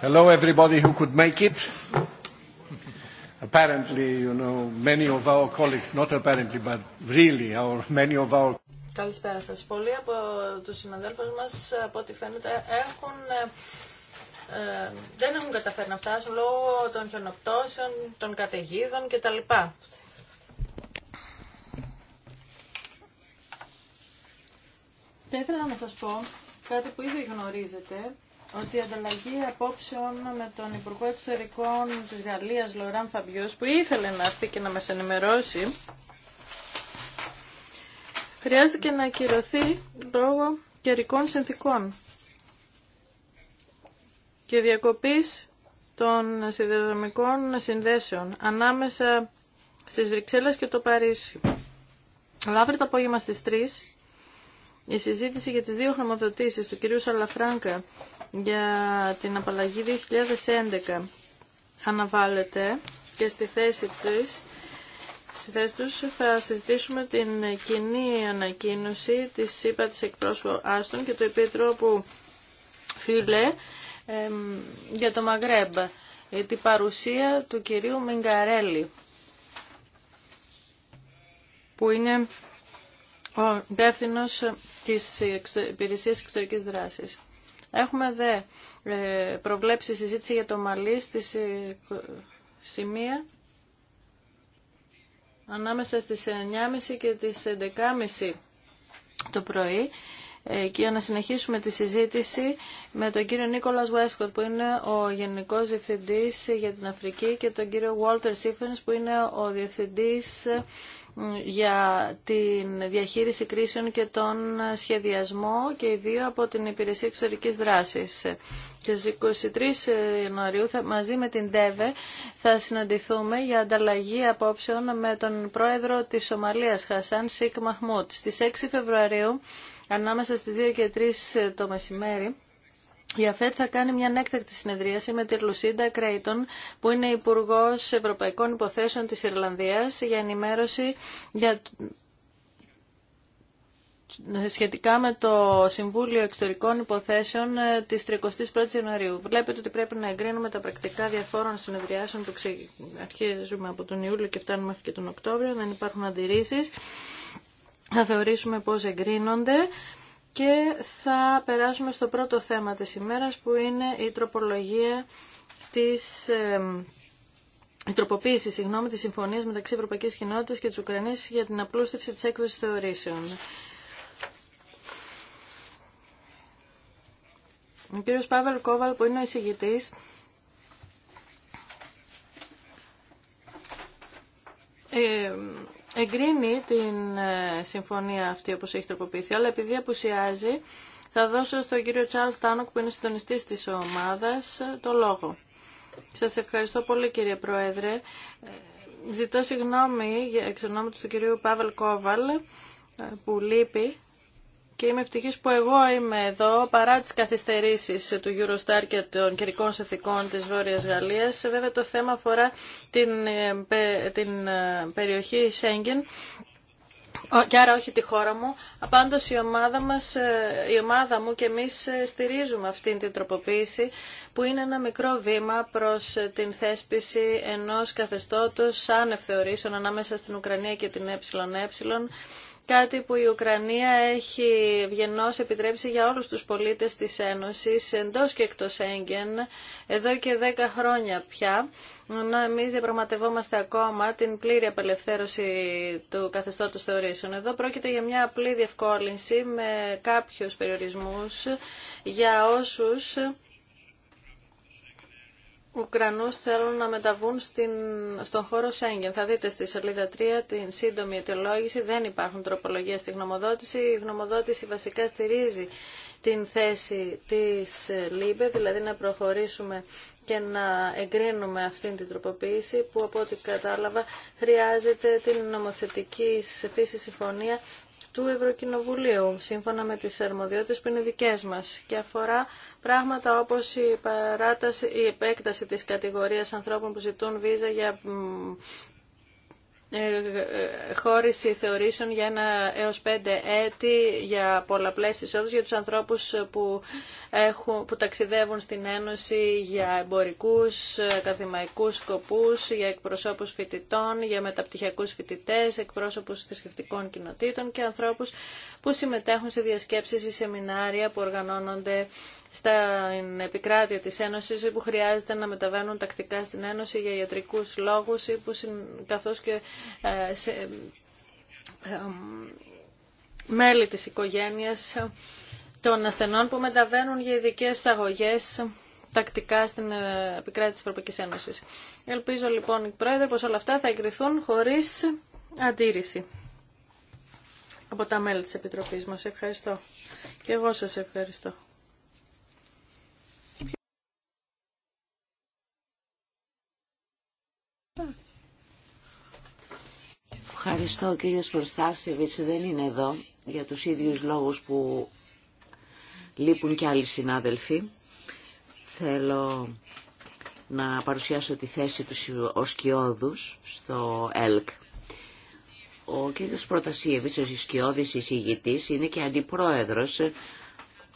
Hello everybody who could make it. Apparently, you know, many of our colleagues, not apparently, but really, our many of our... Καλησπέρα σας. Πολλοί από τους συναδέλφους μας, από ό,τι φαίνεται, έχουν, ε, ε δεν έχουν καταφέρει να φτάσουν λόγω των χιονοπτώσεων, των καταιγίδων κτλ. Θα ήθελα να σας πω κάτι που ήδη γνωρίζετε, ότι η ανταλλαγή απόψεων με τον Υπουργό Εξωτερικών της Γαλλίας, Λοράν Φαμπιός, που ήθελε να έρθει και να μας ενημερώσει, και να ακυρωθεί λόγω καιρικών συνθήκων και διακοπής των σιδηροδρομικών συνδέσεων ανάμεσα στις Βρυξέλλες και το Παρίσι. Αλλά αύριο το απόγευμα στις 3 η συζήτηση για τις δύο χρηματοδοτήσεις του κυρίου Σαλαφράγκα για την απαλλαγή 2011 αναβάλλεται και στη θέση της Στη θέση τους θα συζητήσουμε την κοινή ανακοίνωση της ΣΥΠΑ της και του Επίτροπου Φίλε για το Μαγρέμπ, Τη ε, την παρουσία του κυρίου Μιγκαρέλη, που είναι ο υπεύθυνο της υπηρεσίας εξωτερικής δράσης. Έχουμε δε ε, προβλέψει συζήτηση για το Μαλί στη σημεία ανάμεσα στις 9.30 και τις 11.30 το πρωί ε, και για να συνεχίσουμε τη συζήτηση με τον κύριο Νίκολας Βέσκοτ που είναι ο Γενικός Διευθυντής για την Αφρική και τον κύριο Walter Σίφενς που είναι ο Διευθυντής ε, για την διαχείριση κρίσεων και τον σχεδιασμό και οι δύο από την Υπηρεσία Εξωτερικής Δράσης. Και στις 23 ε, Ιανουαρίου μαζί με την ΤΕΒΕ θα συναντηθούμε για ανταλλαγή απόψεων με τον πρόεδρο της Σομαλίας Χασάν Σίκ Μαχμούτ. Στις 6 Φεβρουαρίου ανάμεσα στις 2 και 3 ε, το μεσημέρι. Η ΑΦΕΤ θα κάνει μια ανέκτακτη συνεδρίαση με τη Λουσίντα Κρέιτον, που είναι Υπουργό Ευρωπαϊκών Υποθέσεων της Ιρλανδίας, για ενημέρωση για... σχετικά με το Συμβούλιο Εξωτερικών Υποθέσεων ε, της 31ης Ιανουαρίου. Βλέπετε ότι πρέπει να εγκρίνουμε τα πρακτικά διαφόρων συνεδριάσεων που ξε... αρχίζουμε από τον Ιούλιο και φτάνουμε μέχρι και τον Οκτώβριο, δεν υπάρχουν αντιρρήσεις θα θεωρήσουμε πως εγκρίνονται και θα περάσουμε στο πρώτο θέμα της ημέρας που είναι η τροπολογία της... Η τροποποίηση, συγγνώμη, της συμφωνίας μεταξύ Ευρωπαϊκής Κοινότητας και της Ουκρανίας για την απλούστευση της έκδοσης θεωρήσεων. Ο κύριος Πάβελ Κόβαλ που είναι ο εισηγητής εγκρίνει την ε, συμφωνία αυτή όπως έχει τροποποιηθεί, αλλά επειδή απουσιάζει θα δώσω στον κύριο Τσάρλ Στάνοκ που είναι συντονιστή της ομάδας το λόγο. Σα ευχαριστώ πολύ κύριε Πρόεδρε. Ε, ζητώ συγγνώμη εξ του κυρίου Παύλ Κόβαλ ε, που λείπει και είμαι ευτυχής που εγώ είμαι εδώ παρά τις καθυστερήσεις του Eurostar και των κερικών συνθηκών της Βόρειας Γαλλίας. Βέβαια το θέμα αφορά την, ε, την ε, περιοχή Σέγγεν και άρα όχι τη χώρα μου. Απάντως η ομάδα, μας, ε, η ομάδα μου και εμείς στηρίζουμε αυτήν την τροποποίηση που είναι ένα μικρό βήμα προς την θέσπιση ενός καθεστώτος άνευ θεωρήσεων ανάμεσα στην Ουκρανία και την ΕΕ κάτι που η Ουκρανία έχει βγενός επιτρέψει για όλους τους πολίτες της Ένωσης, εντός και εκτός έγκεν, εδώ και δέκα χρόνια πια, ενώ εμείς διαπραγματευόμαστε ακόμα την πλήρη απελευθέρωση του καθεστώτος θεωρήσεων. Εδώ πρόκειται για μια απλή διευκόλυνση με κάποιους περιορισμούς για όσους Ουκρανούς θέλουν να μεταβούν στην, στον χώρο Σέγγεν. Θα δείτε στη σελίδα 3 την σύντομη αιτιολόγηση. Δεν υπάρχουν τροπολογίες στη γνωμοδότηση. Η γνωμοδότηση βασικά στηρίζει την θέση της ΛΥΜΠΕ, δηλαδή να προχωρήσουμε και να εγκρίνουμε αυτήν την τροποποίηση που από ό,τι κατάλαβα χρειάζεται την νομοθετική φύση συμφωνία του Ευρωκοινοβουλίου, σύμφωνα με τις αρμοδιότητες που είναι δικές μας και αφορά πράγματα όπως η, παράταση, η επέκταση της κατηγορίας ανθρώπων που ζητούν βίζα για ε, ε, χώριση θεωρήσεων για ένα έως πέντε έτη για πολλαπλές εισόδους για τους ανθρώπους που που ταξιδεύουν στην Ένωση για εμπορικούς, ακαδημαϊκούς σκοπούς, για εκπροσώπους φοιτητών, για μεταπτυχιακούς φοιτητές, εκπρόσωπους θρησκευτικών κοινοτήτων και ανθρώπους που συμμετέχουν σε διασκέψεις ή σεμινάρια που οργανώνονται στα επικράτεια της Ένωσης ή που χρειάζεται να μεταβαίνουν τακτικά στην Ένωση για ιατρικούς λόγους ή που καθώς και ε, σε, ε, μέλη της οικογένειας των ασθενών που μεταβαίνουν για ειδικέ αγωγέ τακτικά στην ε, επικράτηση τη Ευρωπαϊκή Ένωση. Ελπίζω λοιπόν, Πρόεδρε, πως όλα αυτά θα εγκριθούν χωρίς αντίρρηση από τα μέλη της Επιτροπής μας. Ευχαριστώ. Και εγώ σας ευχαριστώ. Ευχαριστώ κύριε δεν είναι εδώ για τους ίδιους λόγους που Λείπουν και άλλοι συνάδελφοι. Θέλω να παρουσιάσω τη θέση του ως στο ΕΛΚ. Ο κ. Προτασίεβης, ο σκιώδης εισηγητής, είναι και αντιπρόεδρος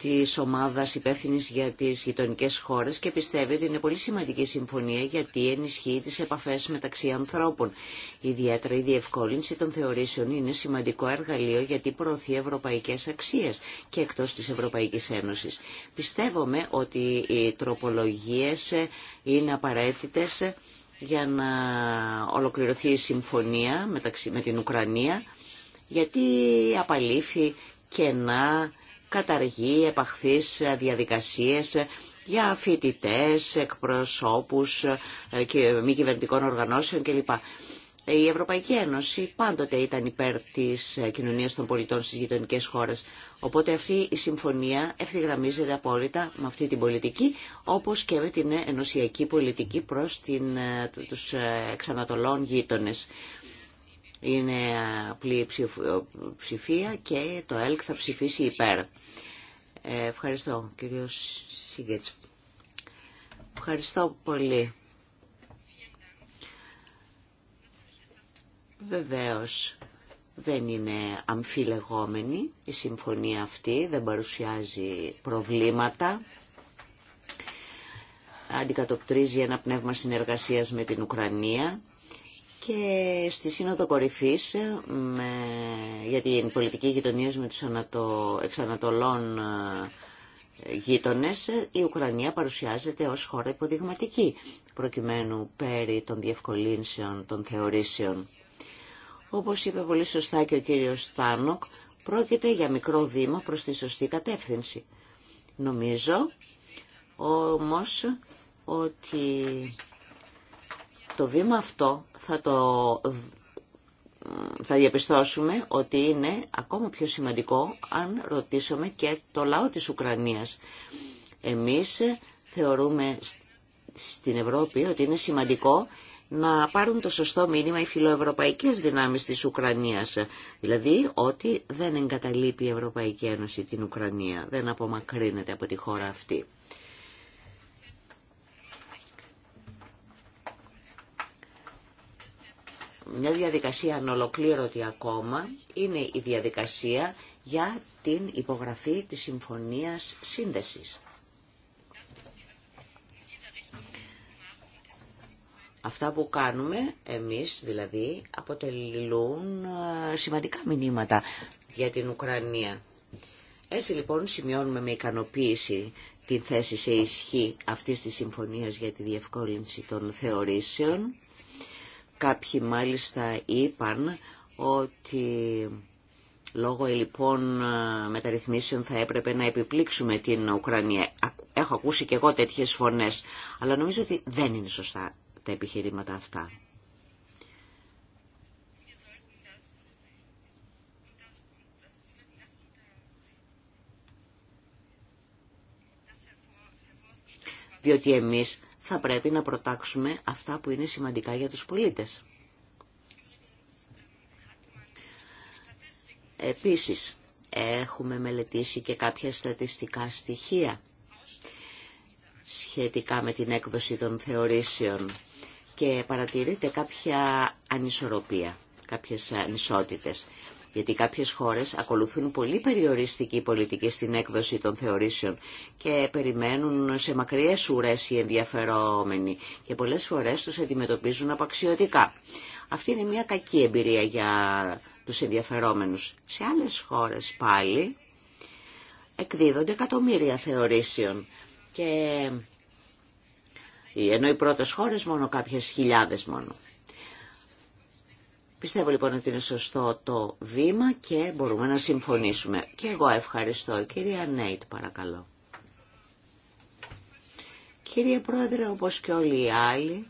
τη ομάδα υπεύθυνη για τις γειτονικέ χώρες και πιστεύει ότι είναι πολύ σημαντική συμφωνία γιατί ενισχύει τις επαφές μεταξύ ανθρώπων. Ιδιαίτερα η διευκόλυνση των θεωρήσεων είναι σημαντικό εργαλείο γιατί προωθεί ευρωπαϊκές αξίες και εκτός της Ευρωπαϊκής Ένωσης. Πιστεύουμε ότι οι τροπολογίες είναι απαραίτητες για να ολοκληρωθεί η συμφωνία μεταξύ, με την Ουκρανία γιατί απαλήφει κενά καταργεί επαχθείς διαδικασίες για φοιτητέ, εκπροσώπους ε, και μη κυβερνητικών οργανώσεων κλπ. Η Ευρωπαϊκή Ένωση πάντοτε ήταν υπέρ της κοινωνίας των πολιτών στις γειτονικέ χώρες. Οπότε αυτή η συμφωνία ευθυγραμμίζεται απόλυτα με αυτή την πολιτική, όπως και με την ενωσιακή πολιτική προς την, ε, τους εξανατολών γείτονες είναι απλή ψηφία και το ΕΛΚ θα ψηφίσει υπέρ. Ε, ευχαριστώ, κύριο Σίγκετς. Ευχαριστώ πολύ. Βεβαίως δεν είναι αμφιλεγόμενη η συμφωνία αυτή, δεν παρουσιάζει προβλήματα. Αντικατοπτρίζει ένα πνεύμα συνεργασίας με την Ουκρανία και στη Σύνοδο Κορυφή ε, με, για την πολιτική γειτονία με του εξανατολών ε, γείτονε, ε, η Ουκρανία παρουσιάζεται ω χώρα υποδειγματική προκειμένου πέρι των διευκολύνσεων των θεωρήσεων. Όπως είπε πολύ σωστά και ο κύριο Στάνοκ, πρόκειται για μικρό βήμα προ τη σωστή κατεύθυνση. Νομίζω όμως ότι το βήμα αυτό θα το θα διαπιστώσουμε ότι είναι ακόμα πιο σημαντικό αν ρωτήσουμε και το λαό της Ουκρανίας. Εμείς θεωρούμε στην Ευρώπη ότι είναι σημαντικό να πάρουν το σωστό μήνυμα οι φιλοευρωπαϊκές δυνάμεις της Ουκρανίας. Δηλαδή ότι δεν εγκαταλείπει η Ευρωπαϊκή Ένωση την Ουκρανία, δεν απομακρύνεται από τη χώρα αυτή. μια διαδικασία ανολοκλήρωτη ακόμα είναι η διαδικασία για την υπογραφή της Συμφωνίας Σύνδεσης. Αυτά που κάνουμε εμείς δηλαδή αποτελούν ε, σημαντικά μηνύματα για την Ουκρανία. Έτσι λοιπόν σημειώνουμε με ικανοποίηση την θέση σε ισχύ αυτής της συμφωνίας για τη διευκόλυνση των θεωρήσεων Κάποιοι μάλιστα είπαν ότι λόγω λοιπόν μεταρρυθμίσεων θα έπρεπε να επιπλήξουμε την Ουκρανία. Έχω ακούσει και εγώ τέτοιες φωνές, αλλά νομίζω ότι δεν είναι σωστά τα επιχειρήματα αυτά. διότι εμείς θα πρέπει να προτάξουμε αυτά που είναι σημαντικά για τους πολίτες. Επίσης, έχουμε μελετήσει και κάποια στατιστικά στοιχεία σχετικά με την έκδοση των θεωρήσεων και παρατηρείται κάποια ανισορροπία, κάποιες ανισότητες γιατί κάποιες χώρες ακολουθούν πολύ περιοριστική πολιτική στην έκδοση των θεωρήσεων και περιμένουν σε μακριές ουρές οι ενδιαφερόμενοι και πολλές φορές τους αντιμετωπίζουν απαξιωτικά. Αυτή είναι μια κακή εμπειρία για τους ενδιαφερόμενους. Σε άλλες χώρες πάλι εκδίδονται εκατομμύρια θεωρήσεων και ενώ οι πρώτες χώρες μόνο κάποιες χιλιάδες μόνο. Πιστεύω λοιπόν ότι είναι σωστό το βήμα και μπορούμε να συμφωνήσουμε. Και εγώ ευχαριστώ. Κυρία Νέιτ, παρακαλώ. Κύριε Πρόεδρε, όπως και όλοι οι άλλοι,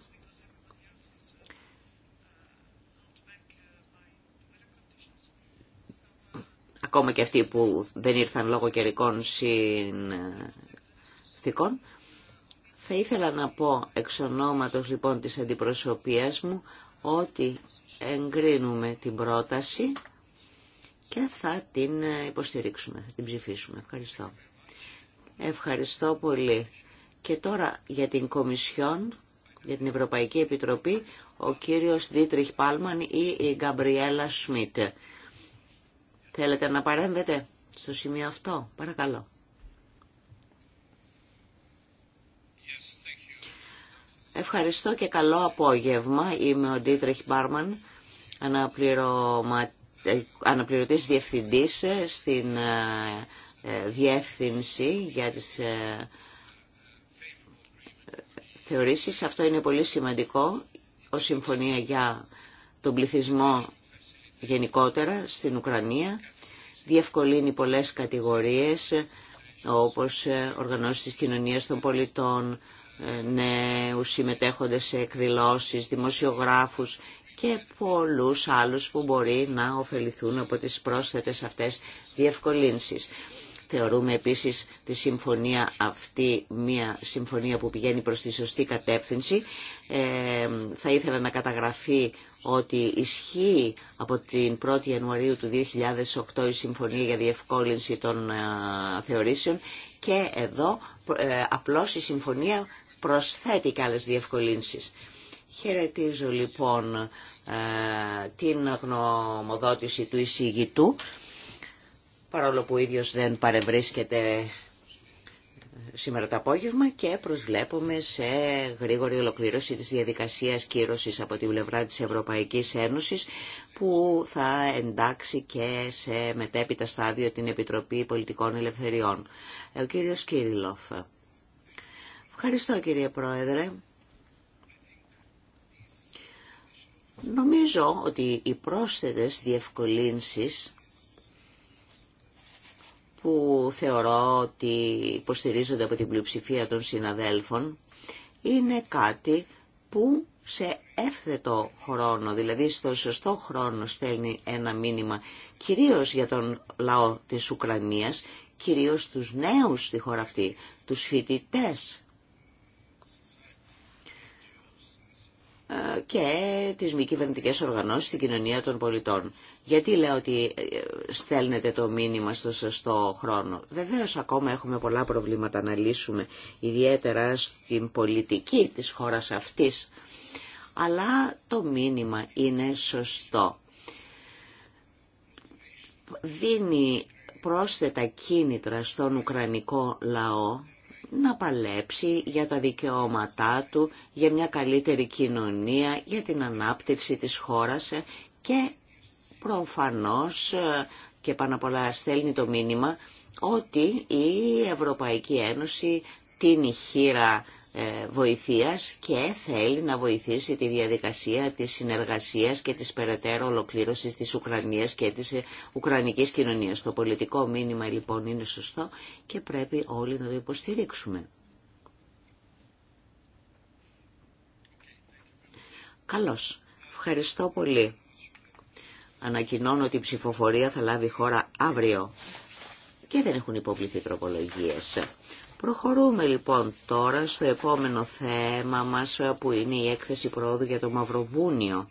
ακόμα και αυτοί που δεν ήρθαν λόγω καιρικών συνθήκων, θα ήθελα να πω εξ ονόματος λοιπόν της αντιπροσωπείας μου ότι εγκρίνουμε την πρόταση και θα την υποστηρίξουμε, θα την ψηφίσουμε. Ευχαριστώ. Ευχαριστώ πολύ. Και τώρα για την Κομισιόν, για την Ευρωπαϊκή Επιτροπή, ο κύριος Δίτριχ Πάλμαν ή η Γκαμπριέλα Σμιτ. Θέλετε να παρέμβετε στο σημείο αυτό, παρακαλώ. Ευχαριστώ και καλό απόγευμα. Είμαι ο Ντίτρεχ Μπάρμαν αναπληρωμα... Ε, αναπληρωτής διευθυντής ε, στην ε, διεύθυνση για τις θεωρήσεις. Αυτό είναι πολύ σημαντικό ο συμφωνία για τον πληθυσμό γενικότερα στην Ουκρανία. Διευκολύνει πολλές κατηγορίες όπως οργανώσεις της κοινωνίας των πολιτών, νέους συμμετέχοντες σε εκδηλώσεις, δημοσιογράφους και πολλούς άλλους που μπορεί να ωφεληθούν από τις πρόσθετες αυτές διευκολύνσεις. Θεωρούμε επίσης τη συμφωνία αυτή μια συμφωνία που πηγαίνει προς τη σωστή κατεύθυνση. Ε, θα ήθελα να καταγραφεί ότι ισχύει από την 1η Ιανουαρίου του 2008 η Συμφωνία για Διευκόλυνση των ε, Θεωρήσεων και εδώ ε, απλώς η Συμφωνία προσθέτει και άλλες διευκολύνσεις. Χαιρετίζω λοιπόν ε, την γνωμοδότηση του εισηγητού, παρόλο που ο ίδιος δεν παρευρίσκεται ε, σήμερα το απόγευμα και προσβλέπουμε σε γρήγορη ολοκλήρωση της διαδικασίας κύρωσης από την πλευρά της Ευρωπαϊκής Ένωσης που θα εντάξει και σε μετέπειτα στάδιο την Επιτροπή Πολιτικών Ελευθεριών. Ε, ο κύριος Κύριλοφ. Ευχαριστώ κύριε Πρόεδρε. Νομίζω ότι οι πρόσθετες διευκολύνσεις που θεωρώ ότι υποστηρίζονται από την πλειοψηφία των συναδέλφων είναι κάτι που σε εύθετο χρόνο, δηλαδή στο σωστό χρόνο στέλνει ένα μήνυμα κυρίως για τον λαό της Ουκρανίας, κυρίως τους νέους στη χώρα αυτή, τους φοιτητές Ε, και τι μη κυβερνητικέ οργανώσεις στην κοινωνία των πολιτών. Γιατί λέω ότι ε, στέλνετε το μήνυμα στο σωστό χρόνο. Βεβαίω ακόμα έχουμε πολλά προβλήματα να λύσουμε, ιδιαίτερα στην πολιτική της χώρας αυτής. Αλλά το μήνυμα είναι σωστό. Δίνει πρόσθετα κίνητρα στον Ουκρανικό λαό να παλέψει για τα δικαιώματά του, για μια καλύτερη κοινωνία, για την ανάπτυξη της χώρας ε, και προφανώς ε, και πάνω απ' όλα στέλνει το μήνυμα ότι η Ευρωπαϊκή Ένωση την χείρα ε, βοηθείας και θέλει να βοηθήσει τη διαδικασία της συνεργασίας και της περαιτέρω ολοκλήρωσης της Ουκρανίας και της ε, Ουκρανικής κοινωνίας. Το πολιτικό μήνυμα λοιπόν είναι σωστό και πρέπει όλοι να το υποστηρίξουμε. Καλώς. Ευχαριστώ πολύ. Ανακοινώνω ότι η ψηφοφορία θα λάβει χώρα αύριο και δεν έχουν υποβληθεί τροπολογίες. Προχωρούμε λοιπόν τώρα στο επόμενο θέμα μας που είναι η έκθεση πρόοδου για το Μαυροβούνιο.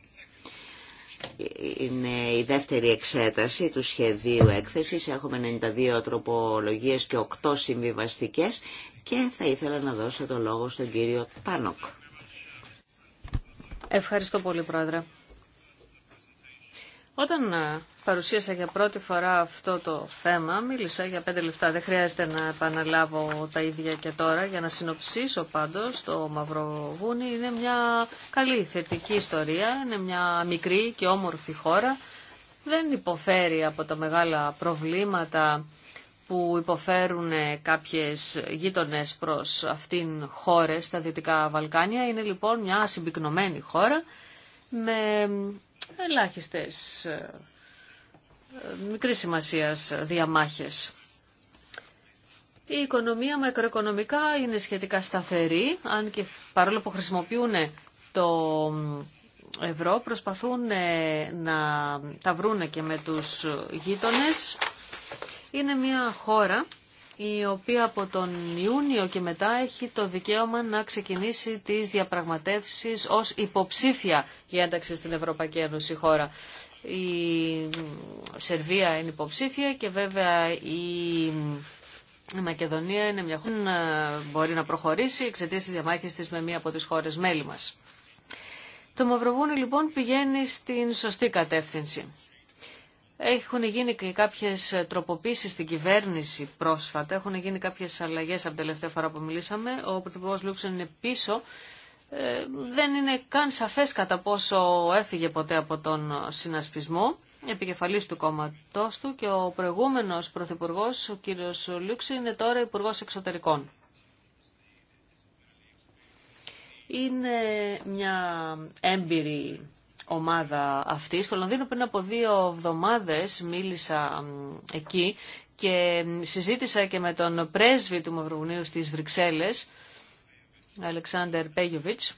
Είναι η δεύτερη εξέταση του σχεδίου έκθεσης. Έχουμε 92 τροπολογίες και 8 συμβιβαστικές και θα ήθελα να δώσω το λόγο στον κύριο Τάνοκ. Ευχαριστώ πολύ, Πρόεδρε. Όταν ε, παρουσίασα για πρώτη φορά αυτό το θέμα, μίλησα για πέντε λεπτά. Δεν χρειάζεται να επαναλάβω τα ίδια και τώρα. Για να συνοψίσω πάντως, το Μαυροβούνι είναι μια καλή θετική ιστορία. Είναι μια μικρή και όμορφη χώρα. Δεν υποφέρει από τα μεγάλα προβλήματα που υποφέρουν κάποιες γείτονες προς αυτήν χώρες στα Δυτικά Βαλκάνια. Είναι λοιπόν μια συμπυκνωμένη χώρα με ελάχιστες ε, μικρής σημασίας διαμάχες. Η οικονομία μακροοικονομικά είναι σχετικά σταθερή, αν και παρόλο που χρησιμοποιούν το ευρώ, προσπαθούν ε, να τα βρούνε και με τους γείτονες. Είναι μια χώρα η οποία από τον Ιούνιο και μετά έχει το δικαίωμα να ξεκινήσει τις διαπραγματεύσεις ως υποψήφια για ένταξη στην Ευρωπαϊκή Ένωση χώρα. Η Σερβία είναι υποψήφια και βέβαια η Μακεδονία είναι μια χώρα που μπορεί να προχωρήσει εξαιτία τη διαμάχη τη με μία από τι χώρε μέλη μα. Το Μαυροβούνι λοιπόν πηγαίνει στην σωστή κατεύθυνση. Έχουν γίνει και κάποιες τροποποίησεις στην κυβέρνηση πρόσφατα, έχουν γίνει κάποιες αλλαγές από την τελευταία φορά που μιλήσαμε. Ο Πρωθυπουργό Λούξεν είναι πίσω. Ε, δεν είναι καν σαφές κατά πόσο έφυγε ποτέ από τον συνασπισμό επικεφαλής του κόμματός του και ο προηγούμενος πρωθυπουργός, ο κύριος Λούξη, είναι τώρα υπουργός εξωτερικών. Είναι μια έμπειρη ομάδα αυτή. Στο Λονδίνο πριν από δύο εβδομάδες μίλησα εκεί και συζήτησα και με τον πρέσβη του Μαυροβουνίου στις Βρυξέλλες, Αλεξάνδερ Πέγιοβιτς.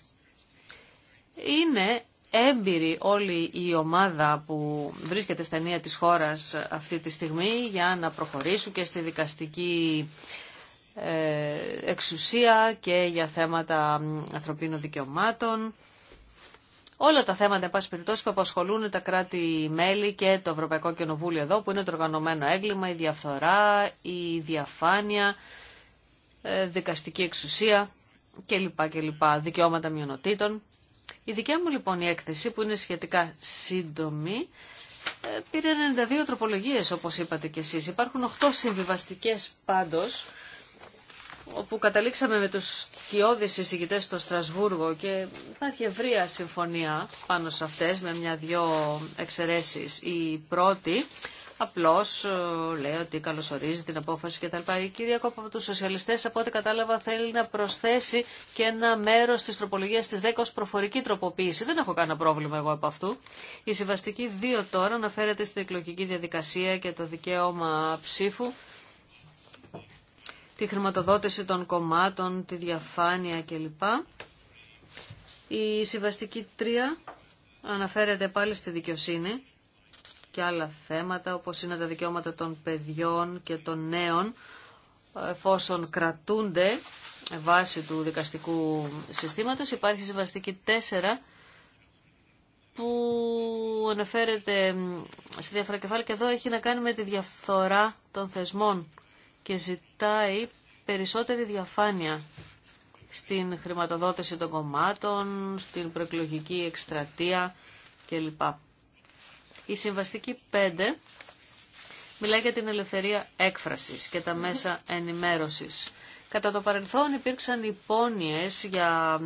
Είναι έμπειρη όλη η ομάδα που βρίσκεται στα νέα της χώρας αυτή τη στιγμή για να προχωρήσουν και στη δικαστική ε, εξουσία και για θέματα ανθρωπίνων δικαιωμάτων όλα τα θέματα, εν πάση περιπτώσει, που απασχολούν τα κράτη-μέλη και το Ευρωπαϊκό Κοινοβούλιο εδώ, που είναι το οργανωμένο έγκλημα, η διαφθορά, η διαφάνεια, ε, δικαστική εξουσία κλπ. κλπ. Δικαιώματα μειονοτήτων. Η δικιά μου λοιπόν η έκθεση, που είναι σχετικά σύντομη, ε, πήρε 92 τροπολογίες, όπως είπατε κι εσείς. Υπάρχουν 8 συμβιβαστικές πάντως, όπου καταλήξαμε με τους κοιόδης συζητητέ στο Στρασβούργο και υπάρχει ευρεία συμφωνία πάνω σε αυτές με μια-δυο εξαιρέσεις. Η πρώτη απλώς ε, λέει ότι καλωσορίζει την απόφαση κτλ. Η κυρία Κόπα από τους σοσιαλιστές από ό,τι κατάλαβα θέλει να προσθέσει και ένα μέρος της τροπολογίας της 10 ως προφορική τροποποίηση. Δεν έχω κανένα πρόβλημα εγώ από αυτού. Η συμβαστική 2 τώρα αναφέρεται στην εκλογική διαδικασία και το δικαίωμα ψήφου τη χρηματοδότηση των κομμάτων, τη διαφάνεια κλπ. Η συμβαστική 3 αναφέρεται πάλι στη δικαιοσύνη και άλλα θέματα όπως είναι τα δικαιώματα των παιδιών και των νέων εφόσον κρατούνται βάσει του δικαστικού συστήματος. Υπάρχει συμβαστική 4 που αναφέρεται σε διάφορα κεφάλαια και εδώ έχει να κάνει με τη διαφθορά των θεσμών και ζητάει περισσότερη διαφάνεια στην χρηματοδότηση των κομμάτων, στην προεκλογική εκστρατεία κλπ. Η συμβαστική 5 μιλάει για την ελευθερία έκφρασης και τα μέσα ενημέρωσης. Κατά το παρελθόν υπήρξαν υπόνοιες για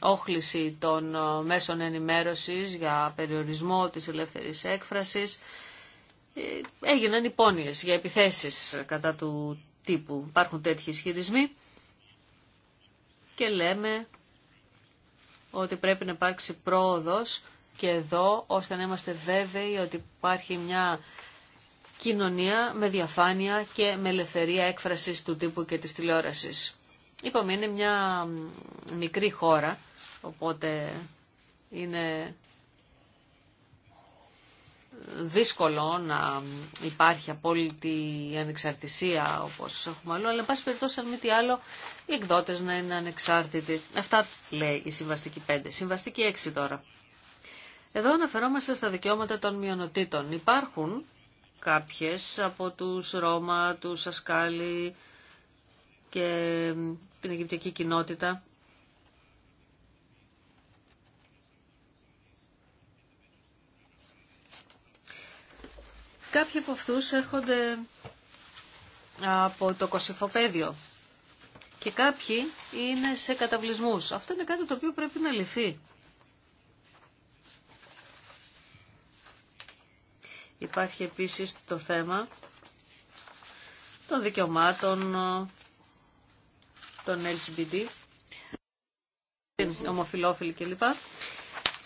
όχληση των ε, μέσων ενημέρωσης, για περιορισμό της ελεύθερης έκφρασης ε, έγιναν υπόνοιες για επιθέσεις κατά του τύπου. Υπάρχουν τέτοιοι ισχυρισμοί και λέμε ότι πρέπει να υπάρξει πρόοδος και εδώ ώστε να είμαστε βέβαιοι ότι υπάρχει μια κοινωνία με διαφάνεια και με ελευθερία έκφρασης του τύπου και της τηλεόρασης. Είπαμε, είναι μια μικρή χώρα, οπότε είναι δύσκολο να υπάρχει απόλυτη ανεξαρτησία όπως έχουμε αλλού, αλλά εν πάση περιπτώσει αν μη τι άλλο οι εκδότες να είναι ανεξάρτητοι. Αυτά λέει η Συμβαστική 5. Συμβαστική 6 τώρα. Εδώ αναφερόμαστε στα δικαιώματα των μειονοτήτων. Υπάρχουν κάποιες από τους Ρώμα, τους Ασκάλι και την Αιγυπτιακή κοινότητα Κάποιοι από αυτούς έρχονται από το κοσυφοπέδιο και κάποιοι είναι σε καταβλισμούς. Αυτό είναι κάτι το οποίο πρέπει να λυθεί. Υπάρχει επίσης το θέμα των δικαιωμάτων των LGBT, ομοφιλόφιλοι κλπ.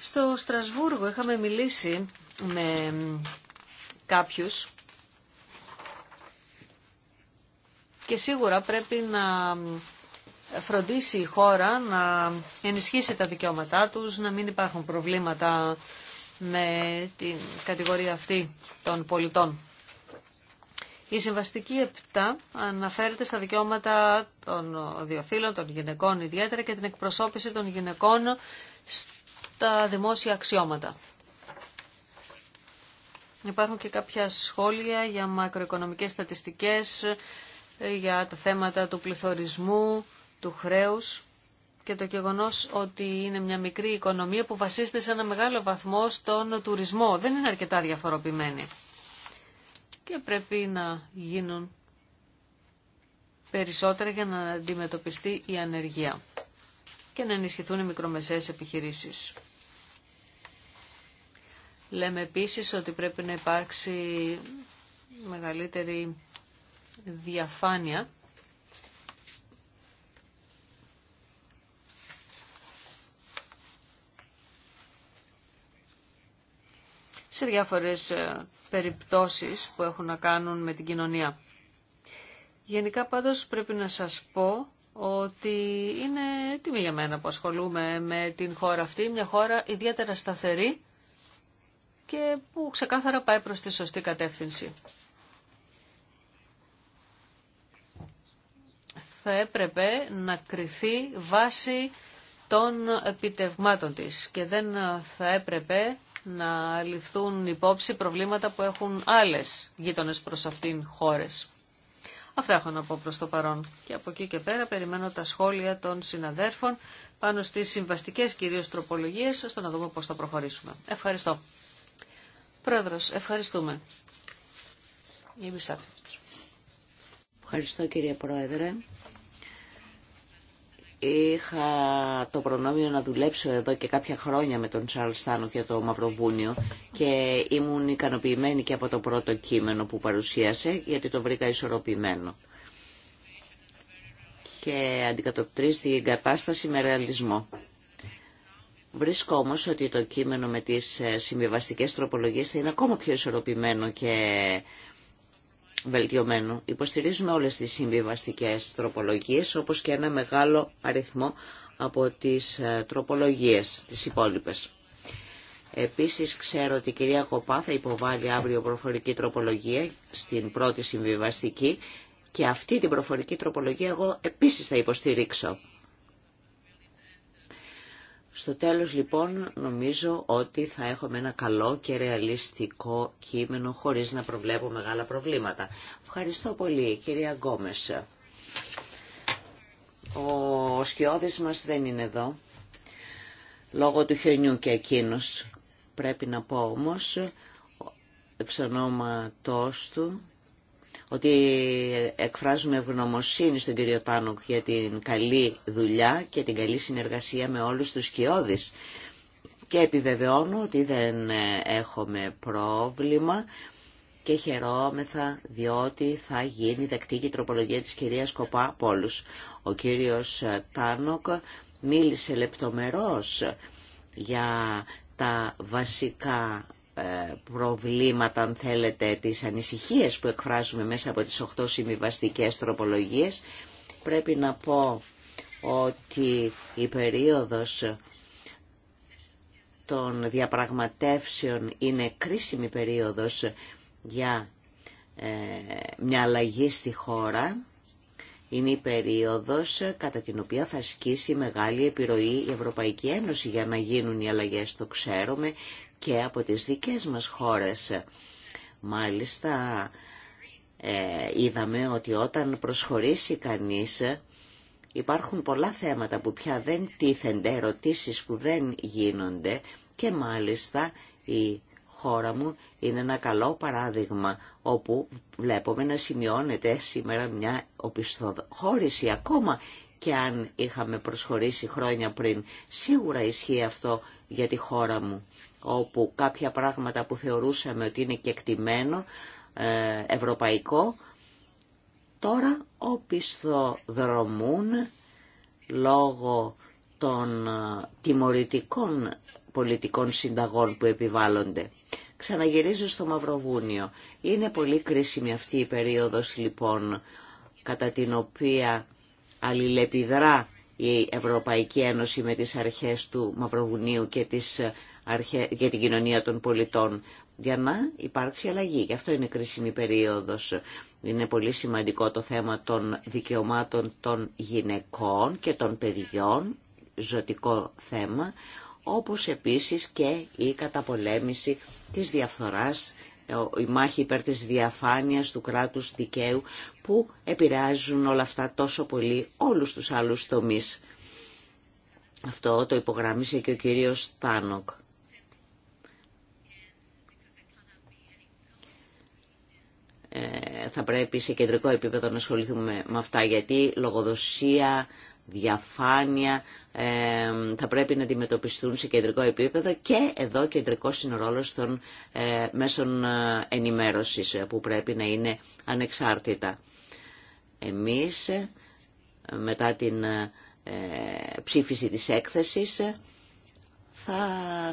Στο Στρασβούργο είχαμε μιλήσει με κάποιους και σίγουρα πρέπει να φροντίσει η χώρα να ενισχύσει τα δικαιώματά τους, να μην υπάρχουν προβλήματα με την κατηγορία αυτή των πολιτών. Η Συμβαστική 7 αναφέρεται στα δικαιώματα των διοθήλων, των γυναικών ιδιαίτερα και την εκπροσώπηση των γυναικών στα δημόσια αξιώματα. Υπάρχουν και κάποια σχόλια για μακροοικονομικές στατιστικές, ε, για τα θέματα του πληθωρισμού, του χρέους και το γεγονός ότι είναι μια μικρή οικονομία που βασίζεται σε ένα μεγάλο βαθμό στον τουρισμό. Δεν είναι αρκετά διαφοροποιημένη. Και πρέπει να γίνουν περισσότερα για να αντιμετωπιστεί η ανεργία και να ενισχυθούν οι μικρομεσαίες επιχειρήσεις. Λέμε επίσης ότι πρέπει να υπάρξει μεγαλύτερη διαφάνεια σε διάφορες ε, περιπτώσεις που έχουν να κάνουν με την κοινωνία. Γενικά πάντως πρέπει να σας πω ότι είναι τιμή για μένα που ασχολούμαι με την χώρα αυτή, μια χώρα ιδιαίτερα σταθερή και που ξεκάθαρα πάει προς τη σωστή κατεύθυνση. Θα έπρεπε να κρυθεί βάση των επιτευγμάτων της και δεν θα έπρεπε να ληφθούν υπόψη προβλήματα που έχουν άλλες γείτονες προς αυτήν χώρες. Αυτά έχω να πω προς το παρόν. Και από εκεί και πέρα περιμένω τα σχόλια των συναδέρφων πάνω στις συμβαστικές κυρίως τροπολογίες, ώστε να δούμε πώς θα προχωρήσουμε. Ευχαριστώ. Πρόεδρος, ευχαριστούμε. Ευχαριστώ κύριε Πρόεδρε. Είχα το προνόμιο να δουλέψω εδώ και κάποια χρόνια με τον Τσάρλ Στάνο και το Μαυροβούνιο και ήμουν ικανοποιημένη και από το πρώτο κείμενο που παρουσίασε γιατί το βρήκα ισορροπημένο. Και αντικατοπτρίζει η κατάσταση με ρεαλισμό. Βρίσκω όμως ότι το κείμενο με τις ε, συμβιβαστικές τροπολογίες θα είναι ακόμα πιο ισορροπημένο και βελτιωμένο. Υποστηρίζουμε όλες τις συμβιβαστικές τροπολογίες όπως και ένα μεγάλο αριθμό από τις ε, τροπολογίες, τις υπόλοιπε. Επίσης ξέρω ότι η κυρία Κοπά θα υποβάλει αύριο προφορική τροπολογία στην πρώτη συμβιβαστική και αυτή την προφορική τροπολογία εγώ επίση θα υποστηρίξω. Στο τέλος λοιπόν νομίζω ότι θα έχουμε ένα καλό και ρεαλιστικό κείμενο χωρίς να προβλέπω μεγάλα προβλήματα. Ευχαριστώ πολύ κυρία Γκόμες. Ο σκιώδης μας δεν είναι εδώ, λόγω του χιονιού και εκείνος. Πρέπει να πω όμως, εξ ονόματός του, ότι εκφράζουμε ευγνωμοσύνη στον κύριο Τάνοκ για την καλή δουλειά και την καλή συνεργασία με όλους τους σκιώδεις. Και επιβεβαιώνω ότι δεν ε, έχουμε πρόβλημα και χαιρόμεθα διότι θα γίνει δεκτή η τροπολογία της κυρίας Κοπά Πόλους. Ο κύριος ε, Τάνοκ μίλησε λεπτομερώς για τα βασικά ε, προβλήματα, αν θέλετε, τις ανησυχίες που εκφράζουμε μέσα από τις 8 συμβιβαστικέ τροπολογίες. Πρέπει να πω ότι η περίοδος των διαπραγματεύσεων είναι κρίσιμη περίοδος για ε, μια αλλαγή στη χώρα. Είναι η περίοδος κατά την οποία θα ασκήσει μεγάλη επιρροή η Ευρωπαϊκή Ένωση για να γίνουν οι αλλαγές, το ξέρουμε και από τις δικές μας χώρες. Μάλιστα ε, είδαμε ότι όταν προσχωρήσει κανείς υπάρχουν πολλά θέματα που πια δεν τίθενται, ερωτήσεις που δεν γίνονται και μάλιστα η χώρα μου είναι ένα καλό παράδειγμα όπου βλέπουμε να σημειώνεται σήμερα μια οπισθοχώρηση ακόμα και αν είχαμε προσχωρήσει χρόνια πριν. Σίγουρα ισχύει αυτό για τη χώρα μου όπου κάποια πράγματα που θεωρούσαμε ότι είναι κεκτημένο, ε, ευρωπαϊκό, τώρα οπισθοδρομούν λόγω των ε, τιμωρητικών πολιτικών συνταγών που επιβάλλονται. Ξαναγυρίζω στο Μαυροβούνιο. Είναι πολύ κρίσιμη αυτή η περίοδος λοιπόν κατά την οποία αλληλεπιδρά η Ευρωπαϊκή Ένωση με τις αρχές του Μαυροβουνίου και τις ε, για την κοινωνία των πολιτών για να υπάρξει αλλαγή. Γι' αυτό είναι κρίσιμη περίοδος. Είναι πολύ σημαντικό το θέμα των δικαιωμάτων των γυναικών και των παιδιών, ζωτικό θέμα, όπως επίσης και η καταπολέμηση της διαφθοράς, ε, η μάχη υπέρ της διαφάνειας του κράτους δικαίου, που επηρεάζουν όλα αυτά τόσο πολύ όλους τους άλλους τομείς. Αυτό το υπογράμμισε και ο κύριος Στάνοκ. Ε, θα πρέπει σε κεντρικό επίπεδο να ασχοληθούμε με αυτά γιατί λογοδοσία, διαφάνεια ε, θα πρέπει να αντιμετωπιστούν σε κεντρικό επίπεδο και εδώ κεντρικό είναι ο ρόλος των ε, μέσων ενημέρωσης που πρέπει να είναι ανεξάρτητα. Εμείς μετά την ψήφιση της έκθεσης θα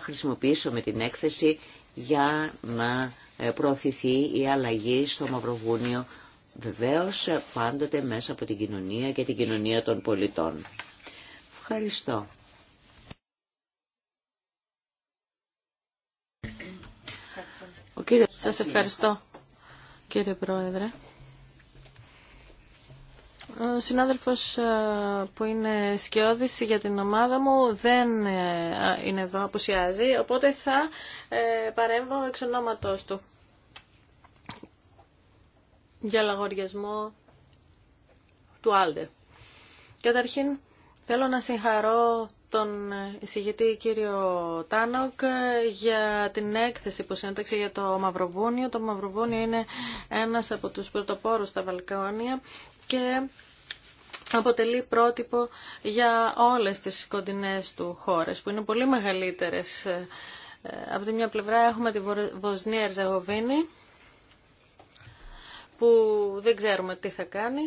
χρησιμοποιήσουμε την έκθεση για να ε, προωθηθεί η αλλαγή στο Μαυροβούνιο βεβαίως ε, πάντοτε μέσα από την κοινωνία και την κοινωνία των πολιτών. Ευχαριστώ. Ο Σας ευχαριστώ κύριε Πρόεδρε. Ο συνάδελφος ε, που είναι σκιώδης για την ομάδα μου δεν ε, είναι εδώ, απουσιάζει, οπότε θα ε, παρέμβω εξ ονόματός του για λαγοριασμό του Άλντε. Καταρχήν, θέλω να συγχαρώ τον εισηγητή κύριο Τάνοκ για την έκθεση που συνέταξε για το Μαυροβούνιο. Το Μαυροβούνιο είναι ένας από τους πρωτοπόρους στα Βαλκάνια και αποτελεί πρότυπο για όλες τις κοντινές του χώρες που είναι πολύ μεγαλύτερες. Ε, από τη μια πλευρά έχουμε τη Βοσνία Ερζεγοβίνη που δεν ξέρουμε τι θα κάνει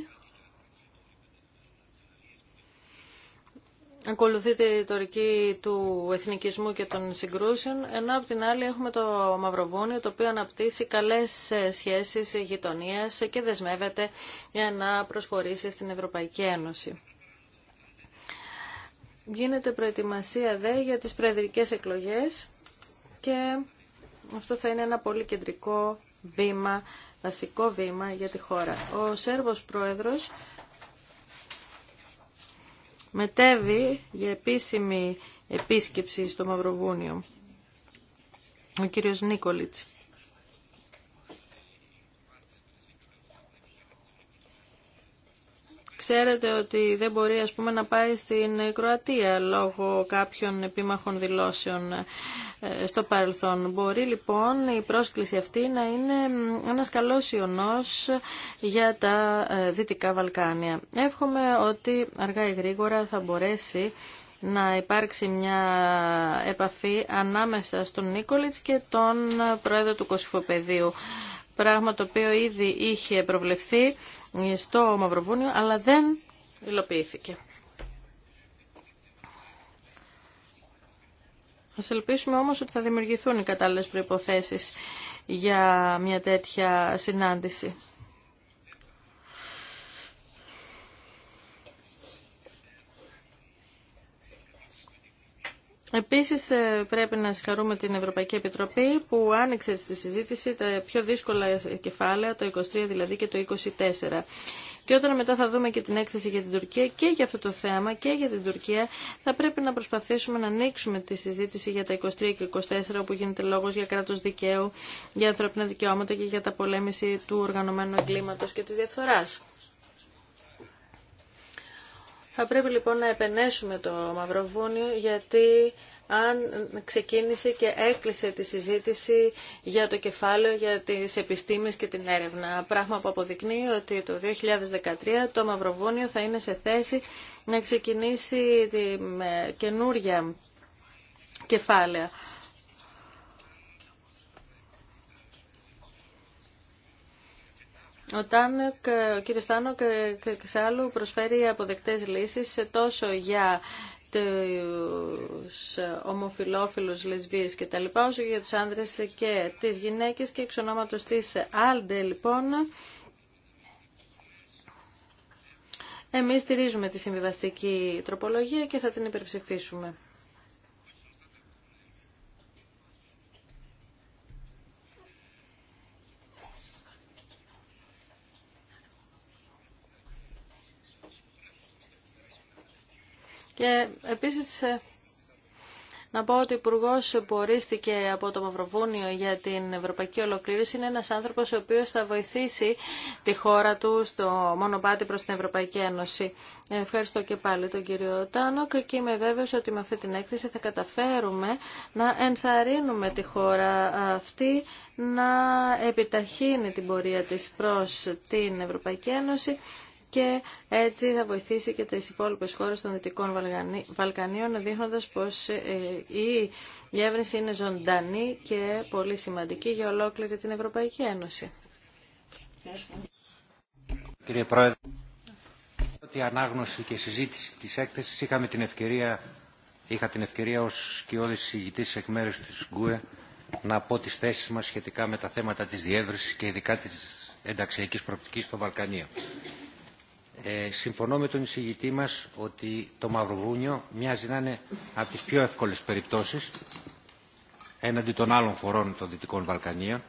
ακολουθεί τη ρητορική του εθνικισμού και των συγκρούσεων, ενώ από την άλλη έχουμε το Μαυροβούνιο, το οποίο αναπτύσσει καλές ε, σχέσεις γειτονίας και δεσμεύεται για να προσχωρήσει στην Ευρωπαϊκή Ένωση. Γίνεται προετοιμασία δε για τις προεδρικές εκλογές και αυτό θα είναι ένα πολύ κεντρικό βήμα, βασικό βήμα για τη χώρα. Ο Σέρβος Πρόεδρος μετέβει για επίσημη επίσκεψη στο Μαυροβούνιο. Ο κύριος Νίκολιτς. Ξέρετε ότι δεν μπορεί ας πούμε, να πάει στην Κροατία λόγω κάποιων επίμαχων δηλώσεων ε, στο παρελθόν. Μπορεί λοιπόν η πρόσκληση αυτή να είναι ένας καλός ιονός για τα ε, Δυτικά Βαλκάνια. Εύχομαι ότι αργά ή γρήγορα θα μπορέσει να υπάρξει μια επαφή ανάμεσα στον Νίκολιτς και τον ε, πρόεδρο του Κωσυφοπεδίου πράγμα το οποίο ήδη είχε προβλεφθεί στο Μαυροβούνιο, αλλά δεν υλοποιήθηκε. Θα ελπίσουμε όμως ότι θα δημιουργηθούν οι κατάλληλες προϋποθέσεις για μια τέτοια συνάντηση. Επίσης ε, πρέπει να συγχαρούμε την Ευρωπαϊκή Επιτροπή που άνοιξε στη συζήτηση τα πιο δύσκολα κεφάλαια, το 23 δηλαδή και το 24. Και όταν μετά θα δούμε και την έκθεση για την Τουρκία και για αυτό το θέμα και για την Τουρκία, θα πρέπει να προσπαθήσουμε να ανοίξουμε τη συζήτηση για τα 23 και 24, όπου γίνεται λόγος για κράτος δικαίου, για ανθρώπινα δικαιώματα και για τα πολέμηση του οργανωμένου εγκλήματο και τη διαφθοράς. Θα πρέπει λοιπόν να επενέσουμε το Μαυροβούνιο γιατί αν ξεκίνησε και έκλεισε τη συζήτηση για το κεφάλαιο για τις επιστήμες και την έρευνα. Πράγμα που αποδεικνύει ότι το 2013 το Μαυροβούνιο θα είναι σε θέση να ξεκινήσει τη καινούρια κεφάλαια. Ο Τάνοκ, ο κύριος Τάνοκ ε, εξάλλου προσφέρει αποδεκτές λύσεις τόσο για τους ομοφιλόφιλους, λεσβίες και τα λοιπά, όσο για τους άνδρες και τις γυναίκες και εξ ονόματος της Άλντε λοιπόν. Εμείς στηρίζουμε τη συμβιβαστική τροπολογία και θα την υπερψηφίσουμε. Και επίσης ε, να πω ότι ο Υπουργό που ορίστηκε από το Μαυροβούνιο για την Ευρωπαϊκή Ολοκλήρωση είναι ένα άνθρωπο ο οποίος θα βοηθήσει τη χώρα του στο μονοπάτι προ την Ευρωπαϊκή Ένωση. Ευχαριστώ και πάλι τον κύριο Τάνοκ και είμαι βέβαιο ότι με αυτή την έκθεση θα καταφέρουμε να ενθαρρύνουμε τη χώρα αυτή να επιταχύνει την πορεία της προς την Ευρωπαϊκή Ένωση και έτσι θα βοηθήσει και τις υπόλοιπες χώρες των Δυτικών Βαλκανίων δείχνοντας πως ε, η διεύρυνση είναι ζωντανή και πολύ σημαντική για ολόκληρη την Ευρωπαϊκή Ένωση. Κύριε Πρόεδρε, ότι ανάγνωση και συζήτηση της έκθεσης είχαμε την ευκαιρία, είχα την ευκαιρία ως κοιόδης εκ μέρους της ΓΚΟΕ να πω τις θέσεις μας σχετικά με τα θέματα της διεύρυνσης και ειδικά της ενταξιακής προοπτικής στο Βαλκανίο. Ε, συμφωνώ με τον εισηγητή μας ότι το Μαυροβούνιο μοιάζει να είναι από τις πιο εύκολες περιπτώσεις έναντι των άλλων χωρών των Δυτικών Βαλκανίων.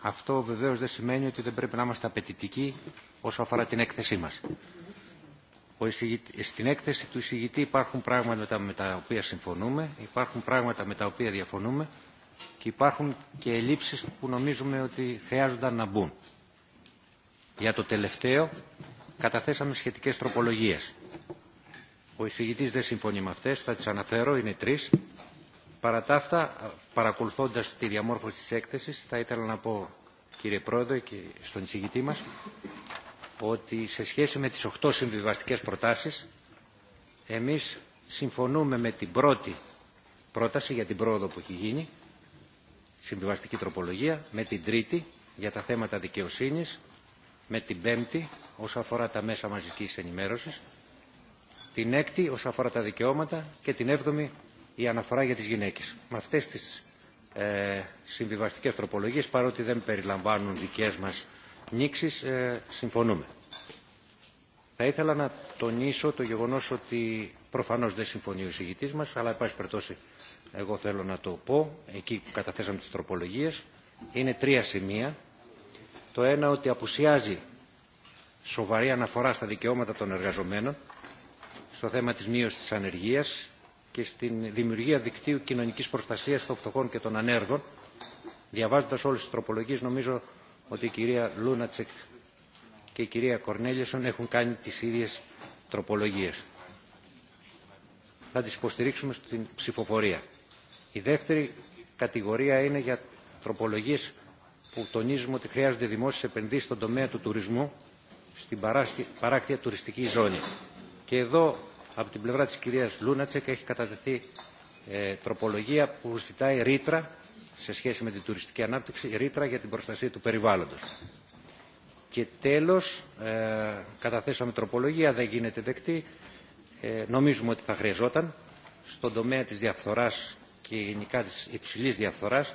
Αυτό βεβαίως δεν σημαίνει ότι δεν πρέπει να είμαστε απαιτητικοί όσο αφορά την έκθεσή μας. Ο στην έκθεση του εισηγητή υπάρχουν πράγματα με τα οποία συμφωνούμε, υπάρχουν πράγματα με τα οποία διαφωνούμε και υπάρχουν και ελλείψεις που νομίζουμε ότι χρειάζονταν να μπουν. Για το τελευταίο, καταθέσαμε σχετικές τροπολογίες. Ο εισηγητής δεν συμφωνεί με αυτές, θα τις αναφέρω, είναι τρεις. Παρά τα αυτά, παρακολουθώντας τη διαμόρφωση της έκθεσης, θα ήθελα να πω, κύριε Πρόεδρε και στον εισηγητή μας, ότι σε σχέση με τις οχτώ συμβιβαστικές προτάσεις, εμείς συμφωνούμε με την πρώτη πρόταση για την πρόοδο που έχει γίνει, συμβιβαστική τροπολογία, με την τρίτη για τα θέματα δικαιοσύνης, με την πέμπτη όσο αφορά τα μέσα μαζικής ενημέρωσης, την έκτη όσο αφορά τα δικαιώματα και την έβδομη η αναφορά για τις γυναίκες. Με αυτές τις ε, συμβιβαστικές τροπολογίες, παρότι δεν περιλαμβάνουν δικές μας νήξεις, ε, συμφωνούμε. Θα ήθελα να τονίσω το γεγονός ότι προφανώς δεν συμφωνεί ο συγητής μας, αλλά υπάρχει περιπτώσει εγώ θέλω να το πω, εκεί που καταθέσαμε τις τροπολογίες, είναι τρία σημεία. Το ένα ότι απουσιάζει σοβαρή αναφορά στα δικαιώματα των εργαζομένων, στο θέμα της μείωσης της ανεργίας και στην δημιουργία δικτύου κοινωνικής προστασίας των φτωχών και των ανέργων. Διαβάζοντας όλες τις τροπολογίες, νομίζω ότι η κυρία Λούνατσεκ και η κυρία Κορνέλιασον έχουν κάνει τις ίδιες τροπολογίες. Θα τις υποστηρίξουμε στην ψηφοφορία. Η δεύτερη κατηγορία είναι για τροπολογίες που τονίζουμε ότι χρειάζονται δημόσιες επενδύσεις στον τομέα του τουρισμού στην παράκτια τουριστική ζώνη. Και εδώ από την πλευρά της κυρίας Λούνατσεκ έχει κατατεθεί ε, τροπολογία που ζητάει ρήτρα σε σχέση με την τουριστική ανάπτυξη, ρήτρα για την προστασία του περιβάλλοντος. Και τέλος, ε, καταθέσαμε τροπολογία, δεν γίνεται δεκτή, ε, νομίζουμε ότι θα χρειαζόταν, στον τομέα της διαφθοράς και γενικά της υψηλής διαφθοράς,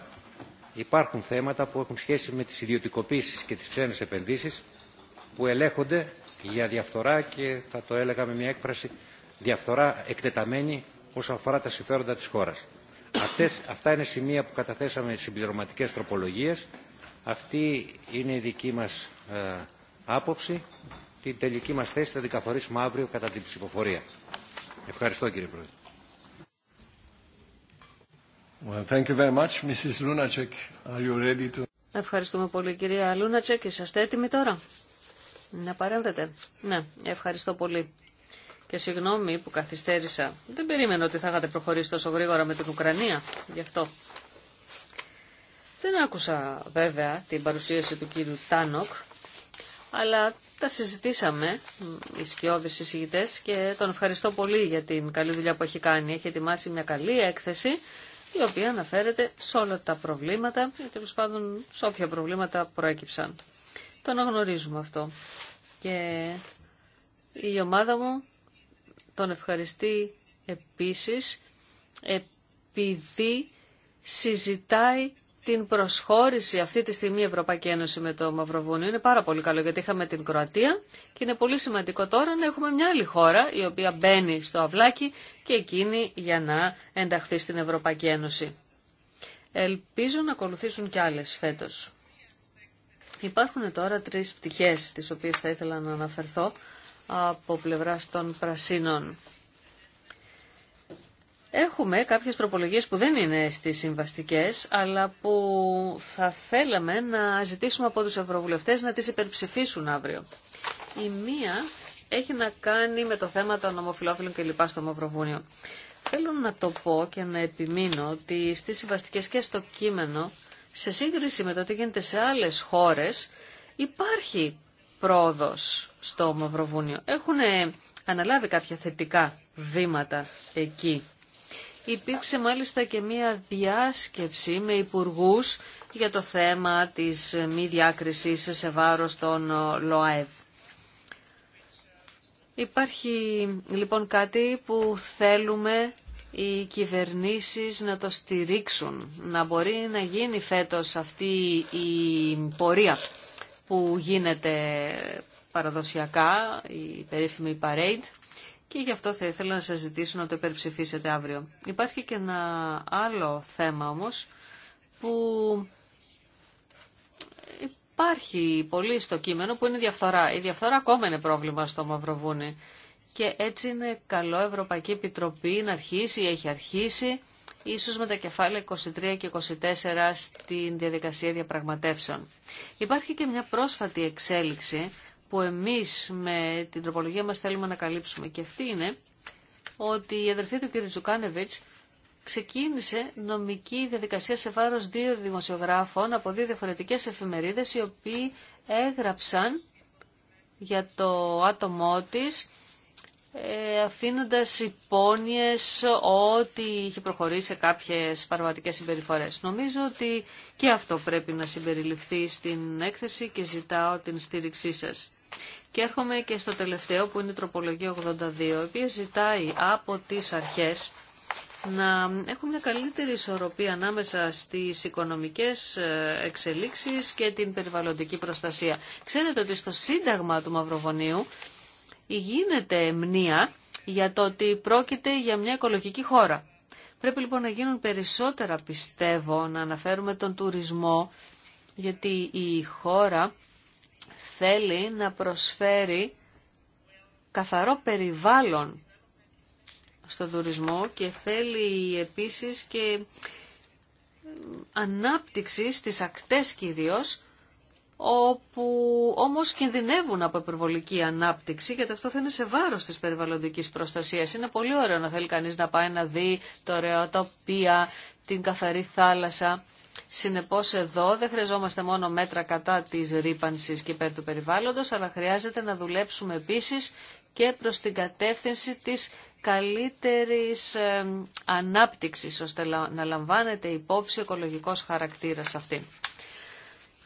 υπάρχουν θέματα που έχουν σχέση με τις ιδιωτικοποίησεις και τις ξένες επενδύσεις, που ελέγχονται για διαφθορά και θα το έλεγα με μια έκφραση διαφθορά εκτεταμένη όσον αφορά τα συμφέροντα της χώρας. Αυτές, αυτά είναι σημεία που καταθέσαμε συμπληρωματικές τροπολογίες. Αυτή είναι η δική μας ε, άποψη. Την τελική μας θέση θα την καθορίσουμε αύριο κατά την ψηφοφορία. Ευχαριστώ κύριε Πρόεδρε. Ευχαριστούμε πολύ κυρία Λούνατσεκ. Είσαστε έτοιμοι τώρα. Να παρέμβετε. Ναι, ευχαριστώ πολύ. Και συγγνώμη που καθυστέρησα. Δεν περίμενα ότι θα είχατε προχωρήσει τόσο γρήγορα με την Ουκρανία. Γι' αυτό. Δεν άκουσα βέβαια την παρουσίαση του κύριου Τάνοκ, αλλά τα συζητήσαμε, οι σκιώδεις συζητητές, και τον ευχαριστώ πολύ για την καλή δουλειά που έχει κάνει. Έχει ετοιμάσει μια καλή έκθεση, η οποία αναφέρεται σε όλα τα προβλήματα, ή τέλο πάντων σε όποια προβλήματα προέκυψαν. Το αναγνωρίζουμε αυτό. Και η ομάδα μου τον ευχαριστεί επίσης επειδή συζητάει την προσχώρηση αυτή τη στιγμή η Ευρωπαϊκή Ένωση με το Μαυροβούνιο. Είναι πάρα πολύ καλό γιατί είχαμε την Κροατία και είναι πολύ σημαντικό τώρα να έχουμε μια άλλη χώρα η οποία μπαίνει στο αυλάκι και εκείνη για να ενταχθεί στην Ευρωπαϊκή Ένωση. Ελπίζω να ακολουθήσουν κι άλλες φέτος. Υπάρχουν τώρα τρεις πτυχές τις οποίες θα ήθελα να αναφερθώ από πλευράς των πρασίνων. Έχουμε κάποιες τροπολογίες που δεν είναι στις συμβαστικές, αλλά που θα θέλαμε να ζητήσουμε από τους ευρωβουλευτές να τις υπερψηφίσουν αύριο. Η μία έχει να κάνει με το θέμα των ομοφιλόφιλων και λοιπά στο Μαυροβούνιο. Θέλω να το πω και να επιμείνω ότι στις συμβαστικές και στο κείμενο σε σύγκριση με το τι γίνεται σε άλλες χώρες, υπάρχει πρόοδος στο Μαυροβούνιο. Έχουν ε, αναλάβει κάποια θετικά βήματα εκεί. Υπήρξε μάλιστα και μία διάσκεψη με υπουργούς για το θέμα της μη διάκρισης σε βάρος των ε, ΛΟΑΕΒ. Υπάρχει λοιπόν κάτι που θέλουμε οι κυβερνήσεις να το στηρίξουν, να μπορεί να γίνει φέτος αυτή η πορεία που γίνεται παραδοσιακά, η περίφημη parade, και γι' αυτό θα ήθελα να σας ζητήσω να το υπερψηφίσετε αύριο. Υπάρχει και ένα άλλο θέμα όμως που υπάρχει πολύ στο κείμενο που είναι η διαφθορά. Η διαφθορά ακόμα είναι πρόβλημα στο Μαυροβούνι. Και έτσι είναι καλό Ευρωπαϊκή Επιτροπή να αρχίσει, έχει αρχίσει, ίσως με τα κεφάλαια 23 και 24 στην διαδικασία διαπραγματεύσεων. Υπάρχει και μια πρόσφατη εξέλιξη που εμείς με την τροπολογία μας θέλουμε να καλύψουμε και αυτή είναι ότι η αδερφή του κ. Τζουκάνεβιτς ξεκίνησε νομική διαδικασία σε βάρος δύο δημοσιογράφων από δύο διαφορετικές εφημερίδες οι οποίοι έγραψαν για το άτομό της ε, αφήνοντας υπόνοιες ότι είχε προχωρήσει σε κάποιες παραβατικές συμπεριφορές. Νομίζω ότι και αυτό πρέπει να συμπεριληφθεί στην έκθεση και ζητάω την στήριξή σας. Και έρχομαι και στο τελευταίο που είναι η τροπολογία 82, η οποία ζητάει από τις αρχές να έχουν μια καλύτερη ισορροπία ανάμεσα στις οικονομικές ε, εξελίξεις και την περιβαλλοντική προστασία. Ξέρετε ότι στο Σύνταγμα του Μαυροβονίου γίνεται μνήα για το ότι πρόκειται για μια οικολογική χώρα. Πρέπει λοιπόν να γίνουν περισσότερα, πιστεύω, να αναφέρουμε τον τουρισμό, γιατί η χώρα θέλει να προσφέρει καθαρό περιβάλλον στον τουρισμό και θέλει επίσης και ανάπτυξη στις ακτές κυρίως όπου όμως κινδυνεύουν από υπερβολική ανάπτυξη, γιατί αυτό θα είναι σε βάρος της περιβαλλοντικής προστασίας. Είναι πολύ ωραίο να θέλει κανείς να πάει να δει το ωραίο τοπία, την καθαρή θάλασσα. Συνεπώς εδώ δεν χρειαζόμαστε μόνο μέτρα κατά της ρήπανσης και υπέρ του περιβάλλοντος, αλλά χρειάζεται να δουλέψουμε επίσης και προς την κατεύθυνση της καλύτερης ανάπτυξης, ώστε να λαμβάνεται υπόψη ο οικολογικός χαρακτήρας αυτή.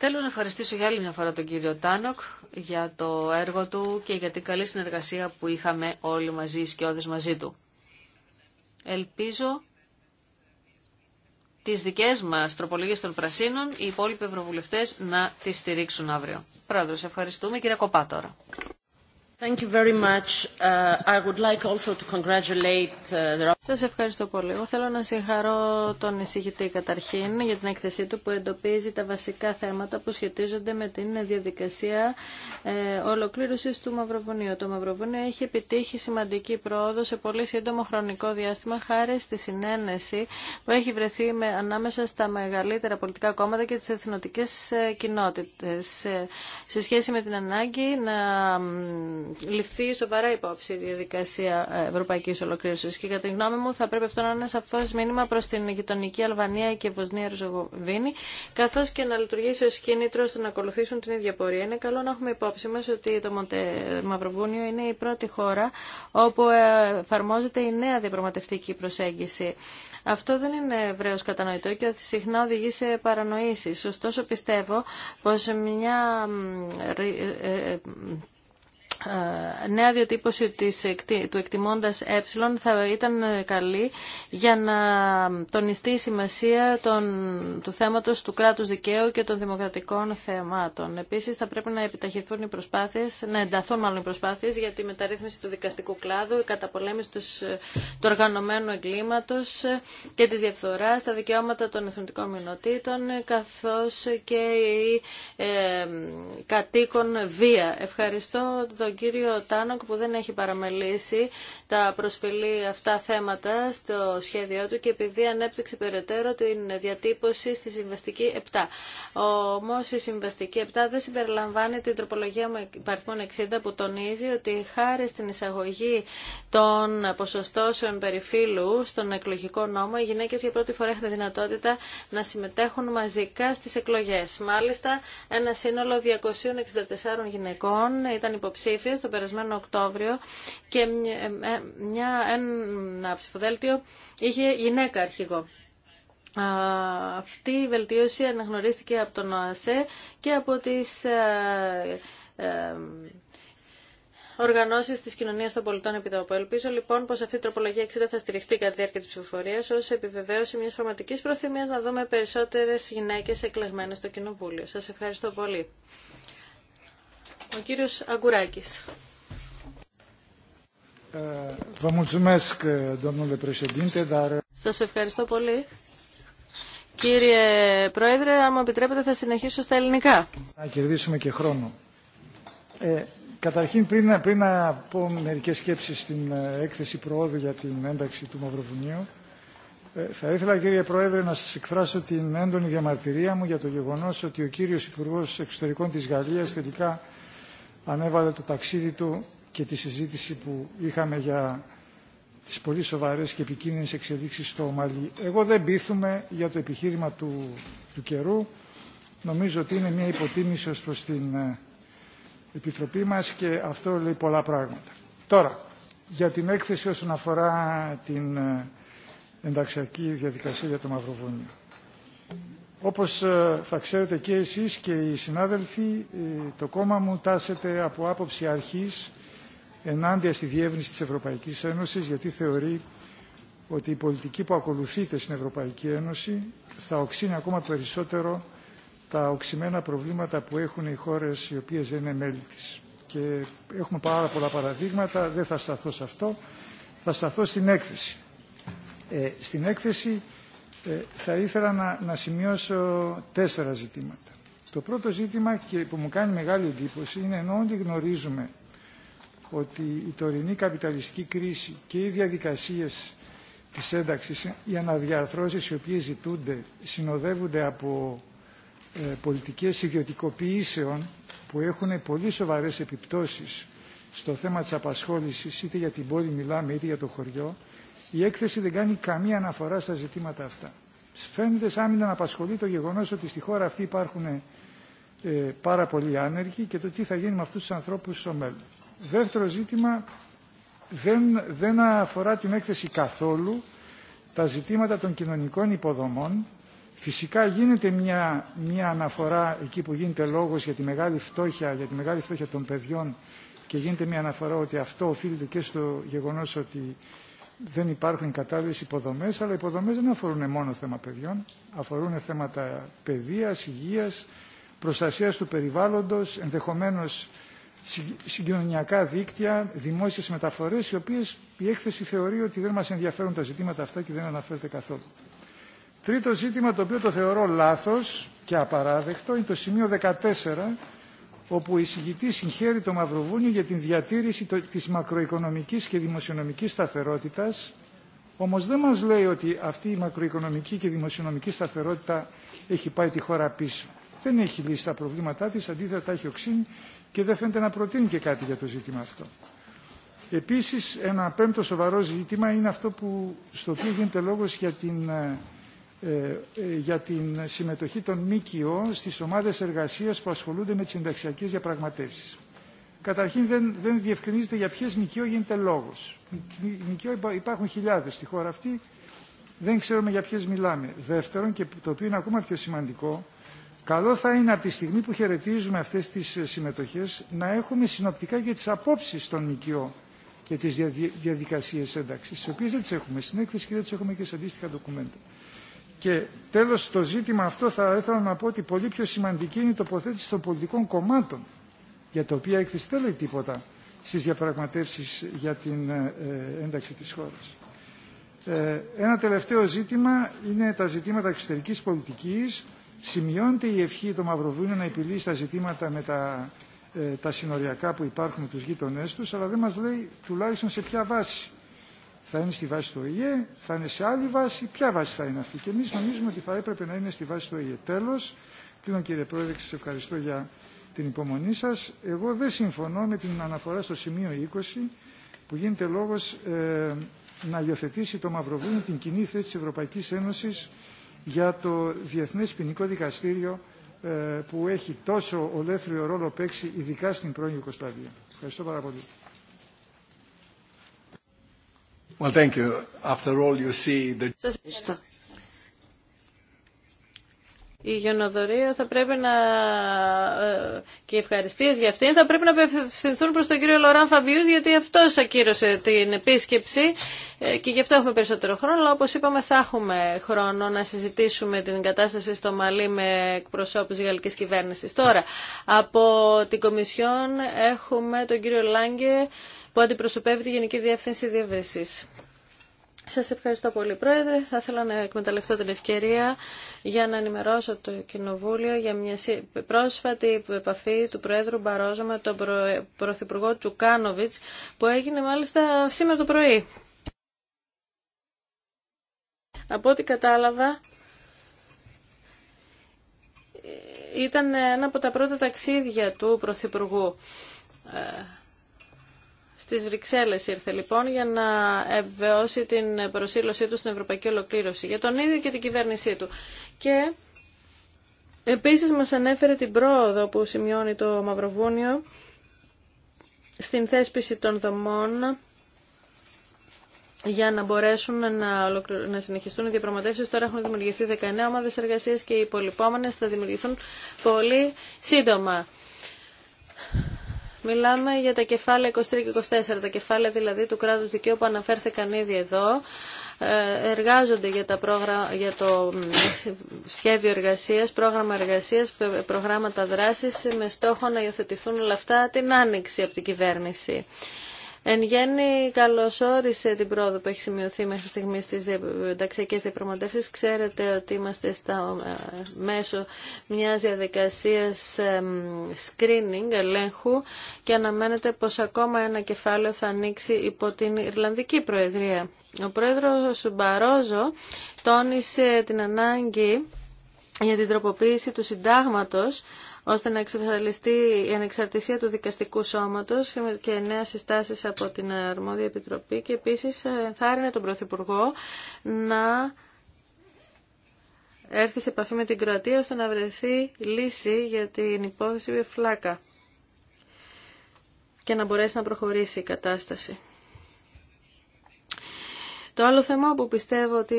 Θέλω να ευχαριστήσω για άλλη μια φορά τον κύριο Τάνοκ για το έργο του και για την καλή συνεργασία που είχαμε όλοι μαζί, οι σκιώδες μαζί του. Ελπίζω τις δικές μας τροπολογίες των Πρασίνων οι υπόλοιποι ευρωβουλευτές να τις στηρίξουν αύριο. Πρόεδρος, ευχαριστούμε. Κύριε Κοπά τώρα. Thank you very much. Uh, I would like also to congratulate uh, the... Σας ευχαριστώ πολύ. Εγώ θέλω να συγχαρώ τον εισηγητή καταρχήν για την έκθεσή του που εντοπίζει τα βασικά θέματα που σχετίζονται με την διαδικασία ε, ολοκλήρωσης του Μαυροβουνίου. Το Μαυροβουνίο έχει επιτύχει σημαντική πρόοδο σε πολύ σύντομο χρονικό διάστημα χάρη στη συνένεση που έχει βρεθεί με, ανάμεσα στα μεγαλύτερα πολιτικά κόμματα και τις εθνοτικές ε, κοινότητες ε, σε σχέση με την ανάγκη να ληφθεί σοβαρά υπόψη η διαδικασία ε, ευρωπαϊκή ολοκλήρωση. Και κατά τη γνώμη μου θα πρέπει αυτό να είναι σαφώ μήνυμα προ την γειτονική Αλβανία και Βοσνία Ριζογοβίνη, καθώ και να λειτουργήσει ω κίνητρο ώστε να ακολουθήσουν την ίδια πορεία. Είναι καλό να έχουμε υπόψη μα ότι το Μαυροβούνιο είναι η πρώτη χώρα όπου ε, εφαρμόζεται η νέα διαπραγματευτική προσέγγιση. Αυτό δεν είναι ευρέω κατανοητό και συχνά οδηγεί σε παρανοήσει. Ωστόσο πιστεύω πω μια ε, ε, νέα διατύπωση της, του εκτιμώντας ε θα ήταν καλή για να τονιστεί η σημασία του θέματος του κράτους δικαίου και των δημοκρατικών θεμάτων. Επίσης θα πρέπει να επιταχυνθούν οι προσπάθειες, να ενταθούν μάλλον οι προσπάθειες για τη μεταρρύθμιση του δικαστικού κλάδου, η καταπολέμηση ε, του οργανωμένου εγκλήματος ε, και τη διαφθορά στα δικαιώματα των εθνικών μειονοτήτων καθώς και η κατοίκων βία. Ευχαριστώ το τον κύριο Τάνοκ που δεν έχει παραμελήσει τα προσφυλή αυτά θέματα στο σχέδιό του και επειδή ανέπτυξε περαιτέρω την διατύπωση στη Συμβαστική 7. Όμω η Συμβαστική 7 δεν συμπεριλαμβάνει την τροπολογία υπαρθμών 60 που τονίζει ότι χάρη στην εισαγωγή των ποσοστώσεων περιφύλου στον εκλογικό νόμο οι γυναίκε για πρώτη φορά έχουν δυνατότητα να συμμετέχουν μαζικά στι εκλογέ. Μάλιστα, ένα σύνολο 264 γυναικών ήταν υποψήφιοι ψηφοψηφία τον περασμένο Οκτώβριο και ε, μια, ένα ψηφοδέλτιο είχε γυναίκα αρχηγό. Αυτή η βελτίωση αναγνωρίστηκε από τον ΟΑΣΕ και από τις ε, ε, οργανώσει τη κοινωνία των πολιτών επί το Ελπίζω λοιπόν πω αυτή η τροπολογία 60 θα στηριχτεί κατά τη διάρκεια τη ψηφοφορία ω επιβεβαίωση μια πραγματική προθυμία να δούμε περισσότερε γυναίκε εκλεγμένε στο Κοινοβούλιο. Σα ευχαριστώ πολύ. Ο κύριος Αγκουράκης. Ε, σας ευχαριστώ πολύ. Κύριε Πρόεδρε, μου επιτρέπετε θα συνεχίσω στα ελληνικά. Να κερδίσουμε και χρόνο. Ε, καταρχήν, πριν, πριν να πω μερικές σκέψεις στην ε, έκθεση προόδου για την ένταξη του Μαυροβουνίου, ε, θα ήθελα, κύριε Πρόεδρε, να σας εκφράσω την έντονη διαμαρτυρία μου για το γεγονός ότι ο κύριος Υπουργός Εξωτερικών της Γαλλίας τελικά ανέβαλε το ταξίδι του και τη συζήτηση που είχαμε για τις πολύ σοβαρές και επικίνδυνες εξελίξεις στο Μαλί. Εγώ δεν πείθουμε για το επιχείρημα του, του καιρού. Νομίζω ότι είναι μια υποτίμηση ως προς την ε, Επιτροπή μας και αυτό λέει πολλά πράγματα. Τώρα, για την έκθεση όσον αφορά την ε, ενταξιακή διαδικασία για το Μαυροβούνιο. Όπως ε, θα ξέρετε και εσείς και οι συνάδελφοι, ε, το κόμμα μου τάσεται από άποψη αρχής ενάντια στη διεύνηση της Ευρωπαϊκής Ένωσης, γιατί θεωρεί ότι η πολιτική που ακολουθείται στην Ευρωπαϊκή Ένωση θα οξύνει ακόμα περισσότερο τα οξυμένα προβλήματα που έχουν οι χώρες οι οποίες δεν είναι μέλη της. Και έχουμε πάρα πολλά παραδείγματα, δεν θα σταθώ σε αυτό, θα σταθώ στην έκθεση. Ε, στην έκθεση ε, θα ήθελα να, να σημειώσω τέσσερα ζητήματα. Το πρώτο ζήτημα που μου κάνει μεγάλη εντύπωση είναι ενώ ό,τι γνωρίζουμε ότι η τωρινή καπιταλιστική κρίση και οι διαδικασίες της ένταξης, οι αναδιαρθρώσεις οι οποίες ζητούνται συνοδεύονται από ε, πολιτικές ιδιωτικοποιήσεων που έχουν πολύ σοβαρές επιπτώσεις στο θέμα της απασχόλησης είτε για την πόλη μιλάμε είτε για το χωριό η έκθεση δεν κάνει καμία αναφορά στα ζητήματα αυτά. Φαίνεται σαν να απασχολεί το γεγονό ότι στη χώρα αυτή υπάρχουν ε, πάρα πολλοί άνεργοι και το τι θα γίνει με αυτού του ανθρώπου στο μέλλον. Δεύτερο ζήτημα δεν, δεν αφορά την έκθεση καθόλου τα ζητήματα των κοινωνικών υποδομών. Φυσικά γίνεται μια, μια αναφορά εκεί που γίνεται λόγος για τη μεγάλη φτώχεια, για τη μεγάλη φτώχεια των παιδιών και γίνεται μια αναφορά ότι αυτό οφείλεται και στο γεγονός ότι δεν υπάρχουν κατάλληλες υποδομές, αλλά οι υποδομές δεν αφορούν μόνο θέμα παιδιών, αφορούν θέματα παιδείας, υγείας, προστασίας του περιβάλλοντος, ενδεχομένως συγκοινωνιακά δίκτυα, δημόσιες μεταφορές, οι οποίες η έκθεση θεωρεί ότι δεν μας ενδιαφέρουν τα ζητήματα αυτά και δεν αναφέρεται καθόλου. Τρίτο ζήτημα το οποίο το θεωρώ λάθος και απαράδεκτο είναι το σημείο 14 όπου η συγκητή συγχαίρει το Μαυροβούνιο για την διατήρηση της μακροοικονομικής και δημοσιονομικής σταθερότητας, όμως δεν μας λέει ότι αυτή η μακροοικονομική και δημοσιονομική σταθερότητα έχει πάει τη χώρα πίσω. Δεν έχει λύσει τα προβλήματά της, αντίθετα έχει οξύνει και δεν φαίνεται να προτείνει και κάτι για το ζήτημα αυτό. Επίσης, ένα πέμπτο σοβαρό ζήτημα είναι αυτό που, στο οποίο γίνεται λόγος για την ε, ε, ε, για την συμμετοχή των ΜΚΟ στις ομάδες εργασίας που ασχολούνται με τις ενταξιακές διαπραγματεύσεις. Καταρχήν δεν, δεν διευκρινίζεται για ποιες ΜΚΟ γίνεται λόγος. ΜΚΟ υπάρχουν χιλιάδες στη χώρα αυτή, δεν ξέρουμε για ποιες μιλάμε. Δεύτερον, και το οποίο είναι ακόμα πιο σημαντικό, καλό θα είναι από τη στιγμή που χαιρετίζουμε αυτές τις συμμετοχές να έχουμε συνοπτικά για τις απόψεις των ΜΚΟ για τις διαδικασίες ένταξης, τις οποίες δεν τις έχουμε στην έκθεση και δεν τις έχουμε και σε αντίστοιχα ντοκουμέντα. Και τέλος το ζήτημα αυτό θα ήθελα να πω ότι πολύ πιο σημαντική είναι η τοποθέτηση των πολιτικών κομμάτων για τα οποία έκθεση τίποτα στις διαπραγματεύσεις για την ε, ε, ένταξη της χώρας. Ε, ένα τελευταίο ζήτημα είναι τα ζητήματα εξωτερικής πολιτικής. Σημειώνεται η ευχή των Μαυροβούνιων να επιλύσει τα ζητήματα με τα, ε, τα συνοριακά που υπάρχουν με τους γείτονές τους, αλλά δεν μας λέει τουλάχιστον σε ποια βάση θα είναι στη βάση του ΟΗΕ, θα είναι σε άλλη βάση, ποια βάση θα είναι αυτή. Και εμεί νομίζουμε ότι θα έπρεπε να είναι στη βάση του ΟΗΕ. Τέλο, κλείνω κύριε Πρόεδρε και σα ευχαριστώ για την υπομονή σα. Εγώ δεν συμφωνώ με την αναφορά στο σημείο 20 που γίνεται λόγο ε, να υιοθετήσει το Μαυροβούνιο την κοινή θέση τη Ευρωπαϊκή Ένωση για το Διεθνέ Ποινικό Δικαστήριο ε, που έχει τόσο ολέθριο ρόλο παίξει ειδικά στην πρώην Ιουκοσταβία. Ευχαριστώ πάρα πολύ. Well, Σας ευχαριστώ. Η γενοδορία θα πρέπει να... Ε, και οι για αυτήν θα πρέπει να απευθυνθούν προς τον κύριο Λοράν Φαμπιού, γιατί αυτός ακύρωσε την επίσκεψη ε, και γι' αυτό έχουμε περισσότερο χρόνο, αλλά όπως είπαμε θα έχουμε χρόνο να συζητήσουμε την κατάσταση στο Μαλί με εκπροσώπους της γαλλικής κυβέρνησης. Τώρα, από την Κομισιόν έχουμε τον κύριο Λάγκε που αντιπροσωπεύει τη Γενική Διεύθυνση Διεύρυνση. Σας ευχαριστώ πολύ Πρόεδρε. Θα ήθελα να εκμεταλλευτώ την ευκαιρία για να ενημερώσω το Κοινοβούλιο για μια πρόσφατη επαφή του Πρόεδρου Μπαρόζο με τον Πρωθυπουργό Τσουκάνοβιτς που έγινε μάλιστα σήμερα το πρωί. Από ό,τι κατάλαβα, ήταν ένα από τα πρώτα ταξίδια του Πρωθυπουργού ε, Στι Βρυξέλλε ήρθε λοιπόν για να ευβεώσει την προσήλωσή του στην ευρωπαϊκή ολοκλήρωση για τον ίδιο και την κυβέρνησή του. Και επίσης μας ανέφερε την πρόοδο που σημειώνει το Μαυροβούνιο στην θέσπιση των δομών για να μπορέσουν να, να συνεχιστούν οι διαπραγματεύσει. Τώρα έχουν δημιουργηθεί 19 ομάδε εργασία και οι υπολοιπόμενε θα δημιουργηθούν πολύ σύντομα. Μιλάμε για τα κεφάλαια 23 και 24, τα κεφάλαια δηλαδή του κράτους δικαίου που αναφέρθηκαν ήδη εδώ ε, εργάζονται για, τα πρόγρα... για το σχέδιο εργασίας, πρόγραμμα εργασίας, προγράμματα δράσης με στόχο να υιοθετηθούν όλα αυτά την άνοιξη από την κυβέρνηση. Εν γέννη, καλωσόρισε την πρόοδο που έχει σημειωθεί μέχρι στιγμή στις ενταξιακές διαπραγματεύσεις. Ξέρετε ότι είμαστε στα ε, μέσω μιας διαδικασίας screening, ελέγχου και αναμένεται πως ακόμα ένα κεφάλαιο θα ανοίξει υπό την Ιρλανδική Προεδρία. Ο πρόεδρος Μπαρόζο τόνισε την ανάγκη για την τροποποίηση του συντάγματος ώστε να εξασφαλιστεί η ανεξαρτησία του δικαστικού σώματος και νέα συστάσεις από την Αρμόδια Επιτροπή και επίσης ενθάρρυνε τον Πρωθυπουργό να έρθει σε επαφή με την Κροατία ώστε να βρεθεί λύση για την υπόθεση Βεφλάκα και να μπορέσει να προχωρήσει η κατάσταση. Το άλλο θέμα που πιστεύω ότι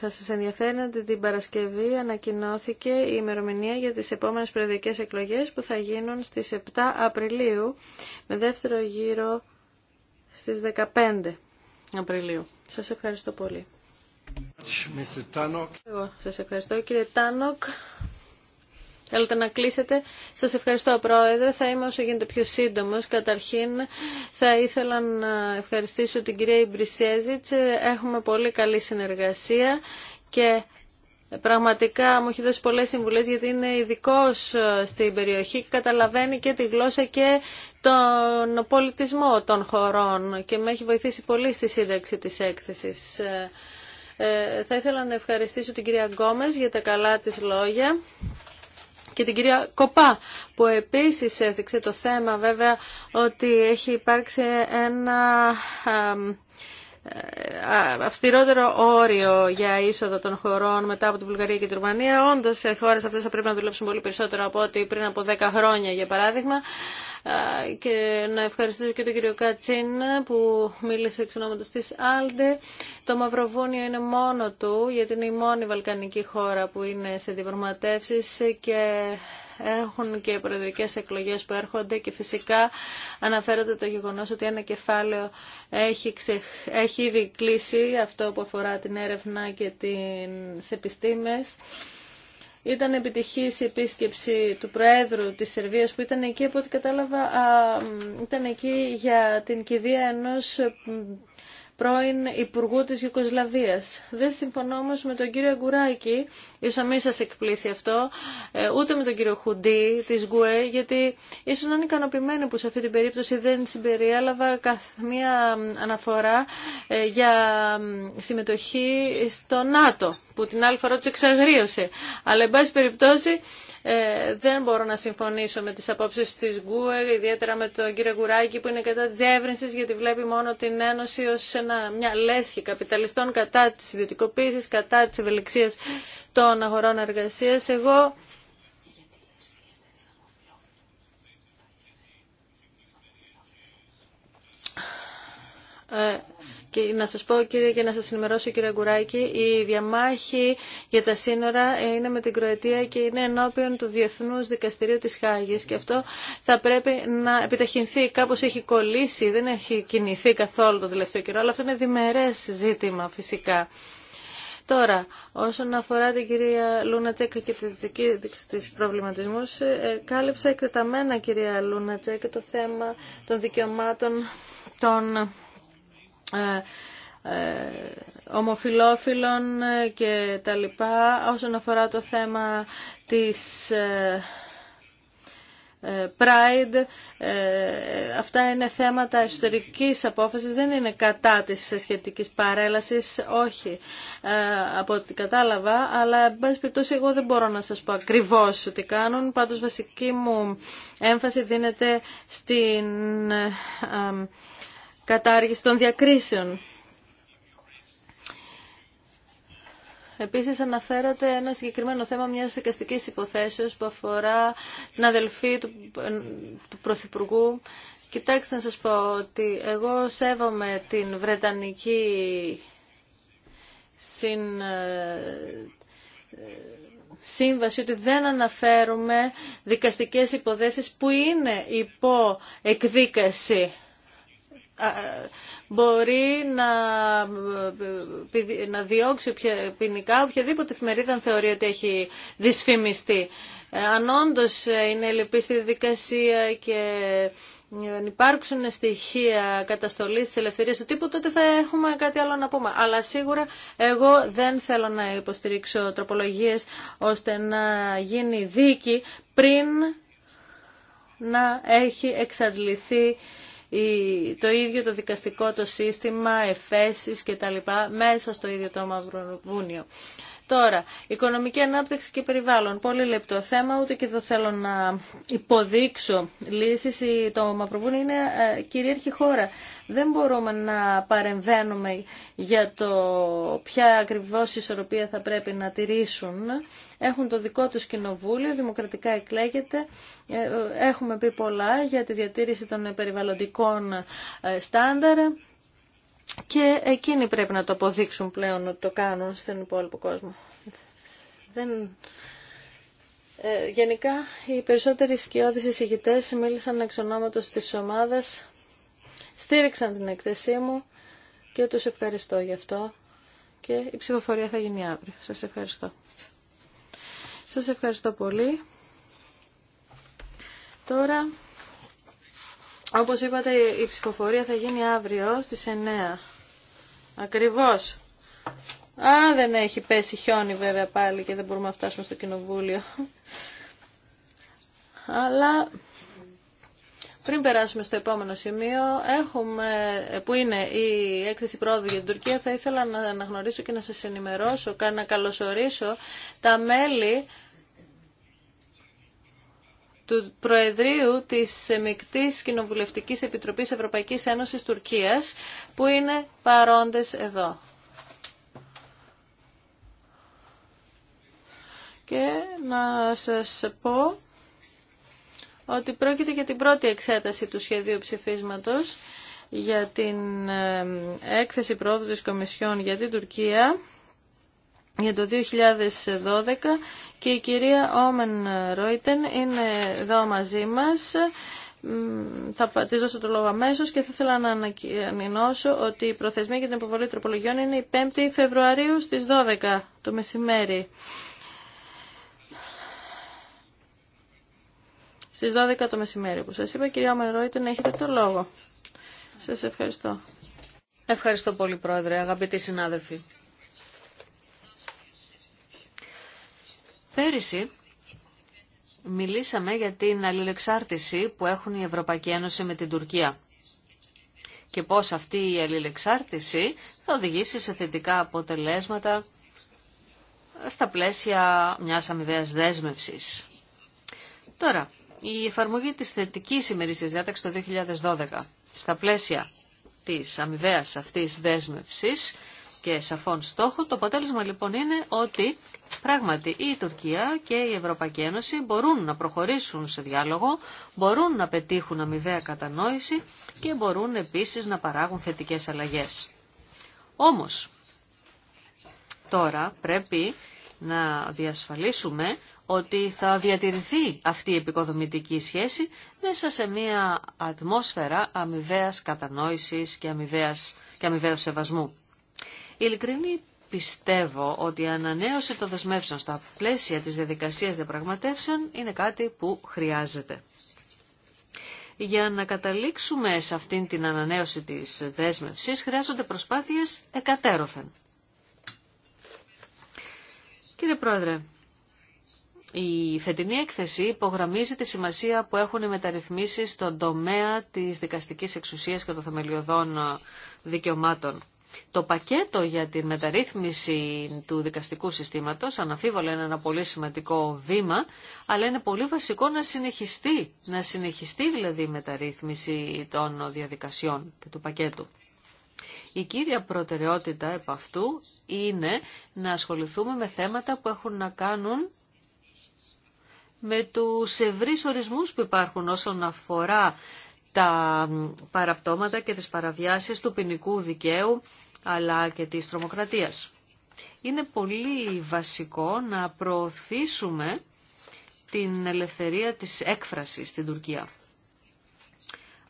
θα σας ενδιαφέρει είναι ότι την Παρασκευή ανακοινώθηκε η ημερομηνία για τις επόμενες προεδρικές εκλογές που θα γίνουν στις 7 Απριλίου με δεύτερο γύρο στις 15 Απριλίου. Σας ευχαριστώ πολύ. Εγώ σας ευχαριστώ κύριε Τάνοκ. Θέλετε να κλείσετε. Σας ευχαριστώ Πρόεδρε. Θα είμαι όσο γίνεται πιο σύντομος. Καταρχήν θα ήθελα να ευχαριστήσω την κυρία Ιμπρισέζιτς. Έχουμε πολύ καλή συνεργασία και Πραγματικά μου έχει δώσει πολλές συμβουλές γιατί είναι ειδικό στην περιοχή και καταλαβαίνει και τη γλώσσα και τον πολιτισμό των χωρών και με έχει βοηθήσει πολύ στη σύνταξη της έκθεσης. Ε, ε, θα ήθελα να ευχαριστήσω την κυρία Γκόμες για τα καλά της λόγια και την κυρία Κοπά που επίσης έδειξε το θέμα βέβαια ότι έχει υπάρξει ένα ε, αυστηρότερο όριο για είσοδο των χωρών μετά από τη Βουλγαρία και τη Ρουμανία. Όντω, οι χώρε αυτέ θα πρέπει να δουλέψουν πολύ περισσότερο από ό,τι πριν από 10 χρόνια, για παράδειγμα. Ε, και να ευχαριστήσω και τον κύριο Κατσίν που μίλησε εξ ονόματο τη Άλντε. Το Μαυροβούνιο είναι μόνο του, γιατί είναι η μόνη βαλκανική χώρα που είναι σε διαπραγματεύσει και έχουν και οι προεδρικές εκλογές που έρχονται και φυσικά αναφέρονται το γεγονός ότι ένα κεφάλαιο έχει, ήδη κλείσει αυτό που αφορά την έρευνα και την επιστήμες. Ήταν επιτυχής η επίσκεψη του Προέδρου της Σερβίας που ήταν εκεί, από ό,τι κατάλαβα, ήταν εκεί για την κηδεία ενός πρώην Υπουργού της Ιουκοσλαβίας. Δεν συμφωνώ όμω με τον κύριο Αγκουράκη, ίσως μην σας εκπλήσει αυτό, ε, ούτε με τον κύριο Χουντή της Γκουέ, γιατί ίσως να είναι ικανοποιημένοι που σε αυτή την περίπτωση δεν συμπεριέλαβα καθμία αναφορά ε, για συμμετοχή στο ΝΑΤΟ που την άλλη φορά του εξαγρίωσε. Αλλά, εν πάση περιπτώσει, ε, δεν μπορώ να συμφωνήσω με τις απόψεις της Γκουε, ιδιαίτερα με τον κύριο Γκουράκη που είναι κατά διεύρυνση γιατί βλέπει μόνο την Ένωση ως μια λέσχη καπιταλιστών κατά τη ιδιωτικοποίηση κατά τη ευελιξίας των αγορών εργασίας. Εγώ ε, και να σας πω κύριε και να σας ενημερώσω κύριε Γκουράκη, η διαμάχη για τα σύνορα είναι με την Κροατία και είναι ενώπιον του Διεθνούς Δικαστηρίου της Χάγης και αυτό θα πρέπει να επιταχυνθεί. Κάπως έχει κολλήσει, δεν έχει κινηθεί καθόλου το τελευταίο καιρό, αλλά αυτό είναι διμερές ζήτημα φυσικά. Τώρα, όσον αφορά την κυρία Λούνα Τσέκα και τις προβληματισμούς, ε, κάλυψα εκτεταμένα κυρία Λούνα Τσέκα το θέμα των δικαιωμάτων των ε, ε, ομοφιλόφιλων ε, και τα λοιπά όσον αφορά το θέμα της Pride, αυτά είναι θέματα εσωτερικής απόφασης, δεν είναι κατά της σχετικής παρέλασης, όχι από ό,τι κατάλαβα, αλλά εν πάση περιπτώσει εγώ δεν μπορώ να σας πω ακριβώς τι κάνουν, πάντως βασική μου έμφαση δίνεται στην κατάργηση των διακρίσεων. Επίσης αναφέρατε ένα συγκεκριμένο θέμα μιας δικαστικής υποθέσεως που αφορά την αδελφή του, του Πρωθυπουργού. Κοιτάξτε να σας πω ότι εγώ σέβομαι την Βρετανική συν, ε, σύμβαση ότι δεν αναφέρουμε δικαστικές υποθέσεις που είναι υπό εκδίκαση μπορεί να, να διώξει ποινικά οποιαδήποτε εφημερίδα αν θεωρεί ότι έχει δυσφημιστεί. Ε, αν όντω ε, είναι λυπή στη δικασία και ε, αν υπάρξουν στοιχεία καταστολής της ελευθερίας του τύπου, τότε θα έχουμε κάτι άλλο να πούμε. Αλλά σίγουρα εγώ δεν θέλω να υποστηρίξω τροπολογίες ώστε να γίνει δίκη πριν να έχει εξαντληθεί το ίδιο το δικαστικό το σύστημα, εφέσεις και λοιπά μέσα στο ίδιο το Μαυροβούνιο. Τώρα, οικονομική ανάπτυξη και περιβάλλον. Πολύ λεπτό θέμα, ούτε και δεν θέλω να υποδείξω λύσεις. Το Μαυροβούνι είναι ε, κυρίαρχη χώρα. Δεν μπορούμε να παρεμβαίνουμε για το ποια ακριβώς ισορροπία θα πρέπει να τηρήσουν. Έχουν το δικό τους κοινοβούλιο, δημοκρατικά εκλέγεται. Ε, ε, έχουμε πει πολλά για τη διατήρηση των περιβαλλοντικών στάνταρ και εκείνοι πρέπει να το αποδείξουν πλέον ότι το κάνουν στον υπόλοιπο κόσμο. Δεν... Ε, γενικά, οι περισσότεροι σκιώδεις εισηγητές μίλησαν εξ ονόματος της ομάδας, στήριξαν την εκθεσή μου και τους ευχαριστώ γι' αυτό και η ψηφοφορία θα γίνει αύριο. Σας ευχαριστώ. Σας ευχαριστώ πολύ. Τώρα, όπως είπατε, η ψηφοφορία θα γίνει αύριο στις 9. Ακριβώς. Α, δεν έχει πέσει χιόνι βέβαια πάλι και δεν μπορούμε να φτάσουμε στο κοινοβούλιο. Αλλά πριν περάσουμε στο επόμενο σημείο, έχουμε, που είναι η έκθεση πρόοδου για την Τουρκία, θα ήθελα να αναγνωρίσω και να σας ενημερώσω, να καλωσορίσω τα μέλη του Προεδρείου της Μικτής Κοινοβουλευτικής Επιτροπής Ευρωπαϊκής Ένωσης Τουρκίας που είναι παρόντες εδώ. Και να σας πω ότι πρόκειται για την πρώτη εξέταση του σχεδίου ψηφίσματος για την ε, έκθεση πρόοδου της Κομισιόν για την Τουρκία για το 2012 και η κυρία Όμεν Ρόιτεν είναι εδώ μαζί μας. Θα τη δώσω το λόγο αμέσω και θα ήθελα να ανακοινώσω ότι η προθεσμία για την υποβολή τροπολογιών είναι η 5η Φεβρουαρίου στις 12 το μεσημέρι. Στις 12 το μεσημέρι που σας είπα, κυρία Όμεν Ρόιτεν, έχετε το λόγο. Σας ευχαριστώ. Ευχαριστώ πολύ, Πρόεδρε, αγαπητοί συνάδελφοι. Πέρυσι μιλήσαμε για την αλληλεξάρτηση που έχουν η Ευρωπαϊκή Ένωση με την Τουρκία και πώς αυτή η αλληλεξάρτηση θα οδηγήσει σε θετικά αποτελέσματα στα πλαίσια μιας αμοιβαίας δέσμευσης. Τώρα, η εφαρμογή της θετικής ημερήσιας διάταξης το 2012 στα πλαίσια της αμοιβαίας αυτής δέσμευσης και σαφών στόχο. Το αποτέλεσμα λοιπόν είναι ότι πράγματι η Τουρκία και η Ευρωπαϊκή Ένωση μπορούν να προχωρήσουν σε διάλογο, μπορούν να πετύχουν αμοιβαία κατανόηση και μπορούν επίσης να παράγουν θετικές αλλαγές. Όμως, τώρα πρέπει να διασφαλίσουμε ότι θα διατηρηθεί αυτή η επικοδομητική σχέση μέσα σε μια ατμόσφαιρα αμοιβαίας κατανόησης και αμοιβαίας και αμοιβαίου σεβασμού. Ειλικρινή πιστεύω ότι η ανανέωση των δεσμεύσεων στα πλαίσια της διαδικασίας διαπραγματεύσεων είναι κάτι που χρειάζεται. Για να καταλήξουμε σε αυτήν την ανανέωση της δέσμευσης χρειάζονται προσπάθειες εκατέρωθεν. Κύριε Πρόεδρε, η φετινή έκθεση υπογραμμίζει τη σημασία που έχουν οι μεταρρυθμίσεις στον τομέα της δικαστικής εξουσίας και των θεμελιωδών δικαιωμάτων. Το πακέτο για τη μεταρρύθμιση του δικαστικού συστήματος αναφίβολα είναι ένα πολύ σημαντικό βήμα, αλλά είναι πολύ βασικό να συνεχιστεί, να συνεχιστεί δηλαδή η μεταρρύθμιση των διαδικασιών και του πακέτου. Η κύρια προτεραιότητα επ' αυτού είναι να ασχοληθούμε με θέματα που έχουν να κάνουν με τους ευρύς ορισμούς που υπάρχουν όσον αφορά τα παραπτώματα και τις παραβιάσεις του ποινικού δικαίου αλλά και της τρομοκρατίας. Είναι πολύ βασικό να προωθήσουμε την ελευθερία της έκφρασης στην Τουρκία.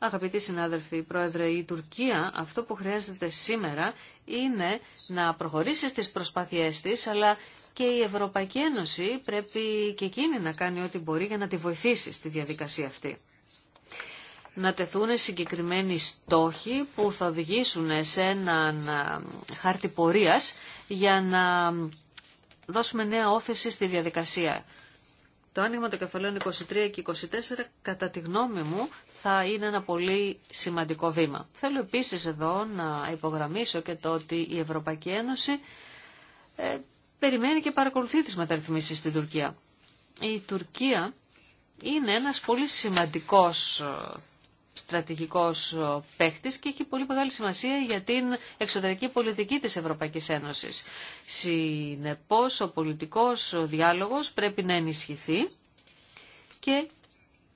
Αγαπητοί συνάδελφοι, Πρόεδρε, η Τουρκία αυτό που χρειάζεται σήμερα είναι να προχωρήσει στις προσπάθειές της, αλλά και η Ευρωπαϊκή Ένωση πρέπει και εκείνη να κάνει ό,τι μπορεί για να τη βοηθήσει στη διαδικασία αυτή να τεθούν συγκεκριμένοι στόχοι που θα οδηγήσουν σε έναν ε, χάρτη πορείας για να δώσουμε νέα όθεση στη διαδικασία. Το άνοιγμα των κεφαλαίων 23 και 24, κατά τη γνώμη μου, θα είναι ένα πολύ σημαντικό βήμα. Θέλω επίσης εδώ να υπογραμμίσω και το ότι η Ευρωπαϊκή Ένωση ε, περιμένει και παρακολουθεί τις μεταρρυθμίσεις στην Τουρκία. Η Τουρκία είναι ένας πολύ σημαντικός ε, στρατηγικός παίχτης και έχει πολύ μεγάλη σημασία για την εξωτερική πολιτική της Ευρωπαϊκής Ένωσης. Συνεπώς, ο πολιτικός διάλογος πρέπει να ενισχυθεί και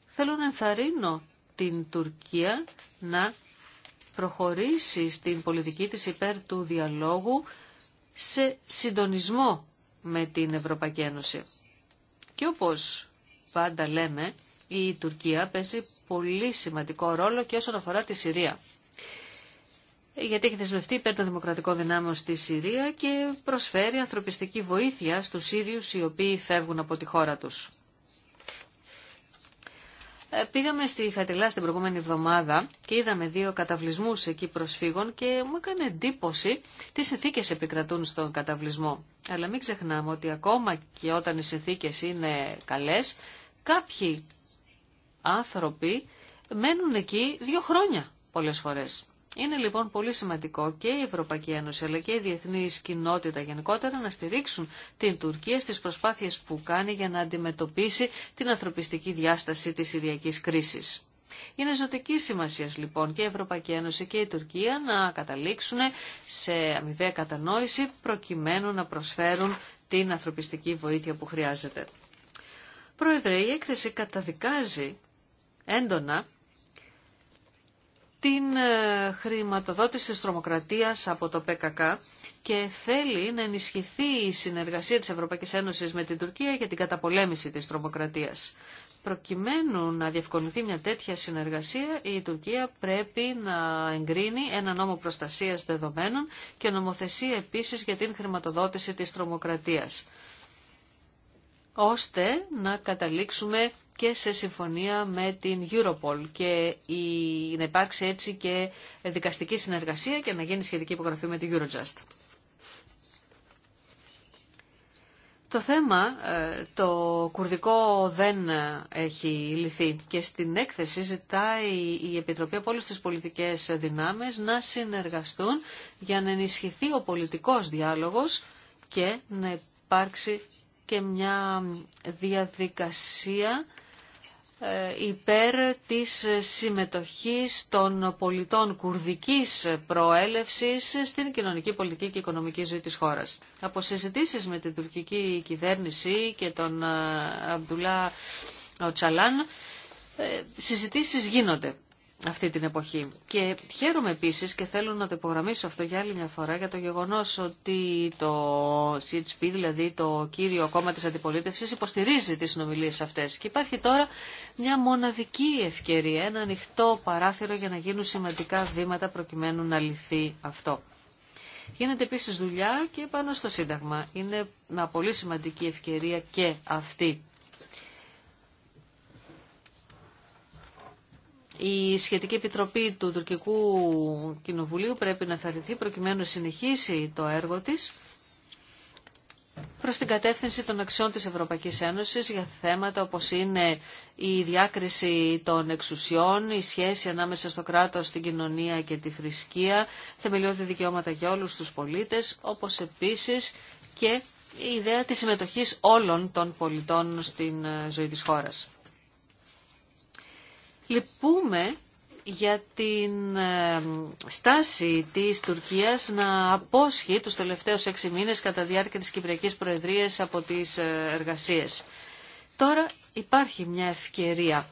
θέλω να ενθαρρύνω την Τουρκία να προχωρήσει στην πολιτική της υπέρ του διαλόγου σε συντονισμό με την Ευρωπαϊκή Ένωση. Και όπως πάντα λέμε, η Τουρκία παίζει πολύ σημαντικό ρόλο και όσον αφορά τη Συρία. Γιατί έχει δεσμευτεί υπέρ των δημοκρατικών δυνάμεων στη Συρία και προσφέρει ανθρωπιστική βοήθεια στους Σύριους οι οποίοι φεύγουν από τη χώρα τους. Ε, πήγαμε στη Χατιλά την προηγούμενη εβδομάδα και είδαμε δύο καταβλισμούς εκεί προσφύγων και μου έκανε εντύπωση τι συνθήκες επικρατούν στον καταβλισμό. Αλλά μην ξεχνάμε ότι ακόμα και όταν οι συνθήκε είναι καλές, κάποιοι άνθρωποι μένουν εκεί δύο χρόνια πολλές φορές. Είναι λοιπόν πολύ σημαντικό και η Ευρωπαϊκή Ένωση αλλά και η διεθνή κοινότητα γενικότερα να στηρίξουν την Τουρκία στις προσπάθειες που κάνει για να αντιμετωπίσει την ανθρωπιστική διάσταση της Συριακής κρίσης. Είναι ζωτική σημασία λοιπόν και η Ευρωπαϊκή Ένωση και η Τουρκία να καταλήξουν σε αμοιβαία κατανόηση προκειμένου να προσφέρουν την ανθρωπιστική βοήθεια που χρειάζεται. Πρόεδρε, η έκθεση καταδικάζει έντονα την ε, χρηματοδότηση της τρομοκρατίας από το ΠΚΚ και θέλει να ενισχυθεί η συνεργασία της Ευρωπαϊκής Ένωσης με την Τουρκία για την καταπολέμηση της τρομοκρατίας. Προκειμένου να διευκολυνθεί μια τέτοια συνεργασία, η Τουρκία πρέπει να εγκρίνει ένα νόμο προστασίας δεδομένων και νομοθεσία επίσης για την χρηματοδότηση της τρομοκρατίας, ώστε να καταλήξουμε και σε συμφωνία με την Europol και η, να υπάρξει έτσι και δικαστική συνεργασία και να γίνει σχετική υπογραφή με την Eurojust. Το θέμα, ε, το κουρδικό δεν έχει λυθεί και στην έκθεση ζητάει η Επιτροπή από όλες τις πολιτικές δυνάμεις να συνεργαστούν για να ενισχυθεί ο πολιτικός διάλογος και να υπάρξει και μια διαδικασία ε, υπέρ της συμμετοχής των πολιτών κουρδικής προέλευσης στην κοινωνική, πολιτική και οικονομική ζωή της χώρας. Από συζητήσει με την τουρκική κυβέρνηση και τον Αμπτουλά ε, Οτσαλάν ε, συζητήσεις γίνονται αυτή την εποχή. Και χαίρομαι επίσης και θέλω να το υπογραμμίσω αυτό για άλλη μια φορά για το γεγονός ότι το CHP, δηλαδή το κύριο κόμμα της αντιπολίτευσης, υποστηρίζει τις συνομιλίες αυτές. Και υπάρχει τώρα μια μοναδική ευκαιρία, ένα ανοιχτό παράθυρο για να γίνουν σημαντικά βήματα προκειμένου να λυθεί αυτό. Γίνεται επίση δουλειά και πάνω στο Σύνταγμα. Είναι μια πολύ σημαντική ευκαιρία και αυτή Η σχετική επιτροπή του τουρκικού κοινοβουλίου πρέπει να θεωρηθεί προκειμένου να συνεχίσει το έργο της προς την κατεύθυνση των αξιών της Ευρωπαϊκής Ένωσης για θέματα όπως είναι η διάκριση των εξουσιών, η σχέση ανάμεσα στο κράτος, την κοινωνία και τη θρησκεία, θεμελιώδη δικαιώματα για όλους τους πολίτες, όπως επίσης και η ιδέα της συμμετοχής όλων των πολιτών στην ε, ζωή της χώρας. Λυπούμε για την ε, στάση της Τουρκίας να απόσχει τους τελευταίους έξι μήνες κατά διάρκεια της Κυπριακής Προεδρίας από τις ε, εργασίες. Τώρα υπάρχει μια ευκαιρία.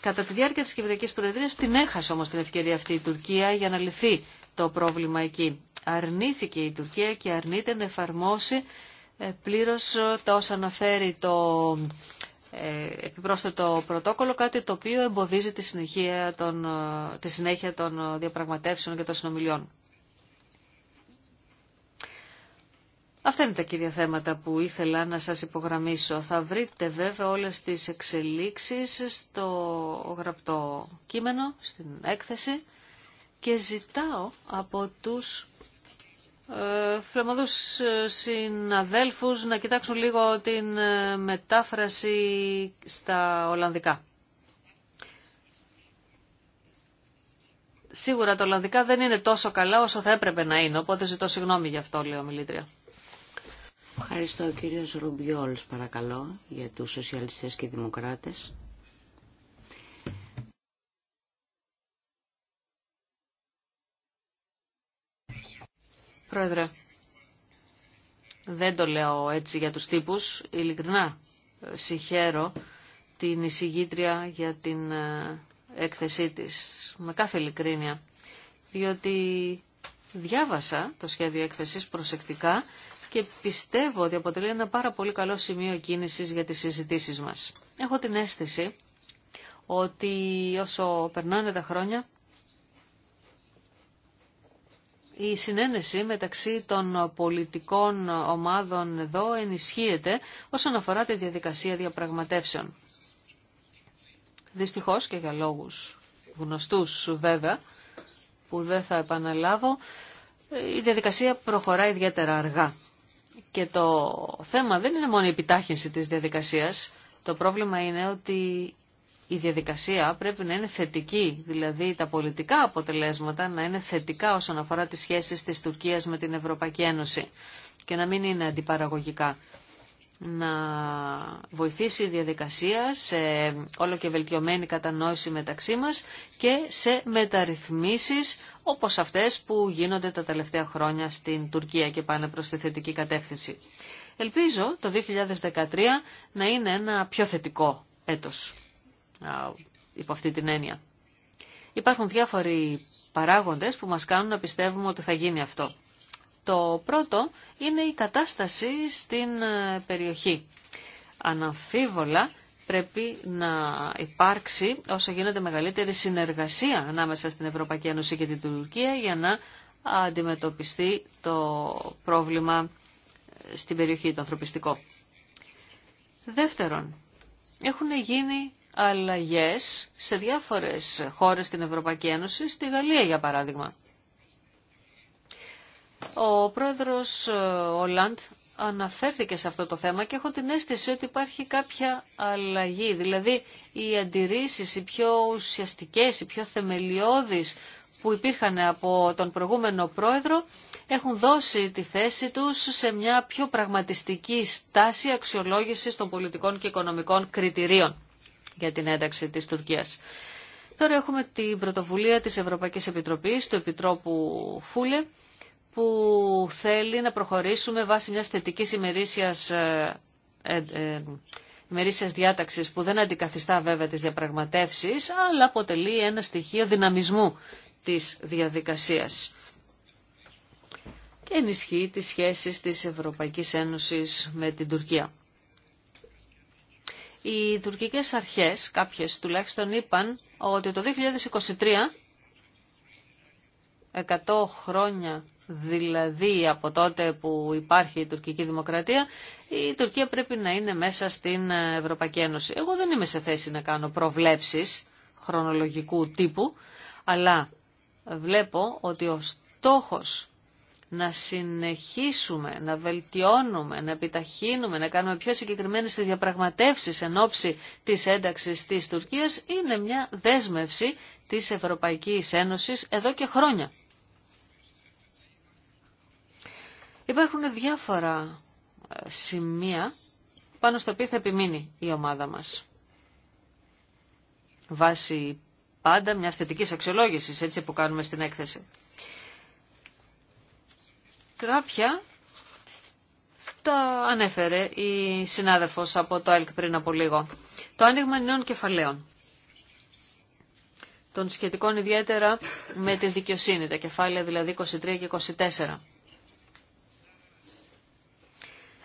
Κατά τη διάρκεια της Κυπριακής Προεδρίας την έχασε όμως την ευκαιρία αυτή η Τουρκία για να λυθεί το πρόβλημα εκεί. Αρνήθηκε η Τουρκία και αρνείται να εφαρμόσει ε, πλήρως τα όσα αναφέρει το ε, επιπρόσθετο πρωτόκολλο, κάτι το οποίο εμποδίζει τη συνέχεια των, ε, τη συνέχεια των ε, διαπραγματεύσεων και των συνομιλιών. Αυτά είναι τα κύρια θέματα που ήθελα να σας υπογραμμίσω. Θα βρείτε βέβαια όλες τις εξελίξεις στο γραπτό κείμενο, στην έκθεση και ζητάω από τους ε, φλεμόδους ε, συναδέλφους να κοιτάξουν λίγο την ε, μετάφραση στα Ολλανδικά. Σίγουρα τα Ολλανδικά δεν είναι τόσο καλά όσο θα έπρεπε να είναι, οπότε ζητώ συγγνώμη γι' αυτό, λέω μιλήτρια. Ευχαριστώ κύριο Ρουμπιόλς παρακαλώ για τους σοσιαλιστές και δημοκράτες. Πρόεδρε, δεν το λέω έτσι για τους τύπους. Ειλικρινά ε, συγχαίρω την εισηγήτρια για την ε, έκθεσή της. Με κάθε ειλικρίνεια. Διότι διάβασα το σχέδιο έκθεσης προσεκτικά και πιστεύω ότι αποτελεί ένα πάρα πολύ καλό σημείο κίνησης για τις συζητήσεις μας. Έχω την αίσθηση ότι όσο περνάνε τα χρόνια η συνένεση μεταξύ των πολιτικών ομάδων εδώ ενισχύεται όσον αφορά τη διαδικασία διαπραγματεύσεων. Δυστυχώς και για λόγους γνωστούς βέβαια, που δεν θα επαναλάβω, η διαδικασία προχωρά ιδιαίτερα αργά. Και το θέμα δεν είναι μόνο η επιτάχυνση της διαδικασίας. Το πρόβλημα είναι ότι η διαδικασία πρέπει να είναι θετική, δηλαδή τα πολιτικά αποτελέσματα να είναι θετικά όσον αφορά τις σχέσεις της Τουρκίας με την Ευρωπαϊκή Ένωση και να μην είναι αντιπαραγωγικά. Να βοηθήσει η διαδικασία σε όλο και βελτιωμένη κατανόηση μεταξύ μας και σε μεταρρυθμίσεις όπως αυτές που γίνονται τα τελευταία χρόνια στην Τουρκία και πάνε προς τη θετική κατεύθυνση. Ελπίζω το 2013 να είναι ένα πιο θετικό έτος υπό αυτή την έννοια. Υπάρχουν διάφοροι παράγοντες που μας κάνουν να πιστεύουμε ότι θα γίνει αυτό. Το πρώτο είναι η κατάσταση στην ε, περιοχή. Αναμφίβολα πρέπει να υπάρξει όσο γίνεται μεγαλύτερη συνεργασία ανάμεσα στην Ευρωπαϊκή Ένωση και την Τουρκία για να αντιμετωπιστεί το πρόβλημα ε, στην περιοχή, το ανθρωπιστικό. Δεύτερον, έχουν γίνει αλλαγές σε διάφορες χώρες στην Ευρωπαϊκή Ένωση, στη Γαλλία για παράδειγμα. Ο πρόεδρος Ολάντ ε, αναφέρθηκε σε αυτό το θέμα και έχω την αίσθηση ότι υπάρχει κάποια αλλαγή. Δηλαδή οι αντιρρήσεις, οι πιο ουσιαστικές, οι πιο θεμελιώδεις που υπήρχαν από τον προηγούμενο πρόεδρο έχουν δώσει τη θέση τους σε μια πιο πραγματιστική στάση αξιολόγησης των πολιτικών και οικονομικών κριτηρίων για την ένταξη της Τουρκίας. Τώρα έχουμε την πρωτοβουλία της Ευρωπαϊκής Επιτροπής, του Επιτρόπου Φούλε, που θέλει να προχωρήσουμε βάσει μιας θετικής ημερήσιας, ε, ε, ε διάταξης που δεν αντικαθιστά βέβαια τις διαπραγματεύσεις, αλλά αποτελεί ένα στοιχείο δυναμισμού της διαδικασίας και ενισχύει τις σχέσεις της Ευρωπαϊκής Ένωσης με την Τουρκία. Οι τουρκικές αρχές, κάποιες τουλάχιστον, είπαν ότι το 2023, 100 χρόνια δηλαδή από τότε που υπάρχει η τουρκική δημοκρατία, η Τουρκία πρέπει να είναι μέσα στην Ευρωπαϊκή Ένωση. Εγώ δεν είμαι σε θέση να κάνω προβλέψεις χρονολογικού τύπου, αλλά βλέπω ότι ο στόχος να συνεχίσουμε, να βελτιώνουμε, να επιταχύνουμε, να κάνουμε πιο συγκεκριμένες τις διαπραγματεύσεις εν ώψη της ένταξης της Τουρκίας είναι μια δέσμευση της Ευρωπαϊκής Ένωσης εδώ και χρόνια. Υπάρχουν διάφορα ε, σημεία πάνω στο οποία θα επιμείνει η ομάδα μας. Βάσει πάντα μια θετική αξιολόγηση, έτσι που κάνουμε στην έκθεση. Κάποια τα ανέφερε η συνάδελφος από το ΕΛΚ πριν από λίγο. Το άνοιγμα νέων κεφαλαίων των σχετικών ιδιαίτερα με τη δικαιοσύνη, τα κεφάλαια δηλαδή 23 και 24.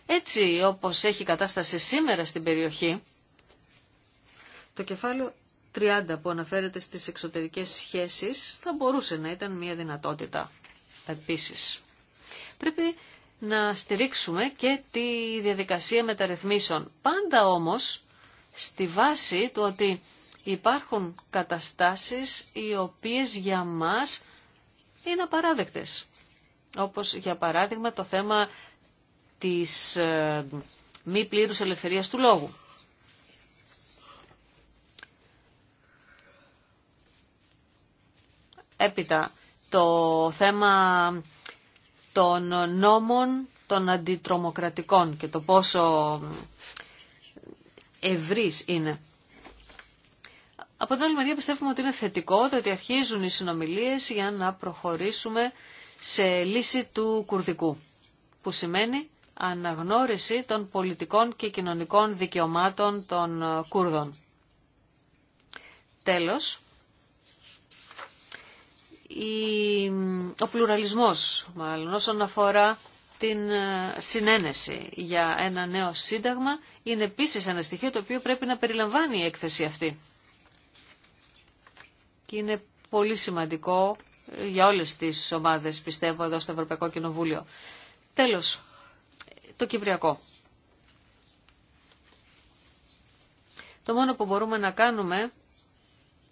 Έτσι όπως έχει κατάσταση σήμερα στην περιοχή, το κεφάλαιο 30 που αναφέρεται στις εξωτερικές σχέσεις θα μπορούσε να ήταν μια δυνατότητα επίσης πρέπει να στηρίξουμε και τη διαδικασία μεταρρυθμίσεων. Πάντα όμως στη βάση του ότι υπάρχουν καταστάσεις οι οποίες για μας είναι απαράδεκτες. Όπως για παράδειγμα το θέμα της ε, μη πλήρους ελευθερίας του λόγου. Έπειτα, το θέμα των νόμων των αντιτρομοκρατικών και το πόσο ευρύς είναι. Από την άλλη μεριά πιστεύουμε ότι είναι θετικό το ότι αρχίζουν οι συνομιλίες για να προχωρήσουμε σε λύση του κουρδικού, που σημαίνει αναγνώριση των πολιτικών και κοινωνικών δικαιωμάτων των Κούρδων. Τέλος, ο πλουραλισμός μάλλον όσον αφορά την ε, συνένεση για ένα νέο σύνταγμα είναι επίσης ένα στοιχείο το οποίο πρέπει να περιλαμβάνει η έκθεση αυτή. Και είναι πολύ σημαντικό ε, για όλες τις ομάδες πιστεύω εδώ στο Ευρωπαϊκό Κοινοβούλιο. Τέλος, το Κυπριακό. Το μόνο που μπορούμε να κάνουμε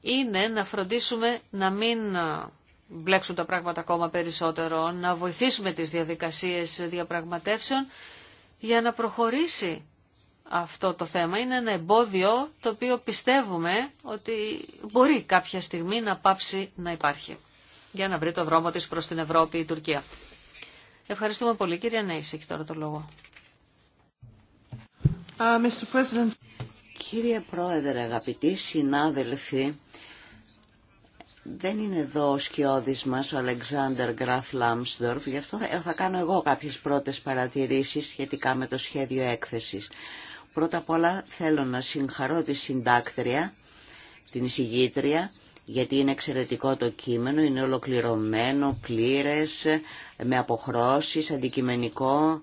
είναι να φροντίσουμε να μην ε, μπλέξουν τα πράγματα ακόμα περισσότερο, να βοηθήσουμε τις διαδικασίες διαπραγματεύσεων για να προχωρήσει αυτό το θέμα. Είναι ένα εμπόδιο το οποίο πιστεύουμε ότι μπορεί κάποια στιγμή να πάψει να υπάρχει για να βρει το δρόμο της προς την Ευρώπη η Τουρκία. Ευχαριστούμε πολύ. Κύριε Νέης, έχει τώρα το λόγο. Uh, Mr. President. Κύριε Πρόεδρε, αγαπητοί συνάδελφοι, δεν είναι εδώ ο σκιώδης μας, ο Αλεξάνδρ Γκραφ Λάμσδορφ, γι' αυτό ε, θα κάνω εγώ κάποιες πρώτες παρατηρήσεις σχετικά με το σχέδιο έκθεσης. Πρώτα απ' όλα θέλω να συγχαρώ τη συντάκτρια, την εισηγήτρια, γιατί είναι εξαιρετικό το κείμενο, είναι ολοκληρωμένο, πλήρες, με αποχρώσεις, αντικειμενικό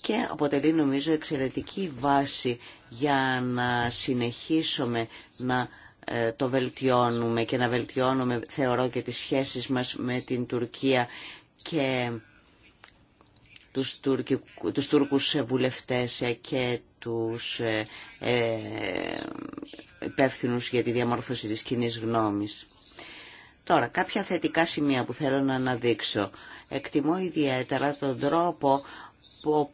και αποτελεί νομίζω εξαιρετική βάση για να συνεχίσουμε να ε, το βελτιώνουμε και να βελτιώνουμε θεωρώ και τις σχέσεις μας με την Τουρκία και τους, Τουρκικού, τους Τούρκους βουλευτές ε, και τους ε, ε για τη διαμόρφωση της κοινή γνώμης. Τώρα, κάποια θετικά σημεία που θέλω να αναδείξω. Εκτιμώ ιδιαίτερα τον τρόπο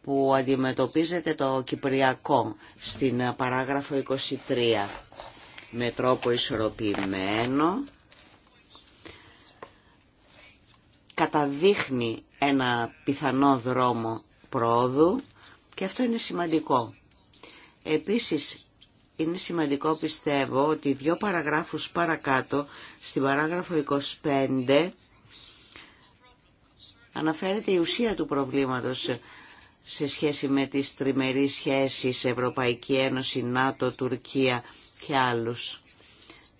που αντιμετωπίζεται το Κυπριακό στην παράγραφο 23 με τρόπο ισορροπημένο, καταδείχνει ένα πιθανό δρόμο πρόοδου και αυτό είναι σημαντικό. Επίσης, είναι σημαντικό πιστεύω ότι δύο παραγράφους παρακάτω, στην παράγραφο 25, αναφέρεται η ουσία του προβλήματος σε σχέση με τις τριμερείς σχέσεις Ευρωπαϊκή Ένωση, ΝΑΤΟ, Τουρκία και άλλους.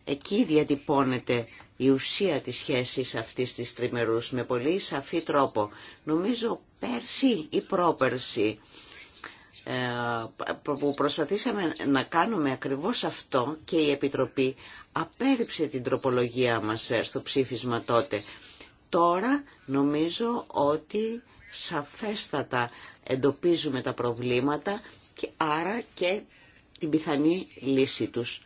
Εκεί διατυπώνεται η ουσία της σχέσης αυτής της τριμερούς με πολύ σαφή τρόπο. Νομίζω πέρσι ή πρόπερσι ε, που προσπαθήσαμε να κάνουμε ακριβώς αυτό και η Επιτροπή απέρριψε την τροπολογία μας ε, στο ψήφισμα τότε. Τώρα νομίζω ότι σαφέστατα εντοπίζουμε τα προβλήματα και άρα και την πιθανή λύση τους.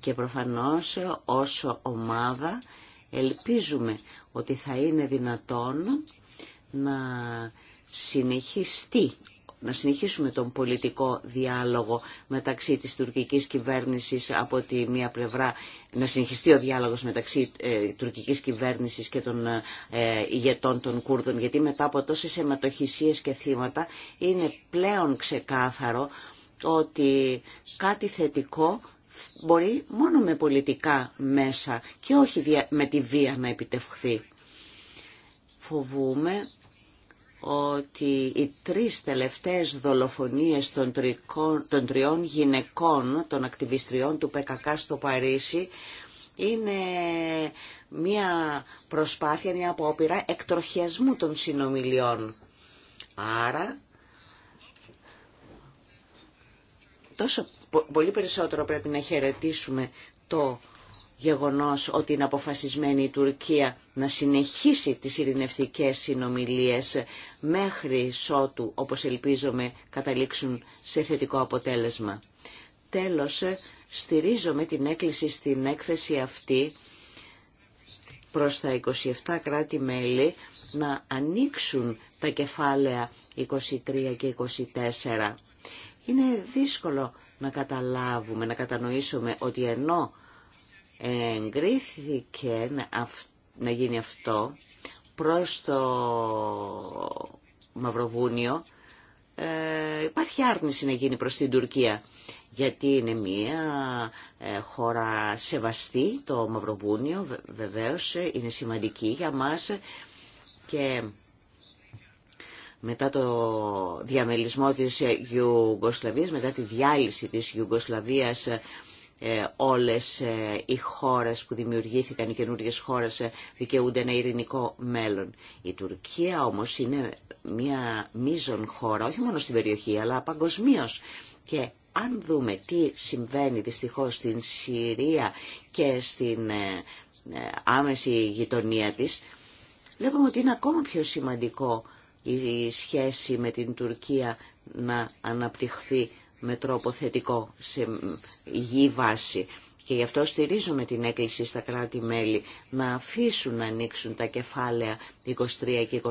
Και προφανώς όσο ομάδα ελπίζουμε ότι θα είναι δυνατόν να συνεχιστεί να συνεχίσουμε τον πολιτικό διάλογο μεταξύ της τουρκικής κυβέρνησης από τη μία πλευρά, να συνεχιστεί ο διάλογος μεταξύ ε, τουρκικής κυβέρνησης και των ε, ηγετών των Κούρδων, γιατί μετά από τόσες αιματοχυσίες και θύματα είναι πλέον ξεκάθαρο ότι κάτι θετικό μπορεί μόνο με πολιτικά μέσα και όχι με τη βία να επιτευχθεί. Φοβούμε ότι οι τρεις τελευταίες δολοφονίες των, των τριών γυναικών των ακτιβιστριών του ΠΚΚ στο Παρίσι είναι μια προσπάθεια, μια απόπειρα εκτροχιασμού των συνομιλιών. Άρα, τόσο πολύ περισσότερο πρέπει να χαιρετήσουμε το γεγονός ότι είναι αποφασισμένη η Τουρκία να συνεχίσει τις ειρηνευτικές συνομιλίες μέχρι σότου, όπως ελπίζομαι, καταλήξουν σε θετικό αποτέλεσμα. Τέλος, στηρίζομαι την έκκληση στην έκθεση αυτή προς τα 27 κράτη-μέλη να ανοίξουν τα κεφάλαια 23 και 24. Είναι δύσκολο να καταλάβουμε, να κατανοήσουμε ότι ενώ εγκρίθηκε να, να γίνει αυτό προς το Μαυροβούνιο ε, υπάρχει άρνηση να γίνει προς την Τουρκία γιατί είναι μια ε, χώρα σεβαστή το Μαυροβούνιο βεβαίως ε, είναι σημαντική για μας και μετά το διαμελισμό της ε, Ιουγκοσλαβίας, μετά τη διάλυση της Ιουγκοσλαβίας ε, όλες ε, οι χώρες που δημιουργήθηκαν, οι καινούριε χώρες ε, δικαιούνται ένα ειρηνικό μέλλον. Η Τουρκία όμως είναι μια μείζον χώρα, όχι μόνο στην περιοχή, αλλά παγκοσμίω. Και αν δούμε τι συμβαίνει δυστυχώς στην Συρία και στην άμεση γειτονία της, βλέπουμε ότι είναι ακόμα πιο σημαντικό η σχέση με την Τουρκία να αναπτυχθεί με τρόπο θετικό σε υγιή βάση. Και γι' αυτό στηρίζουμε την έκκληση στα κράτη-μέλη να αφήσουν να ανοίξουν τα κεφάλαια 23 και 24,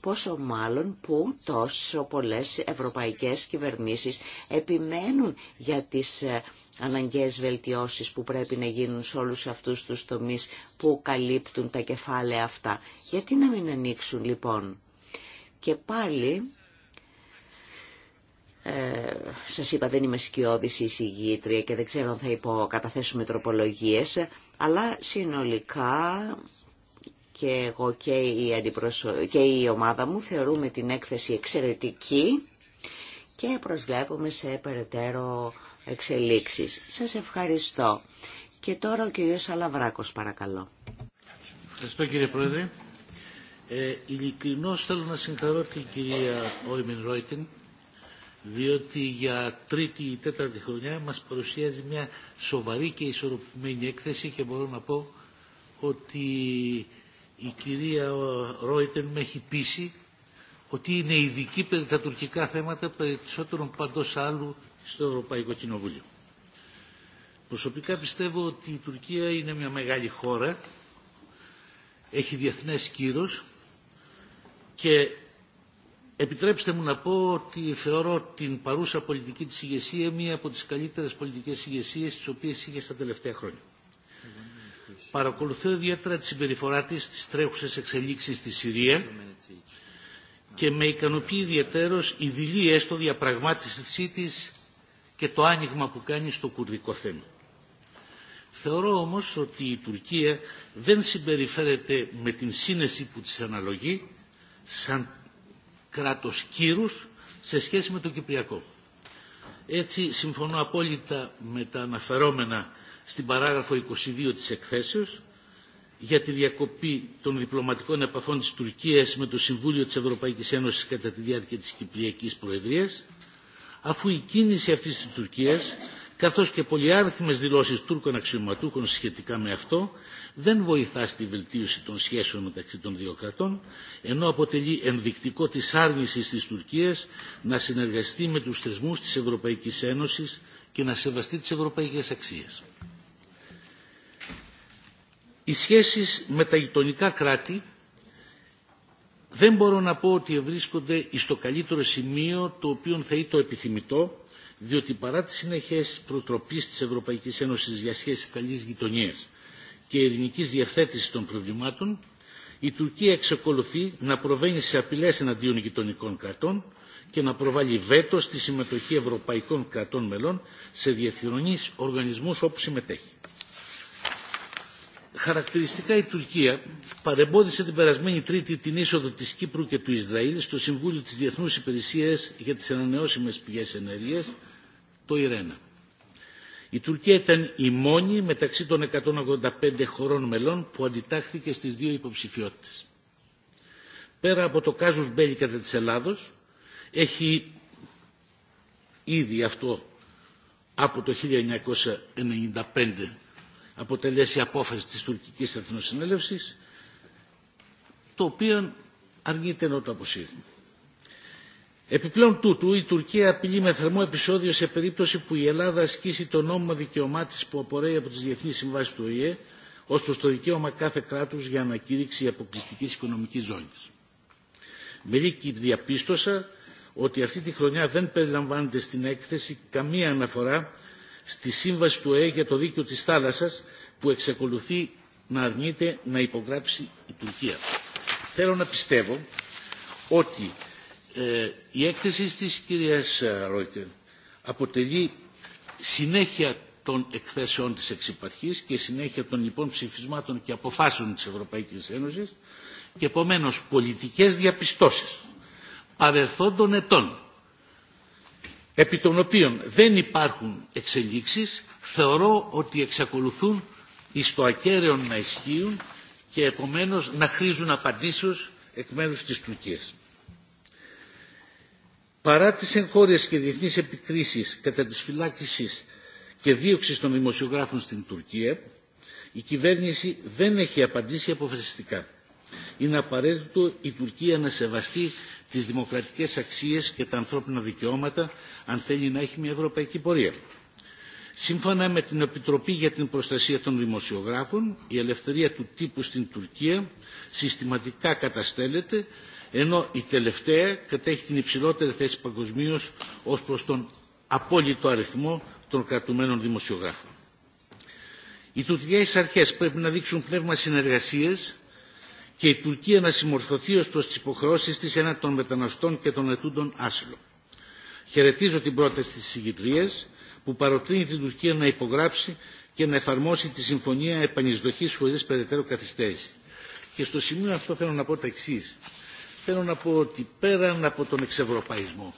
πόσο μάλλον που τόσο πολλές ευρωπαϊκές κυβερνήσεις επιμένουν για τις ε, αναγκαίες βελτιώσεις που πρέπει να γίνουν σε όλους αυτούς τους τομείς που καλύπτουν τα κεφάλαια αυτά. Γιατί να μην ανοίξουν λοιπόν. Και πάλι ε, σας είπα δεν είμαι σκιώδης εισηγήτρια και δεν ξέρω αν θα υποκαταθέσουμε τροπολογίες, αλλά συνολικά και εγώ και η, και η ομάδα μου θεωρούμε την έκθεση εξαιρετική και προσβλέπουμε σε περαιτέρω εξελίξεις. Σας ευχαριστώ. Και τώρα ο κύριος Αλαβράκος παρακαλώ. Ευχαριστώ κύριε Πρόεδρε. Ε, ειλικρινώς θέλω να συγχαρώ την κυρία Όιμιν Ρόιτιν διότι για τρίτη ή τέταρτη χρονιά μας παρουσιάζει μια σοβαρή και ισορροπημένη έκθεση και μπορώ να πω ότι η κυρία Ρόιτεν με έχει πείσει ότι είναι ειδική περί τα τουρκικά θέματα περισσότερων παντός άλλου στο Ευρωπαϊκό Κοινοβούλιο. Προσωπικά πιστεύω ότι η Τουρκία είναι μια μεγάλη χώρα, έχει διεθνές κύρος και Επιτρέψτε μου να πω ότι θεωρώ την παρούσα πολιτική της ηγεσία μία από τις καλύτερες πολιτικές ηγεσίες τις οποίες είχε στα τελευταία χρόνια. Παρακολουθώ ιδιαίτερα τη συμπεριφορά της στις τρέχουσες εξελίξεις στη Συρία και με ικανοποιεί ιδιαίτερο η δειλή έστω διαπραγμάτισή της και το άνοιγμα που κάνει στο κουρδικό θέμα. Θεωρώ όμως ότι η Τουρκία δεν συμπεριφέρεται με την σύνεση που της αναλογεί σαν κράτος κύρους σε σχέση με το Κυπριακό. Έτσι συμφωνώ απόλυτα με τα αναφερόμενα στην παράγραφο 22 της εκθέσεως για τη διακοπή των διπλωματικών επαφών της Τουρκίας με το Συμβούλιο της Ευρωπαϊκής Ένωσης κατά τη διάρκεια της Κυπριακής Προεδρίας, αφού η κίνηση αυτής της Τουρκίας, καθώς και πολυάριθμες δηλώσεις Τούρκων αξιωματούχων σχετικά με αυτό, δεν βοηθά στη βελτίωση των σχέσεων μεταξύ των δύο κρατών, ενώ αποτελεί ενδεικτικό της άρνησης της Τουρκίας να συνεργαστεί με τους θεσμούς της Ευρωπαϊκής Ένωσης και να σεβαστεί τις ευρωπαϊκές αξίες. Οι σχέσεις με τα γειτονικά κράτη δεν μπορώ να πω ότι βρίσκονται στο καλύτερο σημείο το οποίο θα είναι το επιθυμητό διότι παρά τις συνεχές προτροπής της Ευρωπαϊκής Ένωσης για σχέσεις καλής γειτονίας και ειρηνικής διευθέτησης των προβλημάτων, η Τουρκία εξακολουθεί να προβαίνει σε απειλές εναντίον γειτονικών κρατών και να προβάλλει βέτο στη συμμετοχή ευρωπαϊκών κρατών μελών σε διεθνείς οργανισμούς όπου συμμετέχει. Χαρακτηριστικά η Τουρκία παρεμπόδισε την περασμένη Τρίτη την είσοδο της Κύπρου και του Ισραήλ στο Συμβούλιο της Διεθνούς Υπηρεσίας για τις Ανανεώσιμες Πηγές Ενέργειας, το ΙΡΕΝΑ. Η Τουρκία ήταν η μόνη μεταξύ των 185 χωρών μελών που αντιτάχθηκε στις δύο υποψηφιότητες. Πέρα από το κάζους μπέλη κατά της Ελλάδος, έχει ήδη αυτό από το 1995 αποτελέσει απόφαση της τουρκικής εθνοσυνέλευσης, το οποίο αρνείται να το αποσύρει. Επιπλέον τούτου, η Τουρκία απειλεί με θερμό επεισόδιο σε περίπτωση που η Ελλάδα ασκήσει το νόμιμο δικαίωμά τη που απορρέει από τι διεθνεί συμβάσει του ΟΗΕ, ω προ το δικαίωμα κάθε κράτου για ανακήρυξη αποκλειστική οικονομική ζώνη. Μερικοί διαπίστωσα ότι αυτή τη χρονιά δεν περιλαμβάνεται στην έκθεση καμία αναφορά στη σύμβαση του ΟΗΕ για το δίκαιο τη θάλασσα που εξακολουθεί να αρνείται να υπογράψει η Τουρκία. Θέλω να πιστεύω ότι ε, η έκθεση της κυρίας ε, Ρόιτερ αποτελεί συνέχεια των εκθέσεων της εξυπαρχής και συνέχεια των λοιπόν ψηφισμάτων και αποφάσεων της Ευρωπαϊκής Ένωσης και επομένως πολιτικές διαπιστώσεις παρελθόντων ετών επί των οποίων δεν υπάρχουν εξελίξεις θεωρώ ότι εξακολουθούν εις το ακέραιο να ισχύουν και επομένως να χρήζουν απαντήσεις εκ μέρους της Τουρκίας. Παρά τις εγχώριες και διεθνείς επικρίσεις κατά της φυλάκησης και δίωξης των δημοσιογράφων στην Τουρκία, η κυβέρνηση δεν έχει απαντήσει αποφασιστικά. Είναι απαραίτητο η Τουρκία να σεβαστεί τις δημοκρατικές αξίες και τα ανθρώπινα δικαιώματα αν θέλει να έχει μια ευρωπαϊκή πορεία. Σύμφωνα με την Επιτροπή για την Προστασία των Δημοσιογράφων, η ελευθερία του τύπου στην Τουρκία συστηματικά καταστέλλεται ενώ η τελευταία κατέχει την υψηλότερη θέση παγκοσμίω ως προς τον απόλυτο αριθμό των κρατουμένων δημοσιογράφων. Οι τουρκικές αρχές πρέπει να δείξουν πνεύμα συνεργασίες και η Τουρκία να συμμορφωθεί ως προς τις υποχρεώσεις της έναν των μεταναστών και των ετούντων άσυλο. Χαιρετίζω την πρόταση της συγκητρίας που παροτρύνει την Τουρκία να υπογράψει και να εφαρμόσει τη Συμφωνία Επανεισδοχής χωρίς περαιτέρω καθυστέρηση. Και στο σημείο αυτό θέλω να πω τα εξή θέλω να πω ότι πέραν από τον εξευρωπαϊσμό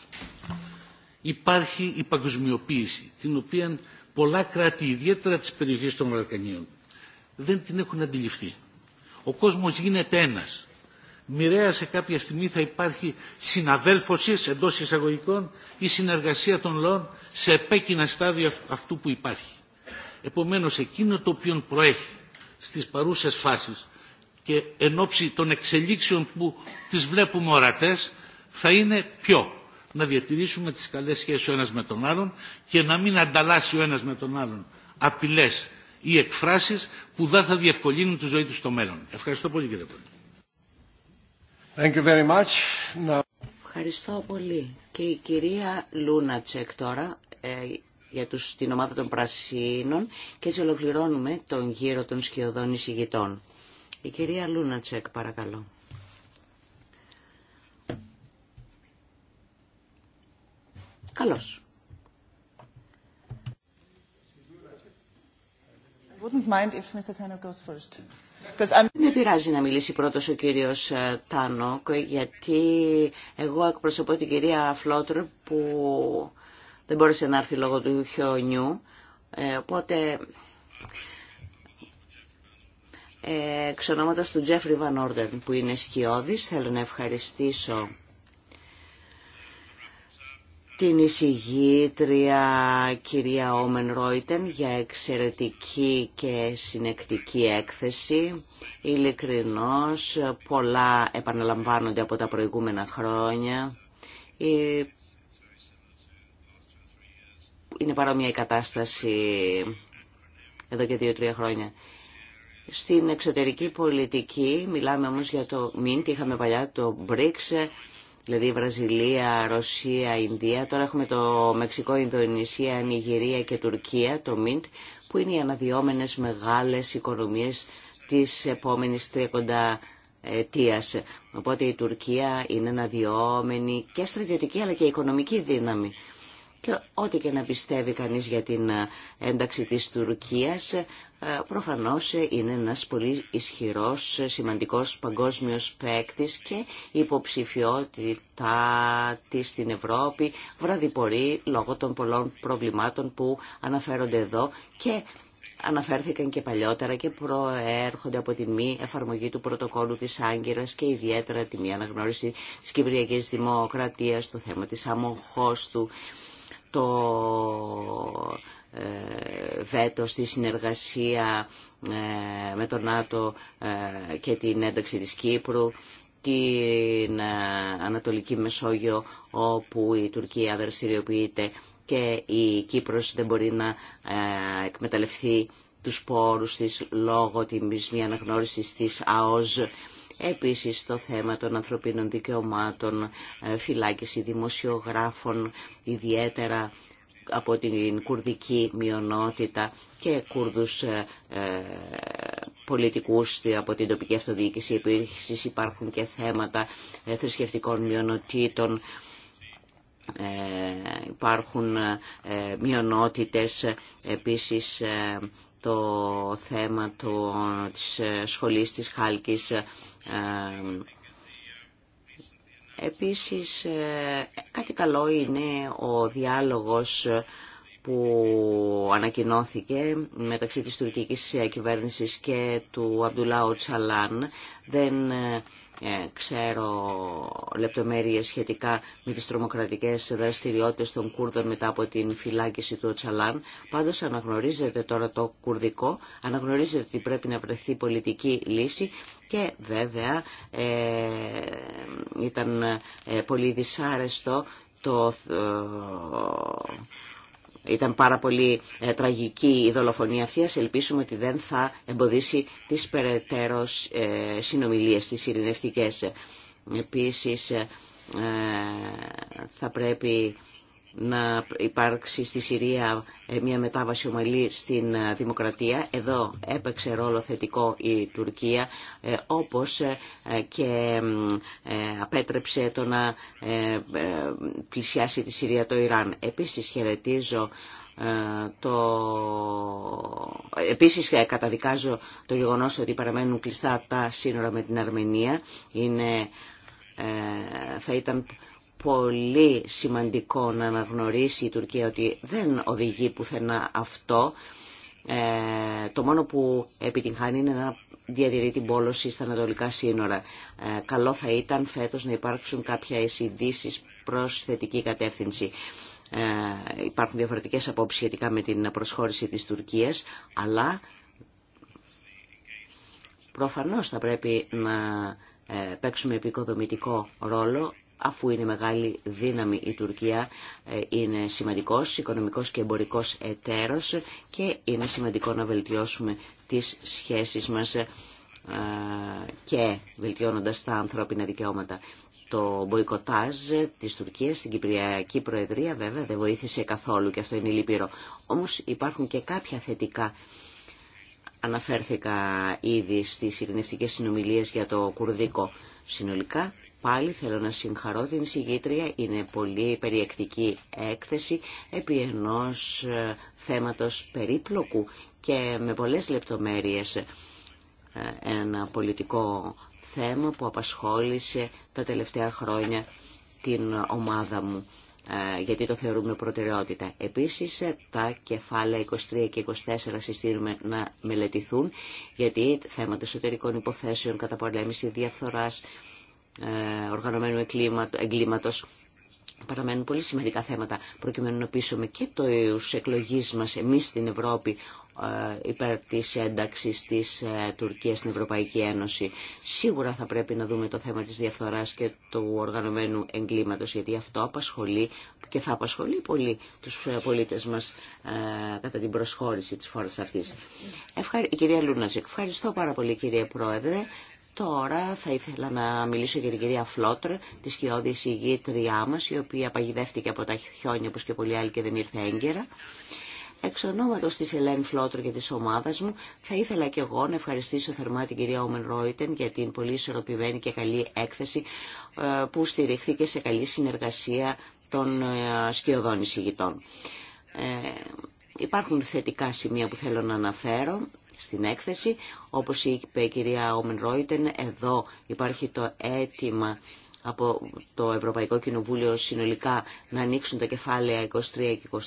υπάρχει η παγκοσμιοποίηση, την οποία πολλά κράτη, ιδιαίτερα τις περιοχές των Βαλκανίων, δεν την έχουν αντιληφθεί. Ο κόσμος γίνεται ένας. Μοιραία σε κάποια στιγμή θα υπάρχει συναδέλφωση εντός εισαγωγικών ή συνεργασία των λαών σε επέκεινα στάδιο αυτού που υπάρχει. Επομένως εκείνο το οποίο προέχει στις παρούσες φάσεις και εν ώψη των εξελίξεων που τις βλέπουμε ορατές θα είναι πιο Να διατηρήσουμε τις καλές σχέσεις ο ένας με τον άλλον και να μην ανταλλάσσει ο ένας με τον άλλον απειλές ή εκφράσεις που δεν θα διευκολύνουν τη ζωή του στο μέλλον. Ευχαριστώ πολύ κύριε Πρόεδρε. Thank you very much. Ευχαριστώ πολύ. Και η κυρία Λούνατσεκ τώρα ε, για τους, την ομάδα των Πρασίνων και σε τον γύρο των σκιωδών εισηγητών. Η κυρία Λούνατσεκ, παρακαλώ. Καλώς. Δεν με πειράζει να μιλήσει πρώτος ο κύριος ε, Τάνοκ, γιατί εγώ εκπροσωπώ την κυρία Φλότρ που δεν μπόρεσε να έρθει λόγω του χιονιού, ε, οπότε Εξ του Τζέφρι Βαν Όρντεν που είναι σκιώδης θέλω να ευχαριστήσω την εισηγήτρια κυρία Όμεν Ρόιτεν για εξαιρετική και συνεκτική έκθεση. Ειλικρινώς πολλά επαναλαμβάνονται από τα προηγούμενα χρόνια. Είναι παρόμοια η κατάσταση εδώ και δύο-τρία χρόνια στην εξωτερική πολιτική, μιλάμε όμως για το ΜΙΝΤ, είχαμε παλιά το BRICS, δηλαδή Βραζιλία, Ρωσία, Ινδία, τώρα έχουμε το Μεξικό, Ινδονησία, Νιγηρία και Τουρκία, το ΜΙΝΤ, που είναι οι αναδυόμενες μεγάλες οικονομίες της επόμενης τρίκοντα αιτίας. Οπότε η Τουρκία είναι αναδυόμενη και στρατιωτική αλλά και οικονομική δύναμη. Και ό,τι και να πιστεύει κανείς για την ένταξη της Τουρκίας, ε, προφανώς ε, είναι ένας πολύ ισχυρός, ε, σημαντικός παγκόσμιος παίκτη και η υποψηφιότητά της στην Ευρώπη βραδιπορεί λόγω των πολλών προβλημάτων που αναφέρονται εδώ και αναφέρθηκαν και παλιότερα και προέρχονται από τη μη εφαρμογή του πρωτοκόλου της Άγκυρας και ιδιαίτερα τη μη αναγνώριση της Κυπριακής Δημοκρατίας, το θέμα της του το βέτο στη συνεργασία ε, με τον ΝΑΤΟ ε, και την ένταξη της Κύπρου την ε, Ανατολική Μεσόγειο όπου η Τουρκία δραστηριοποιείται και η Κύπρος δεν μπορεί να εκμεταλλευτεί τους πόρους της λόγω της μη αναγνώρισης της ΑΟΖ. Επίσης το θέμα των ανθρωπίνων δικαιωμάτων, φυλάκιση δημοσιογράφων, ιδιαίτερα από την κουρδική μειονότητα και Κούρδους ε, ε, πολιτικούς από την τοπική αυτοδιοίκηση. Επίσης υπάρχουν και θέματα ε, θρησκευτικών μειονοτήτων. υπάρχουν ε, μειονότητες επίσης το θέμα του, της σχολής της Χάλκης Επίσης, ε, κάτι καλό είναι ο διάλογος που ανακοινώθηκε μεταξύ της τουρκικής κυβέρνησης και του Αμπτουλάου Τσαλάν. Δεν ε, ε, ξέρω λεπτομέρειες σχετικά με τις τρομοκρατικές δραστηριότητες των Κούρδων μετά από την φυλάκιση του Τσαλάν. Πάντως αναγνωρίζεται τώρα το κουρδικό, αναγνωρίζεται ότι πρέπει να βρεθεί πολιτική λύση και βέβαια ε, ήταν ε, πολύ δυσάρεστο το ήταν πάρα πολύ ε, τραγική η δολοφονία αυτή. ελπίσουμε ότι δεν θα εμποδίσει τις περαιτέρω ε, συνομιλίες, τις ειρηνευτικές. Επίσης ε, θα πρέπει να υπάρξει στη Συρία ε, μια μετάβαση ομαλή στην ε, δημοκρατία. Εδώ έπαιξε ρόλο θετικό η Τουρκία, ε, όπως και απέτρεψε το να πλησιάσει τη Συρία το Ιράν. Επίσης χαιρετίζω το... Επίσης καταδικάζω το γεγονός ότι παραμένουν κλειστά τα σύνορα με την Αρμενία. Είναι... θα ήταν πολύ σημαντικό να αναγνωρίσει η Τουρκία ότι δεν οδηγεί πουθενά αυτό. Ε, το μόνο που επιτυγχάνει είναι να διατηρεί την πόλωση στα ανατολικά σύνορα. Ε, καλό θα ήταν φέτος να υπάρξουν κάποια εισιδήσεις προς θετική κατεύθυνση. Ε, υπάρχουν διαφορετικές απόψεις σχετικά με την προσχώρηση της Τουρκίας, αλλά προφανώς θα πρέπει να ε, παίξουμε επικοδομητικό ρόλο αφού είναι μεγάλη δύναμη η Τουρκία, ε, είναι σημαντικός οικονομικός και εμπορικός εταίρος και είναι σημαντικό να βελτιώσουμε τις σχέσεις μας ε, και βελτιώνοντας τα ανθρώπινα δικαιώματα. Το μποϊκοτάζ της Τουρκίας στην Κυπριακή Προεδρία βέβαια δεν βοήθησε καθόλου και αυτό είναι λυπηρό. Όμως υπάρχουν και κάποια θετικά Αναφέρθηκα ήδη στις ειρηνευτικές συνομιλίες για το Κουρδικό. Συνολικά Πάλι θέλω να συγχαρώ την συγγήτρια, είναι πολύ περιεκτική έκθεση επί ενός ε, θέματος περίπλοκου και με πολλές λεπτομέρειες ε, ένα πολιτικό θέμα που απασχόλησε τα τελευταία χρόνια την ομάδα μου ε, γιατί το θεωρούμε προτεραιότητα. Επίσης, τα κεφάλαια 23 και 24 συστήνουμε να μελετηθούν, γιατί θέματα εσωτερικών υποθέσεων, καταπολέμηση διαφθοράς, ε, οργανωμένου εγκλήματος. Παραμένουν πολύ σημαντικά θέματα προκειμένου να πείσουμε και του εκλογείς μα εμεί στην Ευρώπη ε, υπέρ της ένταξης της ε, Τουρκίας στην Ευρωπαϊκή Ένωση. Σίγουρα θα πρέπει να δούμε το θέμα της διαφθοράς και του οργανωμένου εγκλήματος, γιατί αυτό απασχολεί και θα απασχολεί πολύ τους πολίτες μας κατά την προσχώρηση της χώρας αυτής. κυρία ευχαριστώ πάρα πολύ κύριε Πρόεδρε. Τώρα θα ήθελα να μιλήσω για την κυρία Φλότρ, τη σκιώδη ηγήτριά μα, η οποία παγιδεύτηκε από τα χιόνια όπω και πολλοί άλλοι και δεν ήρθε έγκαιρα. Εξ ονόματος της Ελένη Φλότρ και της ομάδας μου, θα ήθελα και εγώ να ευχαριστήσω θερμά την κυρία Όμεν Ρόιτεν για την πολύ ισορροπημένη και καλή έκθεση ε, που στηριχθήκε σε καλή συνεργασία των ε, σκιωδών εισηγητών. Ε, υπάρχουν θετικά σημεία που θέλω να αναφέρω στην έκθεση. Όπως είπε η κυρία Όμεν εδώ υπάρχει το αίτημα από το Ευρωπαϊκό Κοινοβούλιο συνολικά να ανοίξουν τα κεφάλαια 23 και 24.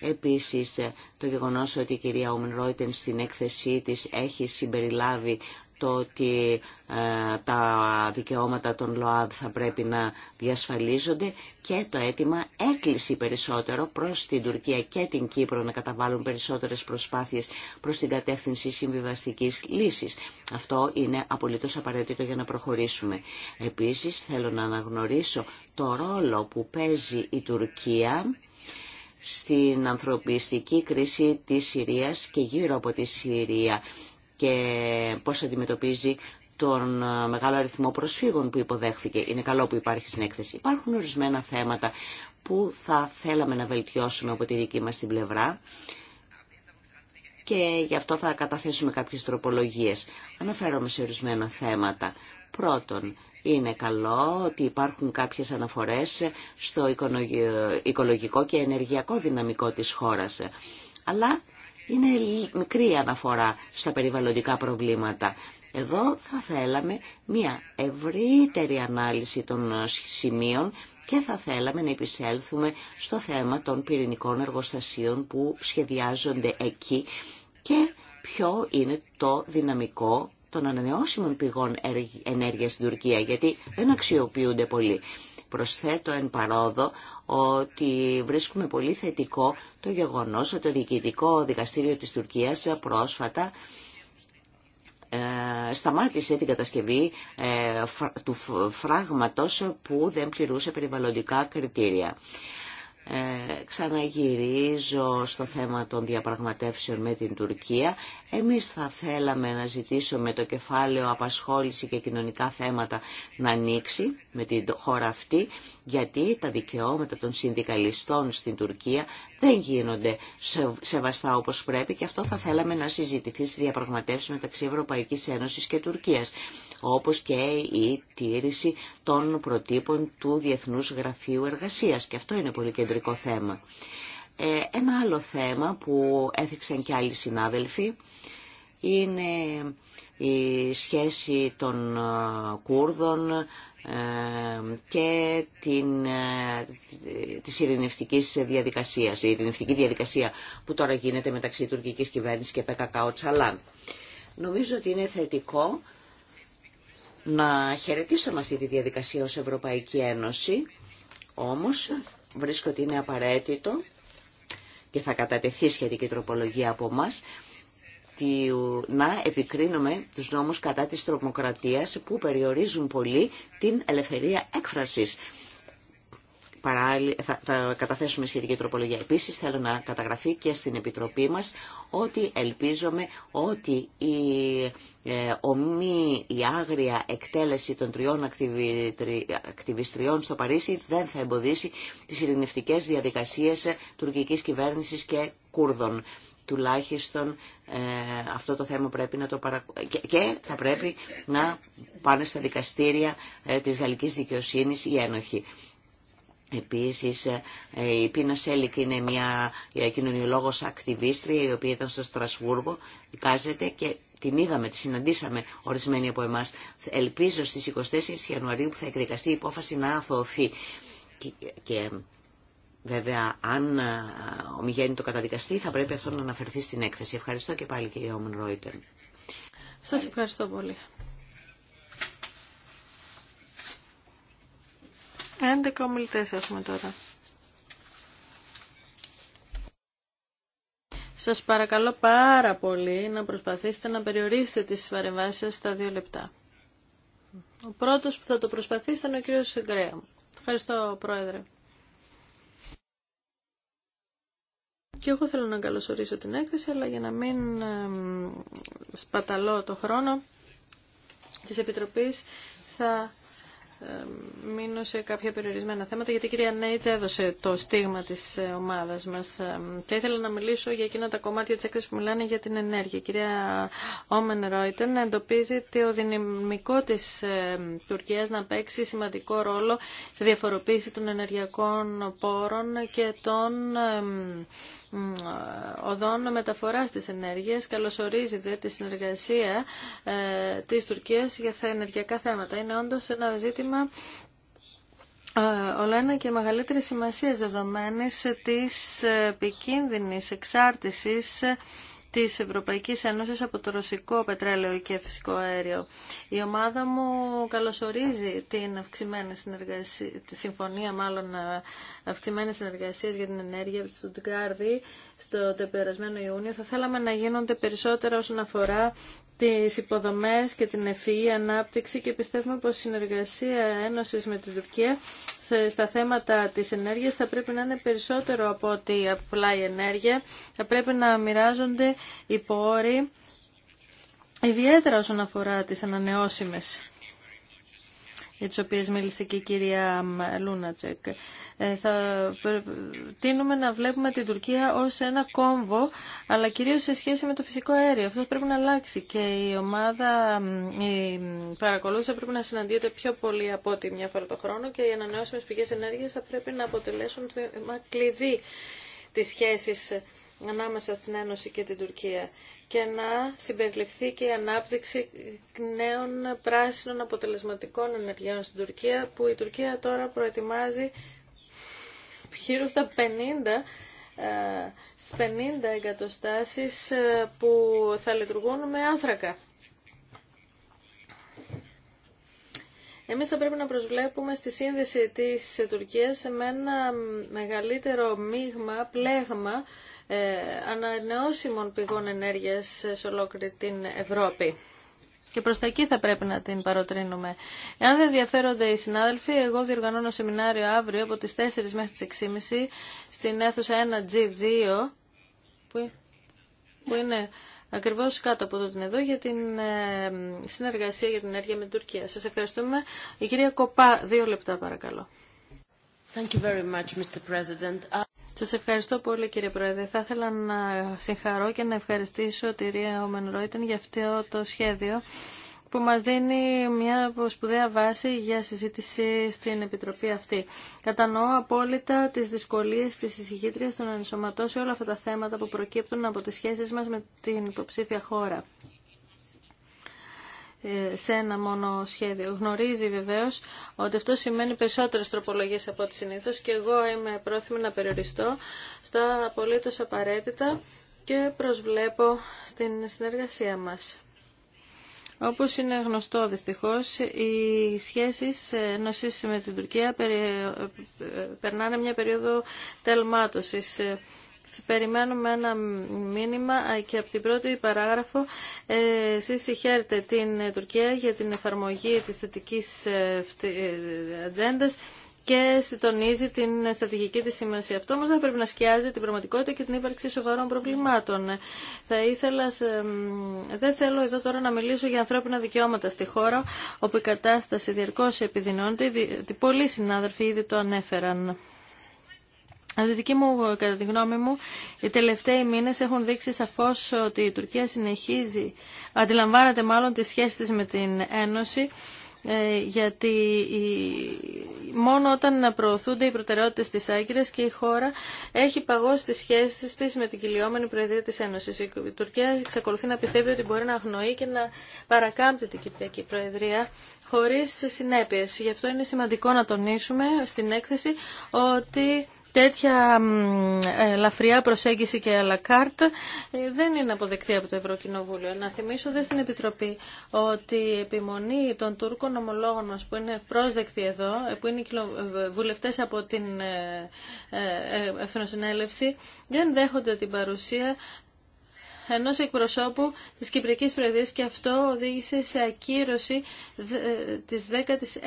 Επίσης, το γεγονός ότι η κυρία Ομεν στην έκθεσή της έχει συμπεριλάβει το ότι ε, τα δικαιώματα των ΛΟΑΔ θα πρέπει να διασφαλίζονται και το αίτημα έκκληση περισσότερο προς την Τουρκία και την Κύπρο να καταβάλουν περισσότερες προσπάθειες προς την κατεύθυνση συμβιβαστικής λύσης. Αυτό είναι απολύτως απαραίτητο για να προχωρήσουμε. Επίσης θέλω να αναγνωρίσω το ρόλο που παίζει η Τουρκία στην ανθρωπιστική κρίση της Συρίας και γύρω από τη Συρία και πώς αντιμετωπίζει τον ε, μεγάλο αριθμό προσφύγων που υποδέχθηκε. Είναι καλό που υπάρχει στην έκθεση. Υπάρχουν ορισμένα θέματα που θα θέλαμε να βελτιώσουμε από τη δική μας την πλευρά και γι' αυτό θα καταθέσουμε κάποιες τροπολογίες. Αναφέρομαι σε ορισμένα θέματα. Πρώτον, είναι καλό ότι υπάρχουν κάποιες αναφορές στο οικολογικό και ενεργειακό δυναμικό της χώρας. Αλλά είναι μικρή αναφορά στα περιβαλλοντικά προβλήματα. Εδώ θα θέλαμε μια ευρύτερη ανάλυση των σημείων και θα θέλαμε να επισέλθουμε στο θέμα των πυρηνικών εργοστασίων που σχεδιάζονται εκεί και ποιο είναι το δυναμικό των ανανεώσιμων πηγών ενέργειας στην Τουρκία, γιατί δεν αξιοποιούνται πολύ. Προσθέτω εν παρόδο ότι βρίσκουμε πολύ θετικό το γεγονός ότι το Διοικητικό Δικαστήριο της Τουρκίας πρόσφατα ε, σταμάτησε την κατασκευή ε, του φράγματος που δεν πληρούσε περιβαλλοντικά κριτήρια. Ε, ξαναγυρίζω στο θέμα των διαπραγματεύσεων με την Τουρκία. Εμείς θα θέλαμε να ζητήσουμε το κεφάλαιο απασχόληση και κοινωνικά θέματα να ανοίξει με την χώρα αυτή, γιατί τα δικαιώματα των συνδικαλιστών στην Τουρκία δεν γίνονται σεβαστά όπως πρέπει και αυτό θα θέλαμε να συζητηθεί στις διαπραγματεύσεις μεταξύ Ευρωπαϊκής Ένωσης και Τουρκίας όπως και η τήρηση των προτύπων του Διεθνούς Γραφείου Εργασίας. Και αυτό είναι πολύ κεντρικό θέμα. Ε, ένα άλλο θέμα που έθιξαν και άλλοι συνάδελφοι είναι η σχέση των ε, Κούρδων ε, και την, της ειρηνευτικής διαδικασίας, η ειρηνευτική διαδικασία που τώρα γίνεται μεταξύ τουρκικής κυβέρνησης και ΠΚΚ Τσαλάν. Νομίζω ότι είναι θετικό να χαιρετήσουμε αυτή τη διαδικασία ως Ευρωπαϊκή Ένωση, όμως βρίσκω ότι είναι απαραίτητο και θα κατατεθεί σχετική τροπολογία από εμά να επικρίνουμε τους νόμους κατά της τρομοκρατίας που περιορίζουν πολύ την ελευθερία έκφρασης θα, θα καταθέσουμε σχετική τροπολογία. Επίσης θέλω να καταγραφεί και στην Επιτροπή μας ότι ελπίζομαι ότι η ε, η άγρια εκτέλεση των τριών ακτιβιστριών στο Παρίσι δεν θα εμποδίσει τις ειρηνευτικές διαδικασίες τουρκικής κυβέρνησης και Κούρδων. Τουλάχιστον ε, αυτό το θέμα πρέπει να το και, θα πρέπει να πάνε στα δικαστήρια ε, της γαλλικής δικαιοσύνης οι ένοχοι. Επίσης ε, ε, η Πίνα Σέλικ είναι μια ε, κοινωνιολόγος ακτιβίστρια η οποία ήταν στο Στρασβούργο, δικάζεται και την είδαμε, τη συναντήσαμε ορισμένοι από εμάς. Ελπίζω στις 24 Ιανουαρίου που θα εκδικαστεί η υπόφαση να αθωωθεί. Και, και βέβαια αν ο Μιγέννη το καταδικαστεί θα πρέπει αυτό να αναφερθεί στην έκθεση. Ευχαριστώ και πάλι κύριε Όμουν Ρόιτερ. Σας ευχαριστώ πολύ. 11 ομιλητές έχουμε τώρα. Σας παρακαλώ πάρα πολύ να προσπαθήσετε να περιορίσετε τις παρεμβάσεις σας στα δύο λεπτά. Ο πρώτος που θα το προσπαθήσει είναι ο κύριος Γκρέαμ. Ευχαριστώ, Πρόεδρε. Και εγώ θέλω να καλωσορίσω την έκθεση, αλλά για να μην σπαταλώ το χρόνο της Επιτροπής θα μείνω σε κάποια περιορισμένα θέματα, γιατί η κυρία Νέιτ έδωσε το στίγμα της ε, ομάδας μας. Θα ε, ήθελα να μιλήσω για εκείνα τα κομμάτια της έκθεσης που μιλάνε για την ενέργεια. Η κυρία Όμεν Ρόιτεν εντοπίζει ο δυναμικό της ε, Τουρκίας να παίξει σημαντικό ρόλο στη διαφοροποίηση των ενεργειακών πόρων και των οδών μεταφοράς της ενέργειας καλωσορίζει τη συνεργασία ε, της Τουρκίας για τα ενεργειακά θέματα. Είναι όντως ένα ζήτημα ε, Όλα ένα και μεγαλύτερη σημασία δεδομένη της επικίνδυνης εξάρτησης της Ευρωπαϊκής Ένωσης από το ρωσικό πετρέλαιο και φυσικό αέριο. Η ομάδα μου καλωσορίζει την αυξημένη συνεργασία, τη συμφωνία μάλλον ε, αυξημένης για την ενέργεια του Στουτγκάρδη στο περασμένο Ιούνιο. Θα θέλαμε να γίνονται περισσότερα όσον αφορά τις υποδομές και την ευφυή ανάπτυξη και πιστεύουμε πως η συνεργασία Ένωσης με την Τουρκία στα θέματα της ενέργειας θα πρέπει να είναι περισσότερο από ότι απλά η ενέργεια. Θα πρέπει να μοιράζονται οι πόροι, ιδιαίτερα όσον αφορά τις ανανεώσιμες για τις οποίες μίλησε και η κυρία Λούνατσεκ. Ε, θα τίνουμε να βλέπουμε την Τουρκία ως ένα κόμβο, αλλά κυρίως σε σχέση με το φυσικό αέριο. Αυτό πρέπει να αλλάξει και η ομάδα, η παρακολούθηση πρέπει να συναντιέται πιο πολύ από ό,τι μια φορά το χρόνο και οι ανανεώσιμες πηγές ενέργειας θα πρέπει να αποτελέσουν κλειδί της σχέσης ανάμεσα στην Ένωση και την Τουρκία και να συμπεριληφθεί και η ανάπτυξη νέων πράσινων αποτελεσματικών ενεργειών στην Τουρκία, που η Τουρκία τώρα προετοιμάζει γύρω στα 50 ε, στις 50 εγκατοστάσεις ε, που θα λειτουργούν με άνθρακα. Εμείς θα πρέπει να προσβλέπουμε στη σύνδεση της Τουρκίας με ένα μεγαλύτερο μείγμα, πλέγμα ε, ανανεώσιμων πηγών ενέργειας σε ολόκληρη την Ευρώπη. Και προς τα εκεί θα πρέπει να την παροτρύνουμε. Εάν δεν ενδιαφέρονται οι συνάδελφοι, εγώ διοργανώνω σεμινάριο αύριο από τις 4 μέχρι τις 6.30 στην αίθουσα 1G2 που είναι ακριβώς κάτω από το την εδώ για την ε, συνεργασία για την ενέργεια με την Τουρκία. Σας ευχαριστούμε. Η κυρία Κοπά, δύο λεπτά παρακαλώ. Σας ευχαριστώ πολύ κύριε Πρόεδρε. Θα ήθελα να συγχαρώ και να ευχαριστήσω τη Ρία Ομενρόιτεν για αυτό το σχέδιο που μας δίνει μια σπουδαία βάση για συζήτηση στην Επιτροπή αυτή. Κατανοώ απόλυτα τις δυσκολίες της εισηγήτριας των να όλα αυτά τα θέματα που προκύπτουν από τις σχέσεις μας με την υποψήφια χώρα. Ε, σε ένα μόνο σχέδιο. Γνωρίζει βεβαίως ότι αυτό σημαίνει περισσότερες τροπολογίες από ό,τι συνήθω και εγώ είμαι πρόθυμη να περιοριστώ στα απολύτως απαραίτητα και προσβλέπω στην συνεργασία μας. Όπως είναι γνωστό δυστυχώ, οι σχέσει ενωσής με την Τουρκία ε, ε, περνάνε μια περίοδο τελμάτωση περιμένουμε ένα μήνυμα και από την πρώτη παράγραφο ε, εσείς συγχαίρετε την ε, Τουρκία για την εφαρμογή της θετική ε, ατζέντα και συντονίζει την στρατηγική της σημασία. Αυτό όμω δεν πρέπει να σκιάζει την πραγματικότητα και την ύπαρξη σοβαρών προβλημάτων. Θα ήθελα, σε... δεν θέλω εδώ τώρα να μιλήσω για ανθρώπινα δικαιώματα στη χώρα, όπου η κατάσταση διαρκώ επιδεινώνεται, ότι πολλοί συνάδελφοι ήδη το ανέφεραν. Κατά τη, μου, κατά τη γνώμη μου, οι τελευταίοι μήνες έχουν δείξει σαφώς ότι η Τουρκία συνεχίζει, αντιλαμβάνεται μάλλον τις σχέσεις της με την Ένωση, ε, γιατί μόνο όταν προωθούνται οι προτεραιότητες της Άγκυρας και η χώρα έχει παγώσει τις σχέσεις της με την κυλιόμενη Προεδρία της Ένωσης. Η Τουρκία εξακολουθεί να πιστεύει ότι μπορεί να αγνοεί και να παρακάμπτει την Κυπριακή Προεδρία χωρίς συνέπειες. Γι' αυτό είναι σημαντικό να τονίσουμε στην έκθεση ότι τέτοια ε, λαφριά προσέγγιση και αλακάρτ ε, δεν είναι αποδεκτή από το Ευρωκοινοβούλιο. Να θυμίσω δε στην Επιτροπή ότι η επιμονή των Τούρκων ομολόγων μας που είναι πρόσδεκτοι εδώ, ε, που είναι βουλευτές από την Εθνοσυνέλευση, δεν δέχονται την παρουσία ενός εκπροσώπου της Κυπρικής Προεδρίας και αυτό οδήγησε σε ακύρωση της 17ης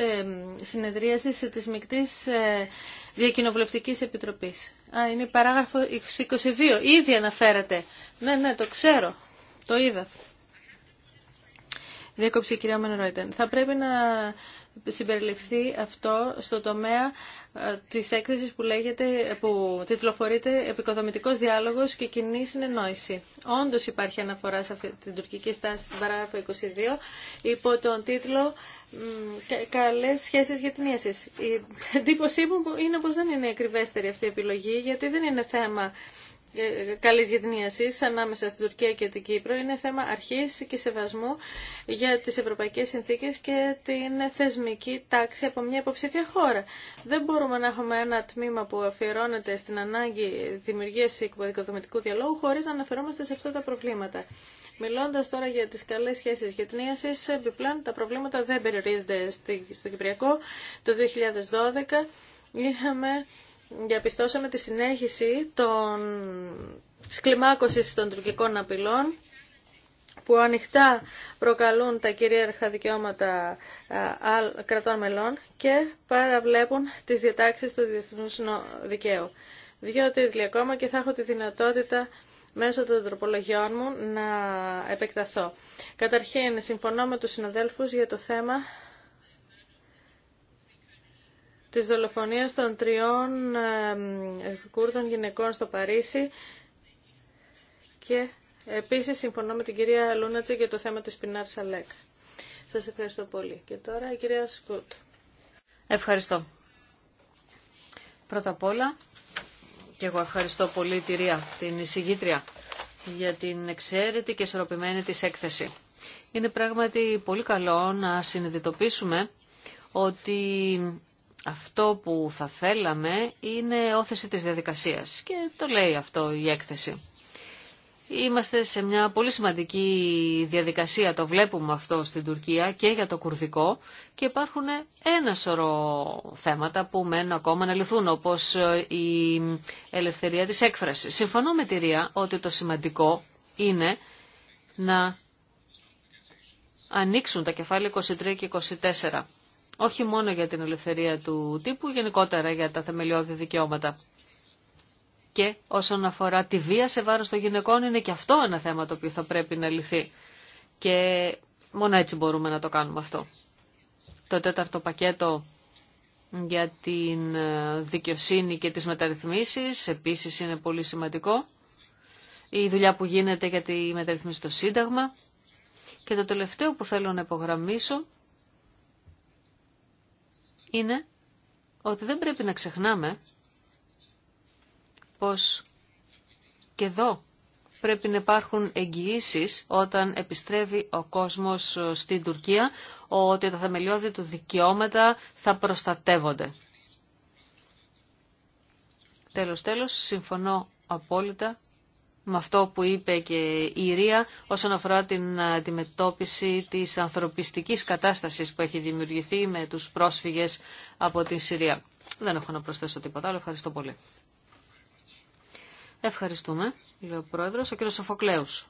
ε, συνεδρίασης της Μικτής ε, Διακοινοβουλευτικής Επιτροπής. Α, είναι παράγραφο 22. Ήδη αναφέρατε. Ναι, ναι, το ξέρω. Το είδα. Διακόψη κυρία Μενρόιτεν. Θα πρέπει να συμπεριληφθεί αυτό στο τομέα της έκθεσης που, λέγεται, που τιτλοφορείται «Επικοδομητικός διάλογος και κοινή συνεννόηση». Όντως υπάρχει αναφορά σε αυτή την τουρκική στάση στην παράγραφο 22 υπό τον τίτλο «Καλές σχέσεις για την ίαση». Η εντύπωσή μου είναι πως δεν είναι ακριβέστερη αυτή η επιλογή γιατί δεν είναι θέμα ε, καλής γειτονιασής ανάμεσα στην Τουρκία και την Κύπρο είναι θέμα αρχής και σεβασμού για τις ευρωπαϊκές συνθήκες και την θεσμική τάξη από μια υποψήφια χώρα. Δεν μπορούμε να έχουμε ένα τμήμα που αφιερώνεται στην ανάγκη δημιουργίας οικοδομητικού διαλόγου χωρίς να αναφερόμαστε σε αυτά τα προβλήματα. Μιλώντα τώρα για τι καλέ σχέσει γετνίαση, επιπλέον τα προβλήματα δεν περιορίζονται στο Κυπριακό. Το 2012 είχαμε διαπιστώσαμε τη συνέχιση των σκλημάκωσης των τουρκικών απειλών που ανοιχτά προκαλούν τα κυρίαρχα δικαιώματα ε, κρατών μελών και παραβλέπουν τις διατάξεις του διεθνούς δικαίου. Δύο τίτλοι ακόμα και θα έχω τη δυνατότητα μέσω των τροπολογιών μου να επεκταθώ. Καταρχήν, συμφωνώ με τους συναδέλφους για το θέμα της δολοφονίας των τριών Κούρδων γυναικών στο Παρίσι και επίσης συμφωνώ με την κυρία Λούνατζη για το θέμα της Πινάρ Σαλέκ. Σας ευχαριστώ πολύ. Και τώρα η κυρία Σκούτ. Ευχαριστώ. Πρώτα απ' όλα και εγώ ευχαριστώ πολύ τη Ρία, την εισηγήτρια, για την εξαίρετη και ισορροπημένη της έκθεση. Είναι πράγματι πολύ καλό να συνειδητοποιήσουμε ότι αυτό που θα θέλαμε είναι όθεση της διαδικασίας και το λέει αυτό η έκθεση. Είμαστε σε μια πολύ σημαντική διαδικασία, το βλέπουμε αυτό στην Τουρκία και για το κουρδικό και υπάρχουν ένα σωρό θέματα που μένουν ακόμα να λυθούν όπως η ελευθερία της έκφρασης. Συμφωνώ με τη Ρία ότι το σημαντικό είναι να ανοίξουν τα κεφάλαια 23 και 24 όχι μόνο για την ελευθερία του τύπου, γενικότερα για τα θεμελιώδη δικαιώματα. Και όσον αφορά τη βία σε βάρος των γυναικών είναι και αυτό ένα θέμα το οποίο θα πρέπει να λυθεί. Και μόνο έτσι μπορούμε να το κάνουμε αυτό. Το τέταρτο πακέτο για την ε, δικαιοσύνη και τις μεταρρυθμίσεις επίσης είναι πολύ σημαντικό. Η δουλειά που γίνεται για τη μεταρρυθμίση στο Σύνταγμα. Και το τελευταίο που θέλω να υπογραμμίσω είναι ότι δεν πρέπει να ξεχνάμε πως και εδώ πρέπει να υπάρχουν εγγυήσεις όταν επιστρέφει ο κόσμος στην Τουρκία ότι τα θεμελιώδη του δικαιώματα θα προστατεύονται. Τέλος, τέλος, συμφωνώ απόλυτα με αυτό που είπε και η Ρία όσον αφορά την αντιμετώπιση της ανθρωπιστικής κατάστασης που έχει δημιουργηθεί με τους πρόσφυγες από την Συρία. Δεν έχω να προσθέσω τίποτα άλλο. Ευχαριστώ πολύ. Ευχαριστούμε, λέει ο Πρόεδρος. Ο κύριος Σοφοκλέους.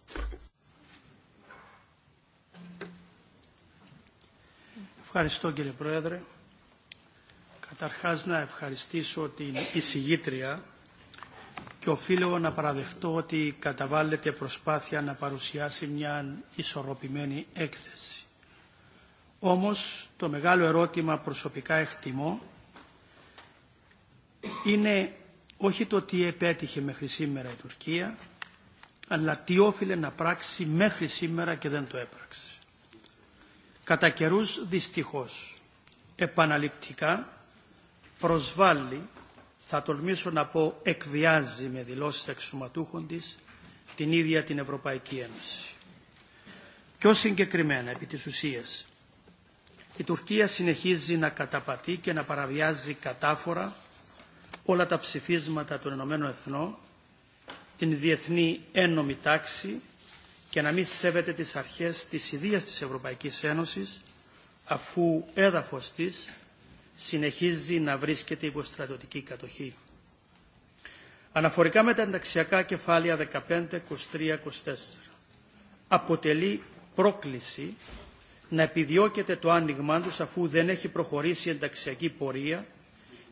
Ευχαριστώ κύριε Πρόεδρε. Καταρχάς να ευχαριστήσω την εισηγήτρια και οφείλω να παραδεχτώ ότι καταβάλλεται προσπάθεια να παρουσιάσει μια ισορροπημένη έκθεση. Όμως το μεγάλο ερώτημα προσωπικά εκτιμώ είναι όχι το τι επέτυχε μέχρι σήμερα η Τουρκία, αλλά τι όφιλε να πράξει μέχρι σήμερα και δεν το έπραξε. Κατά καιρού δυστυχώς επαναληπτικά προσβάλλει θα τολμήσω να πω εκβιάζει με δηλώσεις εξωματούχων της την ίδια την Ευρωπαϊκή Ένωση. Πιο συγκεκριμένα επί της ουσίας, η Τουρκία συνεχίζει να καταπατεί και να παραβιάζει κατάφορα όλα τα ψηφίσματα των Ηνωμένων Εθνών, την διεθνή ένωμη τάξη και να μην σέβεται τις αρχές της ιδίας της Ευρωπαϊκής Ένωσης αφού έδαφος της συνεχίζει να βρίσκεται υποστρατοτική κατοχή. Αναφορικά με τα ενταξιακά κεφάλαια 15, 23, 24, αποτελεί πρόκληση να επιδιώκεται το άνοιγμά τους αφού δεν έχει προχωρήσει η ενταξιακή πορεία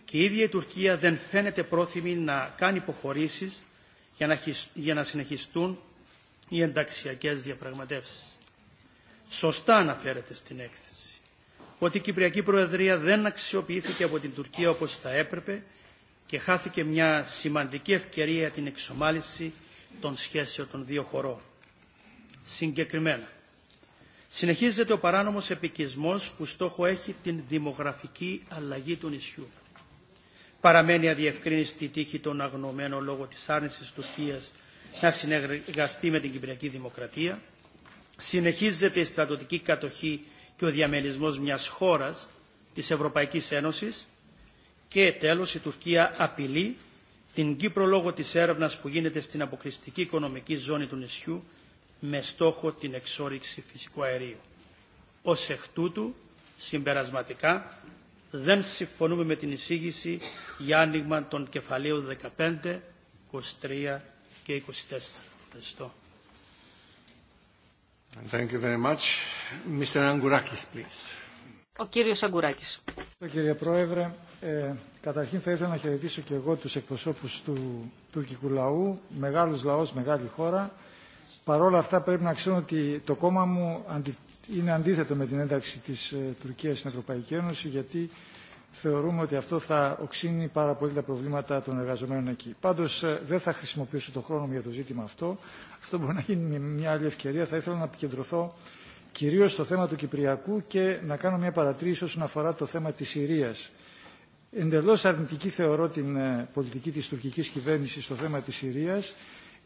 και η ίδια η Τουρκία δεν φαίνεται πρόθυμη να κάνει υποχωρήσεις για να συνεχιστούν οι ενταξιακές διαπραγματεύσεις. Σωστά αναφέρεται στην έκθεση ότι η Κυπριακή Προεδρία δεν αξιοποιήθηκε από την Τουρκία όπως θα έπρεπε και χάθηκε μια σημαντική ευκαιρία την εξομάλυση των σχέσεων των δύο χωρών. Συγκεκριμένα, συνεχίζεται ο παράνομος επικισμός που στόχο έχει την δημογραφική αλλαγή του νησιού. Παραμένει αδιευκρίνηστη η τύχη των αγνωμένων λόγω της άρνησης Τουρκίας να συνεργαστεί με την Κυπριακή Δημοκρατία. Συνεχίζεται η στρατοτική κατοχή και ο διαμελισμός μιας χώρας της Ευρωπαϊκής Ένωσης και τέλος η Τουρκία απειλεί την Κύπρο λόγω της έρευνας που γίνεται στην αποκλειστική οικονομική ζώνη του νησιού με στόχο την εξόριξη φυσικού αερίου. Ως εκ τούτου, συμπερασματικά, δεν συμφωνούμε με την εισήγηση για άνοιγμα των κεφαλαίων 15, 23 και 24. Ευχαριστώ. Thank you very much. Mr. Angourakis, Ο κύριος Αγκουράκης. Κύριε Πρόεδρε, ε, καταρχήν θα ήθελα να χαιρετήσω και εγώ τους εκπροσώπους του τουρκικού λαού, μεγάλος λαός, μεγάλη χώρα. Παρ' όλα αυτά πρέπει να ξέρω ότι το κόμμα μου είναι αντίθετο με την ένταξη της ε, Τουρκία στην Ευρωπαϊκή Ένωση γιατί θεωρούμε ότι αυτό θα οξύνει πάρα πολύ τα προβλήματα των εργαζομένων εκεί. Πάντω ε, δεν θα χρησιμοποιήσω τον χρόνο μου για το ζήτημα αυτό. Αυτό μπορεί να γίνει μια άλλη ευκαιρία. Θα ήθελα να επικεντρωθώ κυρίω στο θέμα του Κυπριακού και να κάνω μια παρατήρηση όσον αφορά το θέμα τη Συρία. Εντελώ αρνητική θεωρώ την ε, πολιτική τη τουρκική κυβέρνηση στο θέμα τη Συρία.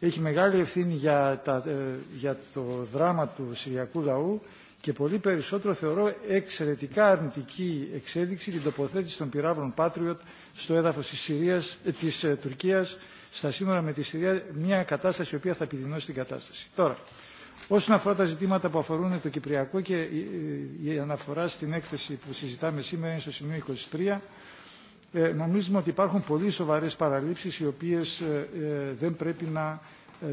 Έχει μεγάλη ευθύνη για, τα, ε, για το δράμα του Συριακού λαού και πολύ περισσότερο θεωρώ εξαιρετικά αρνητική εξέλιξη την τοποθέτηση των πυράβλων Patriot στο έδαφος της, Συρίας, ε, της ε, Τουρκίας, στα σύνορα με τη Συρία, μια κατάσταση η οποία θα επιδεινώσει την κατάσταση. Τώρα, όσον αφορά τα ζητήματα που αφορούν το Κυπριακό και η αναφορά στην έκθεση που συζητάμε σήμερα είναι στο σημείο 23, ε, νομίζουμε ότι υπάρχουν πολύ σοβαρές παραλήψεις οι οποίες δεν πρέπει να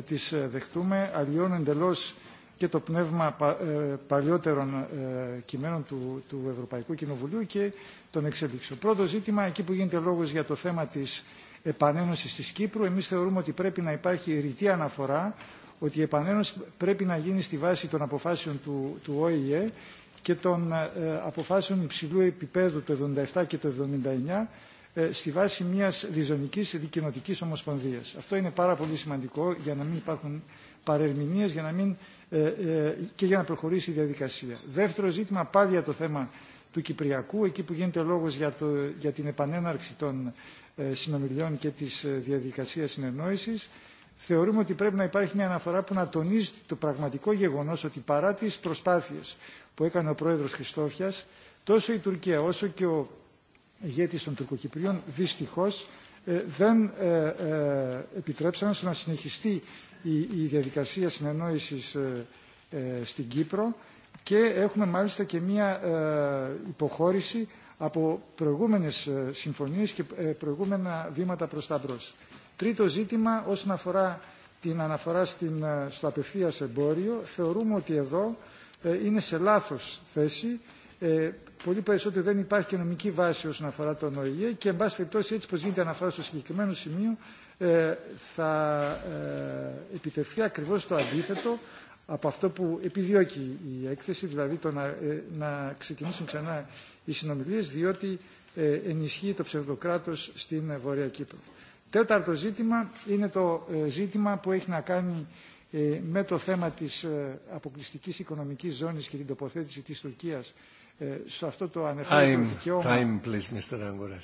τις δεχτούμε, αλλιώνουν εντελώς και το πνεύμα ε, παλιότερων ε, κειμένων του, Ευρωπαϊκού Κοινοβουλίου και των εξελίξεων. Πρώτο ζήτημα, εκεί που γίνεται λόγος για το θέμα της επανένωσης της Κύπρου, εμείς θεωρούμε ότι πρέπει να υπάρχει ρητή αναφορά ότι η επανένωση πρέπει να γίνει στη βάση των αποφάσεων του, του ΟΗΕ και των ε, αποφάσεων υψηλού επίπεδου του 1977 και του 1979 στη βάση μιας διζωνικής δικοινοτικής ομοσπονδίας. Αυτό είναι πάρα πολύ σημαντικό για να μην υπάρχουν παρερμηνίες, για να μην ε, ε, και για να προχωρήσει η διαδικασία. Δεύτερο ζήτημα, πάλι για το θέμα του Κυπριακού, εκεί που γίνεται λόγος για, την επανέναρξη των ε, συνομιλιών και της διαδικασίας συνεννόησης, θεωρούμε ότι πρέπει να υπάρχει μια αναφορά που να τονίζει το πραγματικό γεγονός ότι παρά τις προσπάθειες που έκανε ο πρόεδρος Χριστόφιας, τόσο η Τουρκία όσο και ο ηγέτης των Τουρκοκυπρίων δυστυχώς δεν επιτρέψαν στο να συνεχιστεί η διαδικασία συνεννόησης ε, ε, στην Κύπρο και έχουμε μάλιστα και μία ε, υποχώρηση από προηγούμενες συμφωνίες και προηγούμενα βήματα προς τα μπρος. Τρίτο ζήτημα όσον αφορά την αναφορά στην, στο απευθείας εμπόριο θεωρούμε ότι εδώ είναι σε λάθος θέση πολύ περισσότερο δεν υπάρχει και νομική βάση όσον αφορά τον ΟΗΕ και εν πάση περιπτώσει έτσι πως γίνεται αναφορά στο συγκεκριμένο σημείο ε, θα ε, επιτευχθεί ακριβώς το αντίθετο από αυτό που επιδιώκει η έκθεση, δηλαδή το να, ε, να ξεκινήσουν ξανά οι συνομιλίες, διότι ενισχύει το ψευδοκράτος στην Βορεια Κύπρο. Τέταρτο ζήτημα είναι το ζήτημα που έχει να κάνει με το θέμα της αποκλειστικής οικονομικής ζώνης και την τοποθέτηση της Τουρκίας σε αυτό το ανεφέρετο δικαιώμα. Time, please, Mr.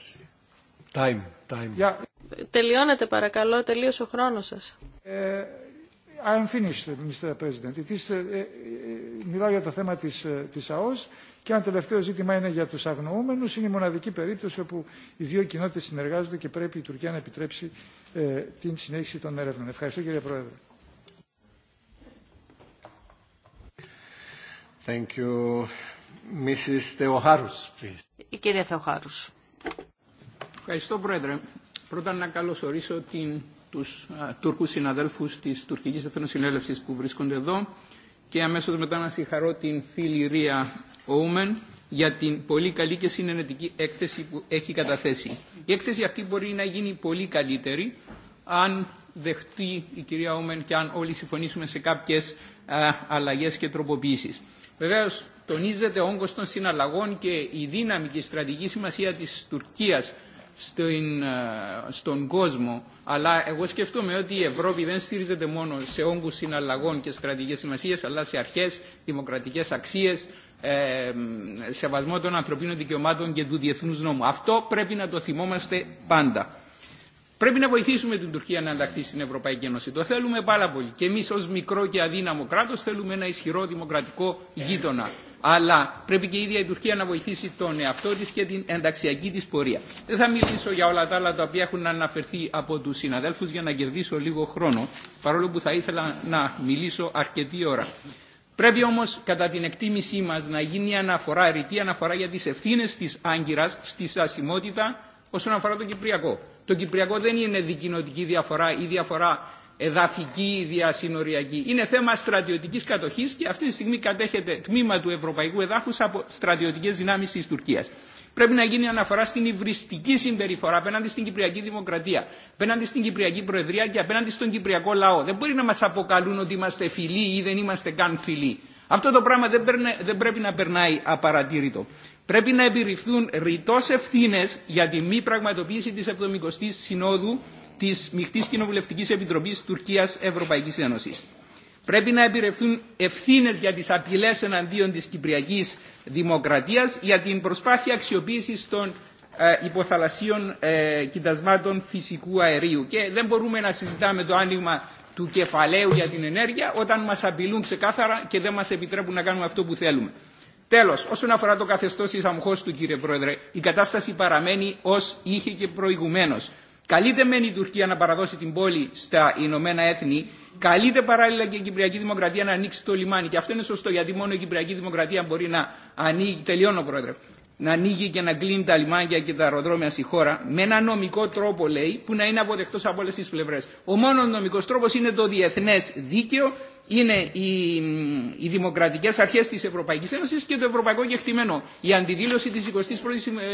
Time, time. Τελειώνετε παρακαλώ, τελείωσε ο χρόνος σας. Ε, I'm finished, Mr. President. is, ε, ε, μιλάω για το θέμα της, της ΑΟΣ και αν τελευταίο ζήτημα είναι για τους αγνοούμενους. Είναι η μοναδική περίπτωση όπου οι δύο κοινότητες συνεργάζονται και πρέπει η Τουρκία να επιτρέψει την συνέχιση των έρευνων. Ευχαριστώ κύριε Πρόεδρε. Thank you. Mrs. Theoharus, please. Η κυρία Θεοχάρους. Ευχαριστώ, Πρόεδρε. Πρώτα να καλωσορίσω την, τους α, Τούρκους συναδέλφους της Τουρκικής Συνέλευσης που βρίσκονται εδώ και αμέσως μετά να συγχαρώ την φίλη Ρία για την πολύ καλή και συνενετική έκθεση που έχει καταθέσει. Η έκθεση αυτή μπορεί να γίνει πολύ καλύτερη αν δεχτεί η κυρία Όμεν και αν όλοι συμφωνήσουμε σε κάποιες α, αλλαγές και τροποποίησεις. Βεβαίως, τονίζεται ο όγκος των συναλλαγών και η δύναμη και η στρατηγική σημασία της Τουρκίας ε, στον κόσμο, αλλά εγώ σκεφτόμαι ότι η Ευρώπη δεν στήριζεται μόνο σε όγκους συναλλαγών και στρατηγικές σημασίες, αλλά σε αρχές, δημοκρατικές αξίες, ε, σεβασμό των ανθρωπίνων δικαιωμάτων και του διεθνούς νόμου. Αυτό πρέπει να το θυμόμαστε πάντα. Πρέπει να βοηθήσουμε την Τουρκία να ενταχθεί στην Ευρωπαϊκή Ένωση. Το θέλουμε πάρα πολύ. Και εμεί ω μικρό και αδύναμο κράτο θέλουμε ένα ισχυρό δημοκρατικό γείτονα αλλά πρέπει και η ίδια η Τουρκία να βοηθήσει τον εαυτό της και την ενταξιακή της πορεία. Δεν θα μιλήσω για όλα τα άλλα τα οποία έχουν αναφερθεί από τους συναδέλφους για να κερδίσω λίγο χρόνο, παρόλο που θα ήθελα να μιλήσω αρκετή ώρα. Πρέπει όμως κατά την εκτίμησή μας να γίνει αναφορά, ρητή αναφορά για τις ευθύνε της Άγκυρας στη στασιμότητα όσον αφορά το Κυπριακό. Το Κυπριακό δεν είναι δικοινοτική διαφορά ή διαφορά εδαφική διασυνοριακή. Είναι θέμα στρατιωτικής κατοχής και αυτή τη στιγμή κατέχεται τμήμα του ευρωπαϊκού εδάφους από στρατιωτικές δυνάμεις της Τουρκίας. Πρέπει να γίνει αναφορά στην υβριστική συμπεριφορά απέναντι στην Κυπριακή Δημοκρατία, απέναντι στην Κυπριακή Προεδρία και απέναντι στον Κυπριακό λαό. Δεν μπορεί να μας αποκαλούν ότι είμαστε φιλοί ή δεν είμαστε καν φιλοί. Αυτό το πράγμα δεν, περνε, δεν πρέπει να περνάει απαρατήρητο. Πρέπει να επιρριφθούν ρητό ευθύνε για τη μη πραγματοποίηση τη 70 Συνόδου τη Μιχτής κοινοβουλευτική επιτροπή Τουρκία Ευρωπαϊκή Ένωση. Πρέπει να επιρρευθούν ευθύνε για τι απειλέ εναντίον τη Κυπριακή Δημοκρατία για την προσπάθεια αξιοποίηση των ε, υποθαλασσίων ε, κοιτασμάτων φυσικού αερίου. Και δεν μπορούμε να συζητάμε το άνοιγμα του κεφαλαίου για την ενέργεια όταν μα απειλούν ξεκάθαρα και δεν μα επιτρέπουν να κάνουμε αυτό που θέλουμε. Τέλο, όσον αφορά το καθεστώ τη του, κύριε Πρόεδρε, η κατάσταση παραμένει ω είχε και προηγουμένω. Καλείται μεν η Τουρκία να παραδώσει την πόλη στα Ηνωμένα Έθνη, καλείται παράλληλα και η Κυπριακή Δημοκρατία να ανοίξει το λιμάνι. Και αυτό είναι σωστό, γιατί μόνο η Κυπριακή Δημοκρατία μπορεί να ανοίγει, τελειώνω πρόεδρε, να ανοίγει και να κλείνει τα λιμάνια και τα αεροδρόμια στη χώρα με ένα νομικό τρόπο, λέει, που να είναι αποδεκτό από όλε τι πλευρέ. Ο μόνο νομικό τρόπο είναι το διεθνέ δίκαιο είναι οι, οι δημοκρατικές αρχές της Ευρωπαϊκής Ένωσης και το ευρωπαϊκό κεκτημένο. Η αντιδήλωση της 21 η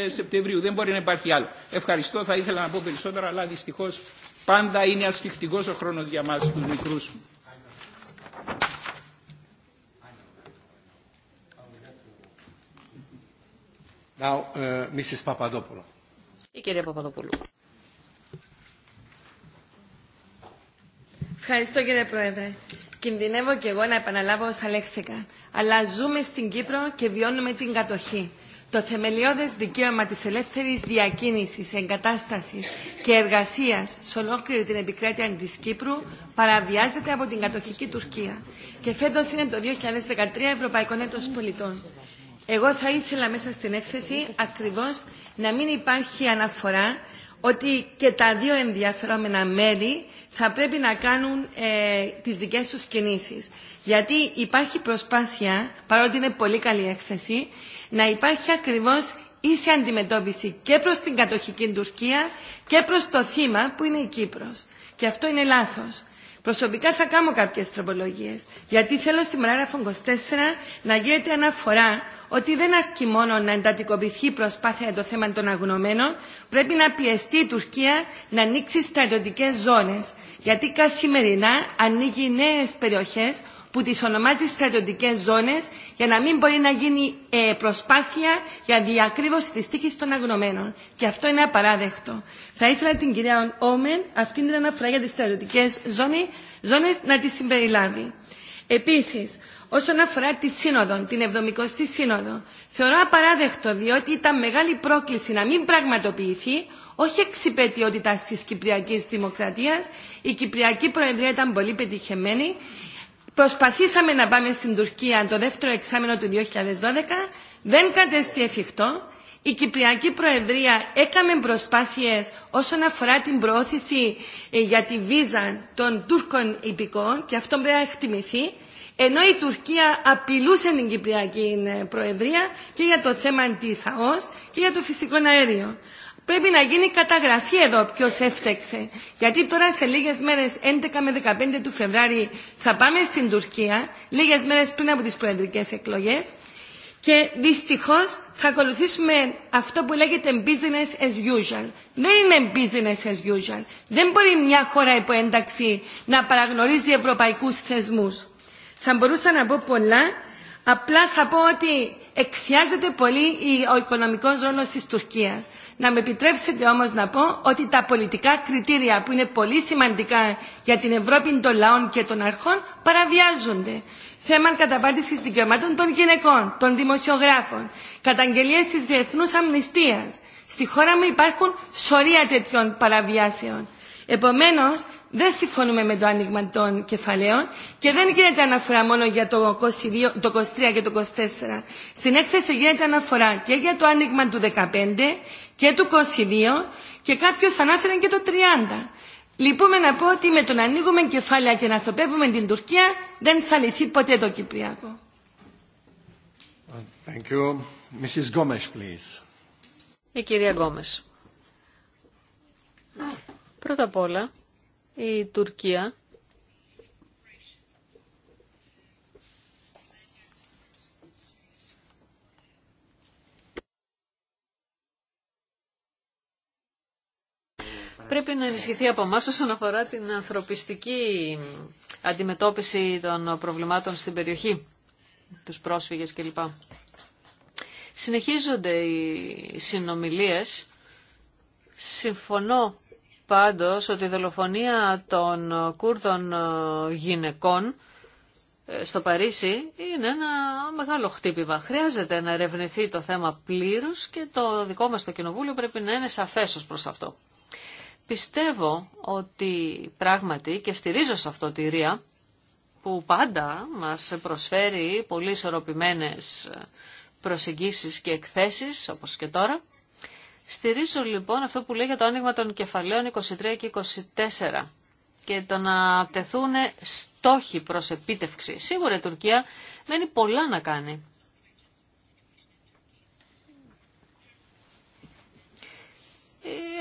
ε, Σεπτεμβρίου δεν μπορεί να υπάρχει άλλο. Ευχαριστώ, θα ήθελα να πω περισσότερα, αλλά δυστυχώς πάντα είναι ασφιχτικό ο χρόνος για μα τους μικρούς. Ε, Παπαδοπούλου. Ευχαριστώ κύριε Πρόεδρε. Κινδυνεύω και εγώ να επαναλάβω όσα λέχθηκα. Αλλά ζούμε στην Κύπρο και βιώνουμε την κατοχή. Το θεμελιώδε δικαίωμα τη ελεύθερη διακίνηση, εγκατάσταση και εργασία σε ολόκληρη την επικράτεια τη Κύπρου παραβιάζεται από την κατοχική Τουρκία. Και φέτος είναι το 2013 Ευρωπαϊκό Έτο Πολιτών. Εγώ θα ήθελα μέσα στην έκθεση ακριβώ να μην υπάρχει αναφορά ότι και τα δύο ενδιαφερόμενα μέρη θα πρέπει να κάνουν ε, τις δικές τους κινήσεις. Γιατί υπάρχει προσπάθεια, παρότι είναι πολύ καλή έκθεση, να υπάρχει ακριβώς ίση αντιμετώπιση και προς την κατοχική Τουρκία και προς το θύμα που είναι η Κύπρος. Και αυτό είναι λάθος. Προσωπικά θα κάνω κάποιες τροπολογίες, γιατί θέλω στην παράγραφο 24 να γίνεται αναφορά ότι δεν αρκεί μόνο να εντατικοποιηθεί η προσπάθεια για το θέμα των αγνωμένων, πρέπει να πιεστεί η Τουρκία να ανοίξει στρατιωτικές ζώνες, γιατί καθημερινά ανοίγει νέες περιοχές που τις ονομάζει στρατιωτικές ζώνες για να μην μπορεί να γίνει ε, προσπάθεια για διακρύβωση της τύχης των αγνωμένων. Και αυτό είναι απαράδεκτο. Θα ήθελα την κυρία Όμεν αυτήν την αναφορά για τις στρατιωτικές ζώνες, ζώνες να τη συμπεριλάβει. Επίσης, Όσον αφορά τη Σύνοδο, την 70η Σύνοδο, θεωρώ απαράδεκτο διότι ήταν μεγάλη πρόκληση να μην πραγματοποιηθεί, όχι εξυπαιτιότητα τη Κυπριακή Δημοκρατία. Η Κυπριακή Προεδρία ήταν πολύ πετυχημένη. Προσπαθήσαμε να πάμε στην Τουρκία το δεύτερο εξάμεινο του 2012, δεν κατέστη εφικτό. Η Κυπριακή Προεδρία έκαμε προσπάθειες όσον αφορά την προώθηση ε, για τη βίζα των Τούρκων υπηκών και αυτό πρέπει να εκτιμηθεί, ενώ η Τουρκία απειλούσε την Κυπριακή ε, Προεδρία και για το θέμα της ΑΟΣ και για το φυσικό αέριο. Πρέπει να γίνει καταγραφή εδώ ποιο έφταξε. Γιατί τώρα σε λίγε μέρε, 11 με 15 του Φεβράρι, θα πάμε στην Τουρκία, λίγε μέρε πριν από τι προεδρικέ εκλογέ. Και δυστυχώ θα ακολουθήσουμε αυτό που λέγεται business as usual. Δεν είναι business as usual. Δεν μπορεί μια χώρα υπό ένταξη να παραγνωρίζει ευρωπαϊκού θεσμού. Θα μπορούσα να πω πολλά. Απλά θα πω ότι εκφιάζεται πολύ ο οικονομικός ρόλος της Τουρκίας. Να με επιτρέψετε όμως να πω ότι τα πολιτικά κριτήρια που είναι πολύ σημαντικά για την Ευρώπη των λαών και των αρχών παραβιάζονται. Θέμα καταπάτησης δικαιωμάτων των γυναικών, των δημοσιογράφων, καταγγελίες της διεθνούς αμνηστίας. Στη χώρα μου υπάρχουν σωρία τέτοιων παραβιάσεων. Επομένως, δεν συμφωνούμε με το άνοιγμα των κεφαλαίων και δεν γίνεται αναφορά μόνο για το το 23 και το 24. Στην έκθεση γίνεται αναφορά και για το άνοιγμα του 15 και του 22 και κάποιο ανάφερε και το 30. Λυπούμε να πω ότι με το να ανοίγουμε κεφάλαια και να θοπεύουμε την Τουρκία δεν θα λυθεί ποτέ το Κυπριακό. Thank you. Mrs. Gomes, Η κυρία Γκόμες. Πρώτα απ' όλα, η Τουρκία πρέπει να ενισχυθεί από εμά όσον αφορά την ανθρωπιστική αντιμετώπιση των προβλημάτων στην περιοχή, τους πρόσφυγες κλπ. Συνεχίζονται οι συνομιλίες. Συμφωνώ πάντως ότι η δολοφονία των Κούρδων ε, γυναικών ε, στο Παρίσι είναι ένα μεγάλο χτύπημα. Χρειάζεται να ερευνηθεί το θέμα πλήρως και το δικό μας το κοινοβούλιο πρέπει να είναι σαφές ως προς αυτό. Πιστεύω ότι πράγματι και στηρίζω σε αυτό τη Ρία που πάντα μας προσφέρει πολύ ισορροπημένες ε, προσεγγίσεις και εκθέσεις όπως και τώρα Στηρίζω λοιπόν αυτό που λέει για το άνοιγμα των κεφαλαίων 23 και 24 και το να τεθούν στόχοι προς επίτευξη. Σίγουρα η Τουρκία μένει πολλά να κάνει.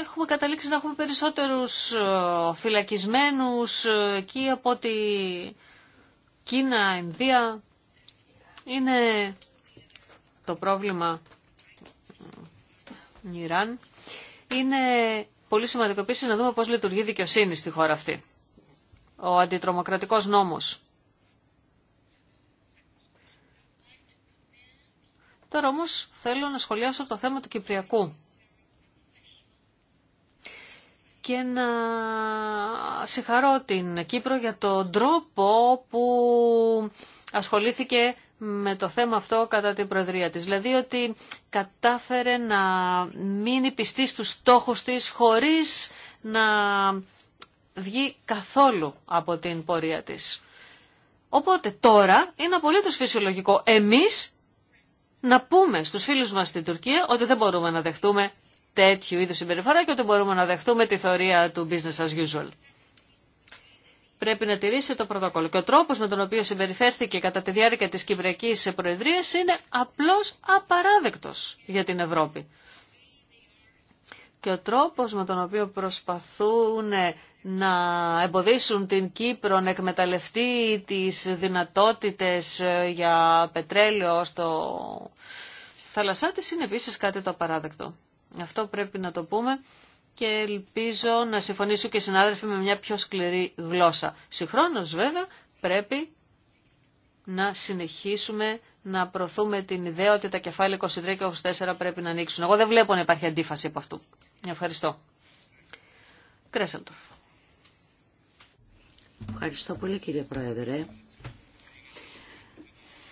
Έχουμε καταλήξει να έχουμε περισσότερους ε, φυλακισμένους ε, εκεί από ότι Κίνα, Ινδία. Είναι το πρόβλημα Ιράν. Είναι πολύ σημαντικό επίση να δούμε πώς λειτουργεί η δικαιοσύνη στη χώρα αυτή. Ο αντιτρομοκρατικό νόμος. Τώρα όμως θέλω να σχολιάσω το θέμα του Κυπριακού και να συγχαρώ την Κύπρο για τον τρόπο που ασχολήθηκε με το θέμα αυτό κατά την Προεδρία της. Δηλαδή ότι κατάφερε να μείνει πιστή στους στόχους της χωρίς να βγει καθόλου από την πορεία της. Οπότε τώρα είναι απολύτως φυσιολογικό εμείς να πούμε στους φίλους μας στην Τουρκία ότι δεν μπορούμε να δεχτούμε τέτοιου είδους συμπεριφορά και ότι μπορούμε να δεχτούμε τη θεωρία του business as usual πρέπει να τηρήσει το πρωτόκολλο. Και ο τρόπος με τον οποίο συμπεριφέρθηκε κατά τη διάρκεια της Κυπριακής Προεδρίας είναι απλώς απαράδεκτος για την Ευρώπη. Και ο τρόπος με τον οποίο προσπαθούν να εμποδίσουν την Κύπρο να εκμεταλλευτεί τις δυνατότητες για πετρέλαιο στο... στη θάλασσά της είναι επίσης κάτι το απαράδεκτο. Αυτό πρέπει να το πούμε και ελπίζω να συμφωνήσω και οι συνάδελφοι με μια πιο σκληρή γλώσσα. Συγχρόνως βέβαια πρέπει να συνεχίσουμε να προωθούμε την ιδέα ότι τα κεφάλαια 23 και 24 πρέπει να ανοίξουν. Εγώ δεν βλέπω να υπάρχει αντίφαση από αυτού. Ευχαριστώ. Κρέσσελτορφ. Ευχαριστώ πολύ κύριε Πρόεδρε.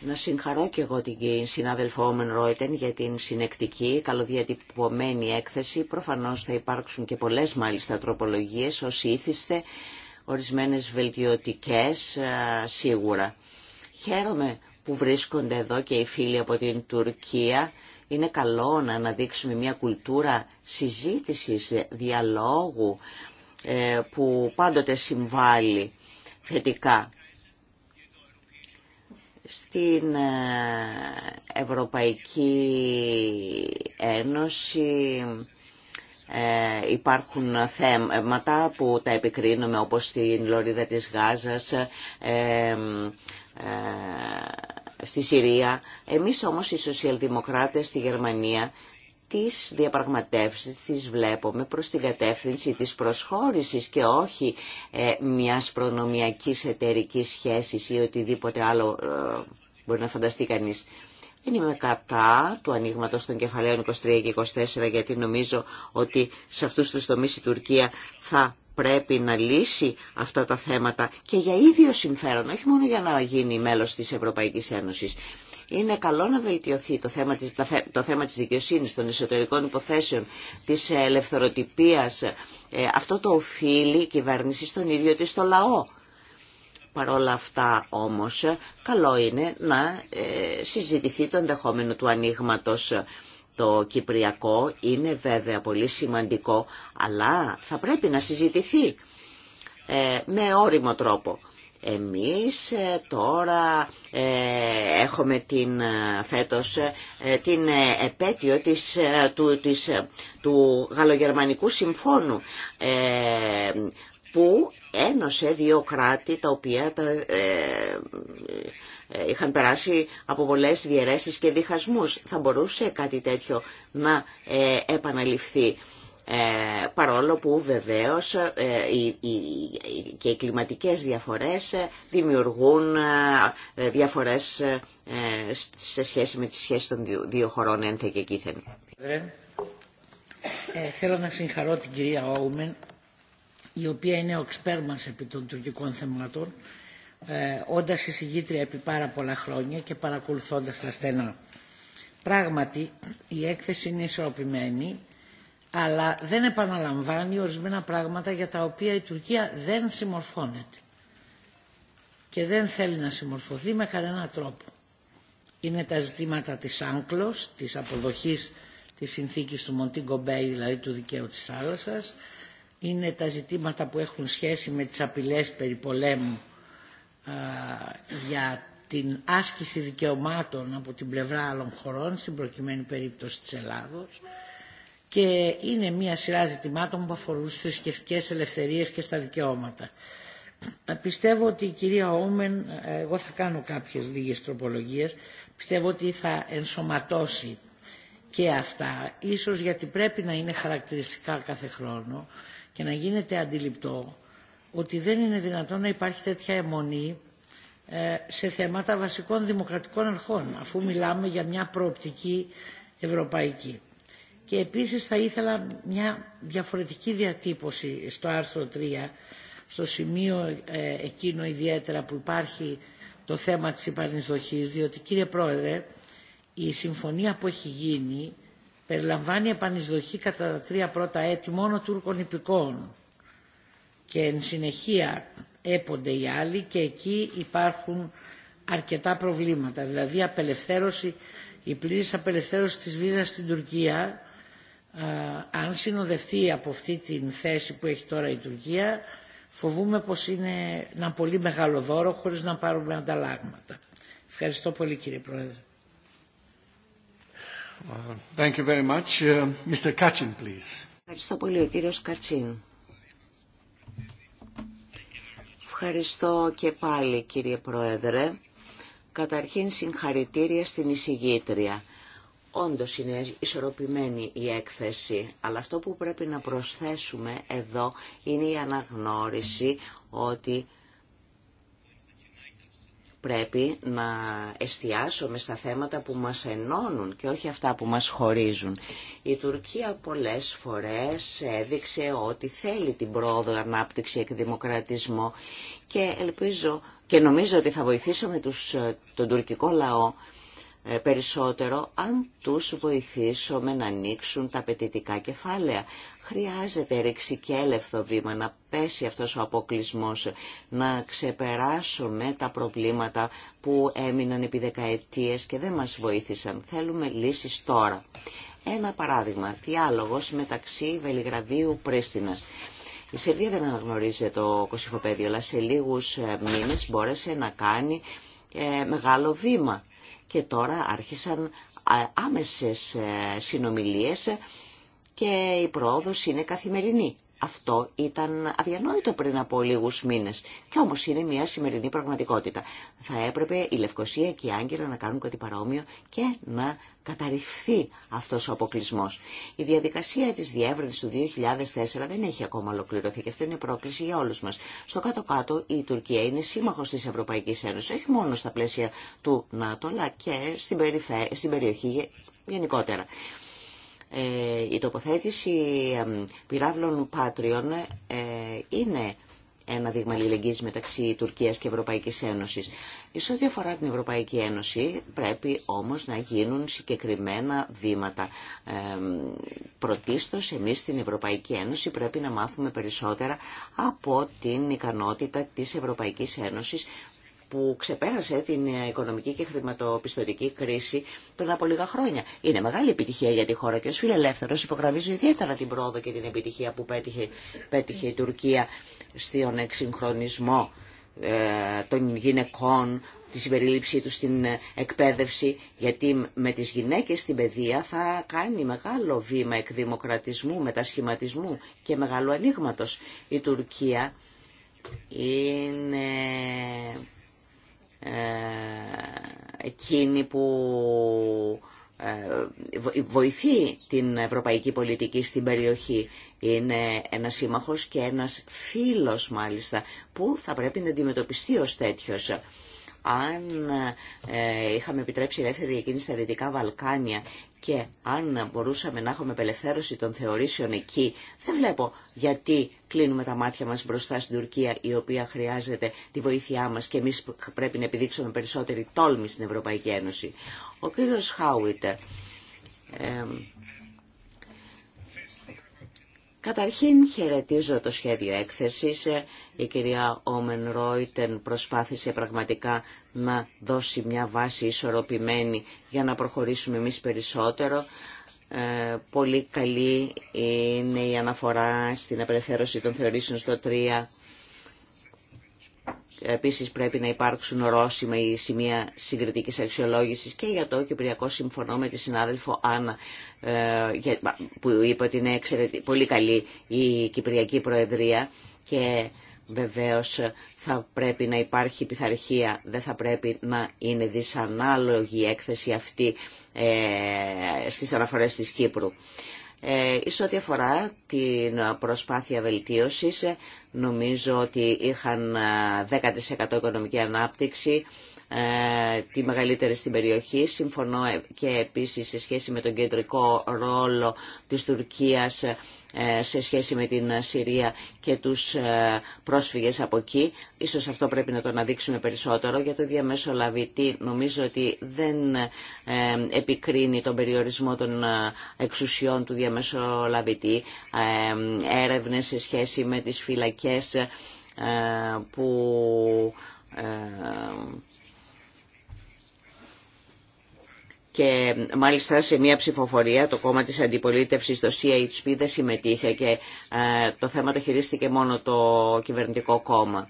Να συγχαρώ και εγώ την συνάδελφο Όμεν Ρόιτεν για την συνεκτική, καλοδιατυπωμένη έκθεση. Προφανώς θα υπάρξουν και πολλές μάλιστα τροπολογίες, όσοι ήθιστε, ορισμένες βελτιωτικές σίγουρα. Χαίρομαι που βρίσκονται εδώ και οι φίλοι από την Τουρκία. Είναι καλό να αναδείξουμε μια κουλτούρα συζήτησης, διαλόγου, ε, που πάντοτε συμβάλλει θετικά στην ε, Ευρωπαϊκή Ένωση ε, υπάρχουν θέματα που τα επικρίνουμε όπως στην Λωρίδα της Γάζας, ε, στη Συρία. Εμείς όμως οι σοσιαλδημοκράτες στη Γερμανία τις διαπραγματεύσεις τις βλέπουμε προς την κατεύθυνση της προσχώρησης και όχι ε, μιας προνομιακής εταιρικής σχέσης ή οτιδήποτε άλλο ε, μπορεί να φανταστεί κανείς. Δεν είμαι κατά του ανοίγματο των κεφαλαίων 23 και 24 γιατί νομίζω ότι σε αυτούς τους τομείς η Τουρκία θα πρέπει να λύσει αυτά τα θέματα και για ίδιο συμφέρον, όχι μόνο για να γίνει μέλος της Ευρωπαϊκής Ένωσης. Είναι καλό να βελτιωθεί το θέμα της, το θέμα της δικαιοσύνης, των εσωτερικών υποθέσεων, της ελευθεροτυπίας. Ε, αυτό το οφείλει η κυβέρνηση στον ίδιο της στο λαό. Παρ' όλα αυτά όμως καλό είναι να ε, συζητηθεί το ενδεχόμενο του ανοίγματο. Το Κυπριακό είναι βέβαια πολύ σημαντικό, αλλά θα πρέπει να συζητηθεί ε, με όριμο τρόπο. Εμείς ε, τώρα ε, έχουμε την, ε, φέτος την επέτειο της, του, της, του Γαλλογερμανικού Συμφώνου που ένωσε δύο κράτη τα οποία είχαν περάσει από πολλές διαιρέσεις και διχασμούς. Θα μπορούσε κάτι τέτοιο να επαναληφθεί. Ε, παρόλο που βεβαίως ε, και οι κλιματικές διαφορές ε, δημιουργούν διαφορές σε σχέση με τη σχέση των δύο χωρών ένθε και κήθεν. Ε, θέλω να συγχαρώ την κυρία Όουμεν, η οποία είναι ο επί των τουρκικών θεμάτων, ε, όντας εισηγήτρια επί πάρα πολλά χρόνια και παρακολουθώντας τα στενά. Πράγματι, η έκθεση είναι ισορροπημένη, αλλά δεν επαναλαμβάνει ορισμένα πράγματα για τα οποία η Τουρκία δεν συμμορφώνεται και δεν θέλει να συμμορφωθεί με κανένα τρόπο. Είναι τα ζητήματα της Άγκλος, της αποδοχής της συνθήκης του Μοντίγκο Μπέι, δηλαδή του δικαίου της θάλασσας, είναι τα ζητήματα που έχουν σχέση με τις απειλές περί πολέμου για την άσκηση δικαιωμάτων από την πλευρά άλλων χωρών, στην προκειμένη περίπτωση της Ελλάδος, και είναι μία σειρά ζητημάτων που αφορούν στις θρησκευτικέ ελευθερίες και στα δικαιώματα. Ε, πιστεύω ότι η κυρία Όμεν, ε, εγώ θα κάνω κάποιες λίγες τροπολογίες, πιστεύω ότι θα ενσωματώσει και αυτά, ίσως γιατί πρέπει να είναι χαρακτηριστικά κάθε χρόνο και να γίνεται αντιληπτό ότι δεν είναι δυνατόν να υπάρχει τέτοια αιμονή ε, σε θέματα βασικών δημοκρατικών αρχών, αφού μιλάμε για μια προοπτική ευρωπαϊκή και επίσης θα ήθελα μια διαφορετική διατύπωση στο άρθρο 3, στο σημείο ε, εκείνο ιδιαίτερα που υπάρχει το θέμα της επανεισδοχής, διότι κύριε Πρόεδρε, η συμφωνία που έχει γίνει περιλαμβάνει επανεισδοχή κατά τα τρία πρώτα έτη μόνο Τούρκων υπηκών και εν συνεχεία έπονται οι άλλοι και εκεί υπάρχουν αρκετά προβλήματα. Δηλαδή απελευθέρωση, η πλήρης απελευθέρωση της βίζας στην Τουρκία ε, αν συνοδευτεί από αυτή την θέση που έχει τώρα η Τουρκία φοβούμε πως είναι ένα πολύ μεγάλο δώρο χωρίς να πάρουμε ανταλλάγματα. Ευχαριστώ πολύ κύριε Πρόεδρε. Thank you very much. Uh, Mr. Kachin, please. Ευχαριστώ πολύ ο κύριος Κατσίν. Ευχαριστώ και πάλι κύριε Πρόεδρε. Καταρχήν συγχαρητήρια στην εισηγήτρια. Όντως είναι ισορροπημένη η έκθεση, αλλά αυτό που πρέπει να προσθέσουμε εδώ είναι η αναγνώριση ότι πρέπει να εστιάσουμε στα θέματα που μας ενώνουν και όχι αυτά που μας χωρίζουν. Η Τουρκία πολλές φορές έδειξε ότι θέλει την πρόοδο ανάπτυξη και δημοκρατισμό και ελπίζω και νομίζω ότι θα βοηθήσουμε τον τουρκικό λαό ε, περισσότερο αν τους βοηθήσουμε να ανοίξουν τα απαιτητικά κεφάλαια. Χρειάζεται έλευθο βήμα να πέσει αυτός ο αποκλισμός, να ξεπεράσουμε τα προβλήματα που έμειναν επί δεκαετίες και δεν μας βοήθησαν. Θέλουμε λύσεις τώρα. Ένα παράδειγμα, διάλογος μεταξύ Βελιγραδίου-Πρίστινας. Η Σερβία δεν αναγνωρίζει το κοσυφοπέδιο, αλλά σε λίγους ε, μήνες μπόρεσε να κάνει ε, μεγάλο βήμα και τώρα άρχισαν άμεσες ε, συνομιλίες και η πρόοδος είναι καθημερινή. Αυτό ήταν αδιανόητο πριν από λίγους μήνες και όμως είναι μια σημερινή πραγματικότητα. Θα έπρεπε η Λευκοσία και η Άγγελα να κάνουν κάτι παρόμοιο και να καταρριφθεί αυτός ο αποκλεισμός. Η διαδικασία της διεύρυνσης του 2004 δεν έχει ακόμα ολοκληρωθεί και αυτό είναι πρόκληση για όλους μας. Στο κάτω-κάτω η Τουρκία είναι σύμμαχος της Ευρωπαϊκής Ένωσης, όχι μόνο στα πλαίσια του ΝΑΤΟ, αλλά και στην, περιοχή γενικότερα. Ε, η τοποθέτηση πυράβλων πάτριων ε, είναι ένα δείγμα αλληλεγγύη μεταξύ Τουρκία και Ευρωπαϊκή Ένωση. Σε ό,τι αφορά την Ευρωπαϊκή Ένωση πρέπει όμω να γίνουν συγκεκριμένα βήματα. Ε, πρωτίστως εμείς στην Ευρωπαϊκή Ένωση πρέπει να μάθουμε περισσότερα από την ικανότητα τη Ευρωπαϊκή Ένωση που ξεπέρασε την οικονομική και χρηματοπιστωτική κρίση πριν από λίγα χρόνια. Είναι μεγάλη επιτυχία για τη χώρα και ως φιλελεύθερος υπογραμμίζω ιδιαίτερα την πρόοδο και την επιτυχία που πέτυχε, πέτυχε η Τουρκία στον εξυγχρονισμό ε, των γυναικών, τη συμπερίληψή του στην ε, εκπαίδευση, γιατί με τις γυναίκες στην παιδεία θα κάνει μεγάλο βήμα εκδημοκρατισμού, μετασχηματισμού και μεγάλου ανοίγματο. Η Τουρκία είναι ε, εκείνη που ε, βοηθεί την ευρωπαϊκή πολιτική στην περιοχή. Είναι ένας σύμμαχος και ένας φίλος μάλιστα που θα πρέπει να αντιμετωπιστεί ως τέτοιος αν ε, είχαμε επιτρέψει ελεύθερη εκείνη στα Δυτικά Βαλκάνια και αν μπορούσαμε να έχουμε απελευθέρωση των θεωρήσεων εκεί, δεν βλέπω γιατί κλείνουμε τα μάτια μας μπροστά στην Τουρκία η οποία χρειάζεται τη βοήθειά μας και εμείς πρέπει να επιδείξουμε περισσότερη τόλμη στην Ευρωπαϊκή Ένωση. Ο κύριος Χάουιτερ, καταρχήν χαιρετίζω το σχέδιο έκθεσης ε, η κυρία Όμεν Ρόιτεν προσπάθησε πραγματικά να δώσει μια βάση ισορροπημένη για να προχωρήσουμε εμείς περισσότερο. Ε, πολύ καλή είναι η αναφορά στην απελευθέρωση των θεωρήσεων στο 3. Επίσης πρέπει να υπάρξουν ορόσημα ή σημεία συγκριτικής αξιολόγησης και για το Κυπριακό συμφωνώ με τη συνάδελφο Άννα ε, που είπε ότι είναι πολύ καλή η Κυπριακή Προεδρία και Βεβαίως θα πρέπει να υπάρχει πειθαρχία, δεν θα πρέπει να είναι δυσανάλογη η έκθεση αυτή ε, στις αναφορές της Κύπρου. Ε, εις ό,τι αφορά την προσπάθεια βελτίωσης, ε, νομίζω ότι είχαν 10% ε, οικονομική ανάπτυξη, ε, τη μεγαλύτερη στην περιοχή. Συμφωνώ και επίσης σε σχέση με τον κεντρικό ρόλο της Τουρκίας ε, σε σχέση με την Συρία και τους ε, πρόσφυγες από εκεί. Ίσως αυτό πρέπει να το αναδείξουμε περισσότερο. Για το διαμεσολαβητή νομίζω ότι δεν ε, επικρίνει τον περιορισμό των εξουσιών του διαμεσολαβητή, έρευνες σε σχέση με τις φυλακές που και μάλιστα σε μια ψηφοφορία το κόμμα της αντιπολίτευσης, το CHP, δεν συμμετείχε και ε, το θέμα το χειρίστηκε μόνο το κυβερνητικό κόμμα.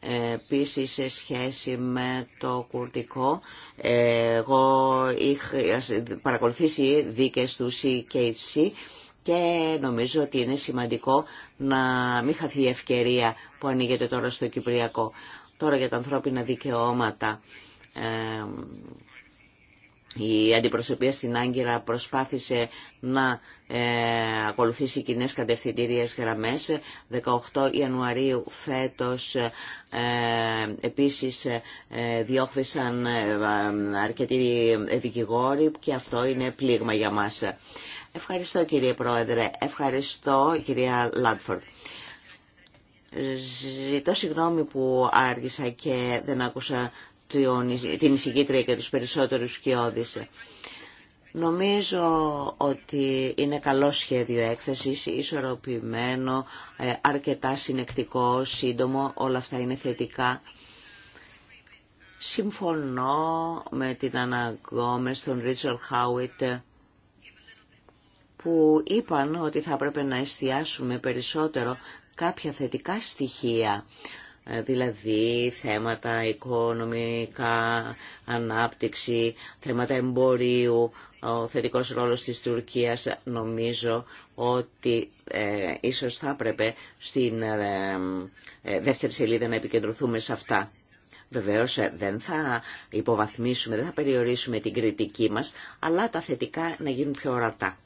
Ε, Επίση σε σχέση με το κουρδικό, ε, εγώ είχα παρακολουθήσει δίκες του CKC και νομίζω ότι είναι σημαντικό να μην χαθεί η ευκαιρία που ανοίγεται τώρα στο Κυπριακό. Τώρα για τα ανθρώπινα δικαιώματα η αντιπροσωπεία στην Άγκυρα προσπάθησε να ε, ακολουθήσει κοινέ κατευθυντήριες γραμμές. 18 Ιανουαρίου φέτος ε, επίσης ε, διώχθησαν ε, αρκετοί δικηγόροι και αυτό είναι πλήγμα για μας. Ευχαριστώ κύριε Πρόεδρε, ευχαριστώ κυρία Λάντφορντ. Ζητώ συγγνώμη που άργησα και δεν άκουσα την εισηγήτρια και τους περισσότερους Όδησε. Νομίζω ότι είναι καλό σχέδιο έκθεσης, ισορροπημένο, ε, αρκετά συνεκτικό, σύντομο, όλα αυτά είναι θετικά. Συμφωνώ με την αναγκόμες των Ρίτσορ Χάουιτ που είπαν ότι θα πρέπει να εστιάσουμε περισσότερο κάποια θετικά στοιχεία ε, δηλαδή θέματα οικονομικά, ανάπτυξη, θέματα εμπορίου, ο θετικός ρόλος της Τουρκίας νομίζω ότι ε, ίσως θα έπρεπε στην ε, ε, δεύτερη σελίδα να επικεντρωθούμε σε αυτά. Βεβαίως δεν θα υποβαθμίσουμε, δεν θα περιορίσουμε την κριτική μας, αλλά τα θετικά να γίνουν πιο ορατά.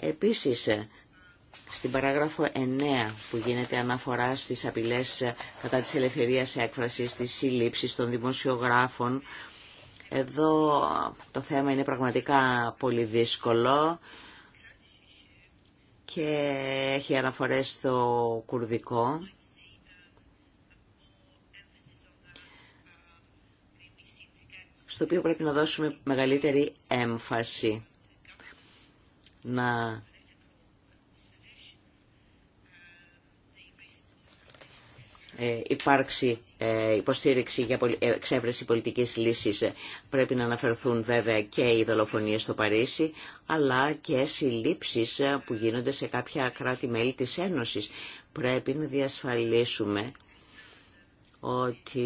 Επίσης, στην παράγραφο 9 που γίνεται αναφορά στις απειλές κατά της ελευθερίας έκφρασης, της σύλληψης των δημοσιογράφων, εδώ το θέμα είναι πραγματικά πολύ δύσκολο και έχει αναφορές στο κουρδικό. στο οποίο πρέπει να δώσουμε μεγαλύτερη έμφαση. Να Ε, υπάρξει ε, υποστήριξη για ε, εξέβρεση πολιτικής λύσης. Πρέπει να αναφερθούν βέβαια και οι δολοφονίες στο Παρίσι, αλλά και συλλήψεις που γίνονται σε κάποια κράτη-μέλη της Ένωσης. Πρέπει να διασφαλίσουμε ότι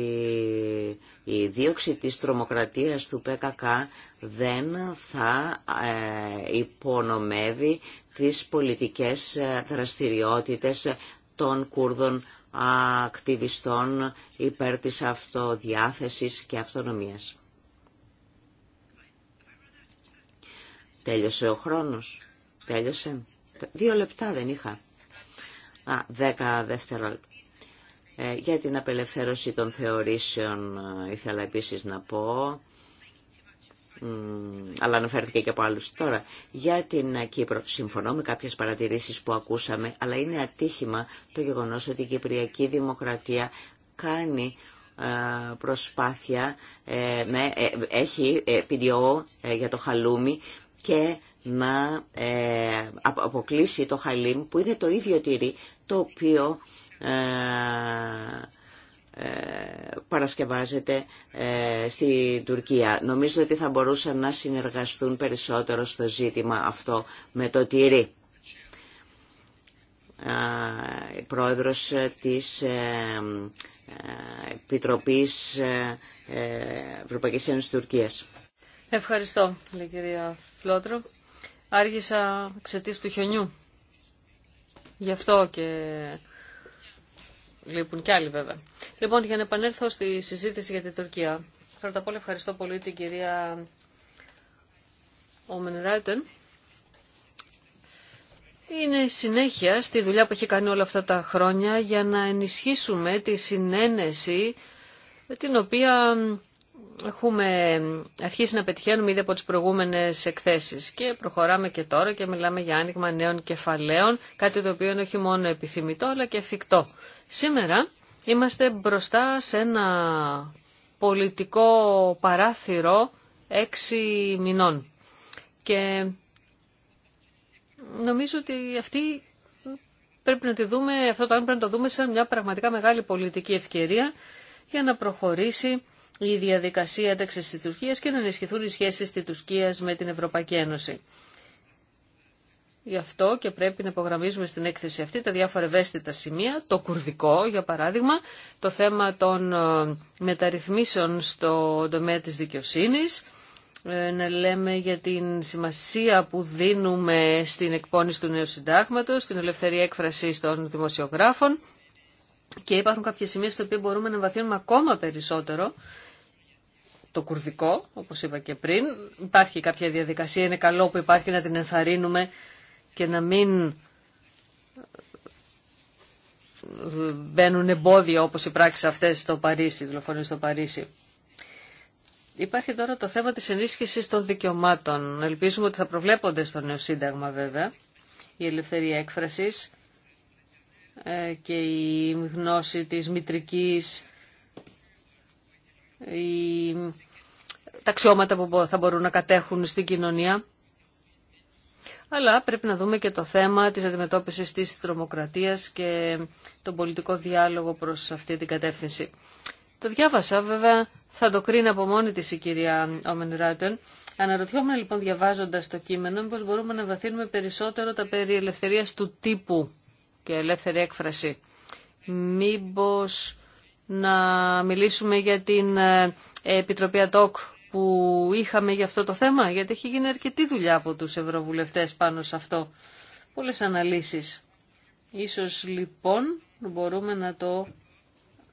η δίωξη της τρομοκρατίας του ΠΚΚ δεν θα υπονομεύει τις πολιτικές δραστηριότητες των Κούρδων ακτιβιστών υπέρ της αυτοδιάθεσης και αυτονομίας. Τέλειωσε ο χρόνος. Τέλειωσε. Δύο λεπτά δεν είχα. Α, δέκα δεύτερα λεπτά. Ε, για την απελευθέρωση των θεωρήσεων ε, ήθελα επίσης να πω αλλά αναφέρθηκε και από άλλους. Τώρα, για την Κύπρο, συμφωνώ με κάποιες παρατηρήσεις που ακούσαμε, αλλά είναι ατύχημα το γεγονός ότι η Κυπριακή Δημοκρατία κάνει ε, προσπάθεια, ε, ε, έχει PDO για το χαλούμι και να αποκλείσει το χαλίμ που είναι το ίδιο τυρί το οποίο ε, παρασκευάζεται ε, στη Τουρκία. Νομίζω ότι θα μπορούσαν να συνεργαστούν περισσότερο στο ζήτημα αυτό με το τυρί. πρόεδρος της ε, Επιτροπής Ευρωπαϊκής Ένωσης Τουρκίας. Ευχαριστώ, λέει κυρία Φλότρο. Άργησα εξαιτία του χιονιού. Γι' αυτό και Λείπουν κι άλλοι βέβαια. Λοιπόν, για να επανέλθω στη συζήτηση για την Τουρκία. Πρώτα απ' όλα ευχαριστώ πολύ την κυρία Όμεν Ράιτεν. Είναι συνέχεια στη δουλειά που έχει κάνει όλα αυτά τα χρόνια για να ενισχύσουμε τη συνένεση την οποία έχουμε αρχίσει να πετυχαίνουμε ήδη από τις προηγούμενες εκθέσεις και προχωράμε και τώρα και μιλάμε για άνοιγμα νέων κεφαλαίων, κάτι το οποίο είναι όχι μόνο επιθυμητό αλλά και εφικτό. Σήμερα είμαστε μπροστά σε ένα πολιτικό παράθυρο έξι μηνών και νομίζω ότι αυτή πρέπει να τη δούμε, αυτό το άνοιγμα πρέπει να το δούμε σαν μια πραγματικά μεγάλη πολιτική ευκαιρία για να προχωρήσει η διαδικασία ένταξη τη Τουρκία και να ενισχυθούν οι σχέσει τη Τουρκία με την Ευρωπαϊκή Ένωση. Γι' αυτό και πρέπει να υπογραμμίζουμε στην έκθεση αυτή τα διάφορα ευαίσθητα σημεία, το κουρδικό για παράδειγμα, το θέμα των ε, μεταρρυθμίσεων στο τομέα της δικαιοσύνης, ε, να λέμε για την σημασία που δίνουμε στην εκπόνηση του νέου συντάγματος, στην ελευθερία έκφραση των δημοσιογράφων και υπάρχουν κάποια σημεία στο οποίο μπορούμε να βαθύνουμε ακόμα περισσότερο το κουρδικό, όπως είπα και πριν. Υπάρχει κάποια διαδικασία, είναι καλό που υπάρχει να την ενθαρρύνουμε και να μην ε, μπαίνουν εμπόδια όπως οι πράξεις αυτές στο Παρίσι, δολοφονίες στο Παρίσι. Υπάρχει τώρα το θέμα της ενίσχυσης των δικαιωμάτων. Ελπίζουμε ότι θα προβλέπονται στο νέο σύνταγμα βέβαια. Η ελευθερία έκφρασης ε, και η γνώση της μητρικής τα αξιώματα που θα μπορούν να κατέχουν στην κοινωνία. Αλλά πρέπει να δούμε και το θέμα της αντιμετώπισης της τρομοκρατίας και τον πολιτικό διάλογο προς αυτή την κατεύθυνση. Το διάβασα βέβαια, θα το κρίνει από μόνη της η κυρία Όμεν Ράτεν. λοιπόν διαβάζοντας το κείμενο μήπως μπορούμε να βαθύνουμε περισσότερο τα περί ελευθερίας του τύπου και ελεύθερη έκφραση. Μήπως να μιλήσουμε για την ε, Επιτροπή ΑΤΟΚ που είχαμε για αυτό το θέμα, γιατί έχει γίνει αρκετή δουλειά από τους ευρωβουλευτές πάνω σε αυτό. Πολλές αναλύσεις. Ίσως λοιπόν μπορούμε να το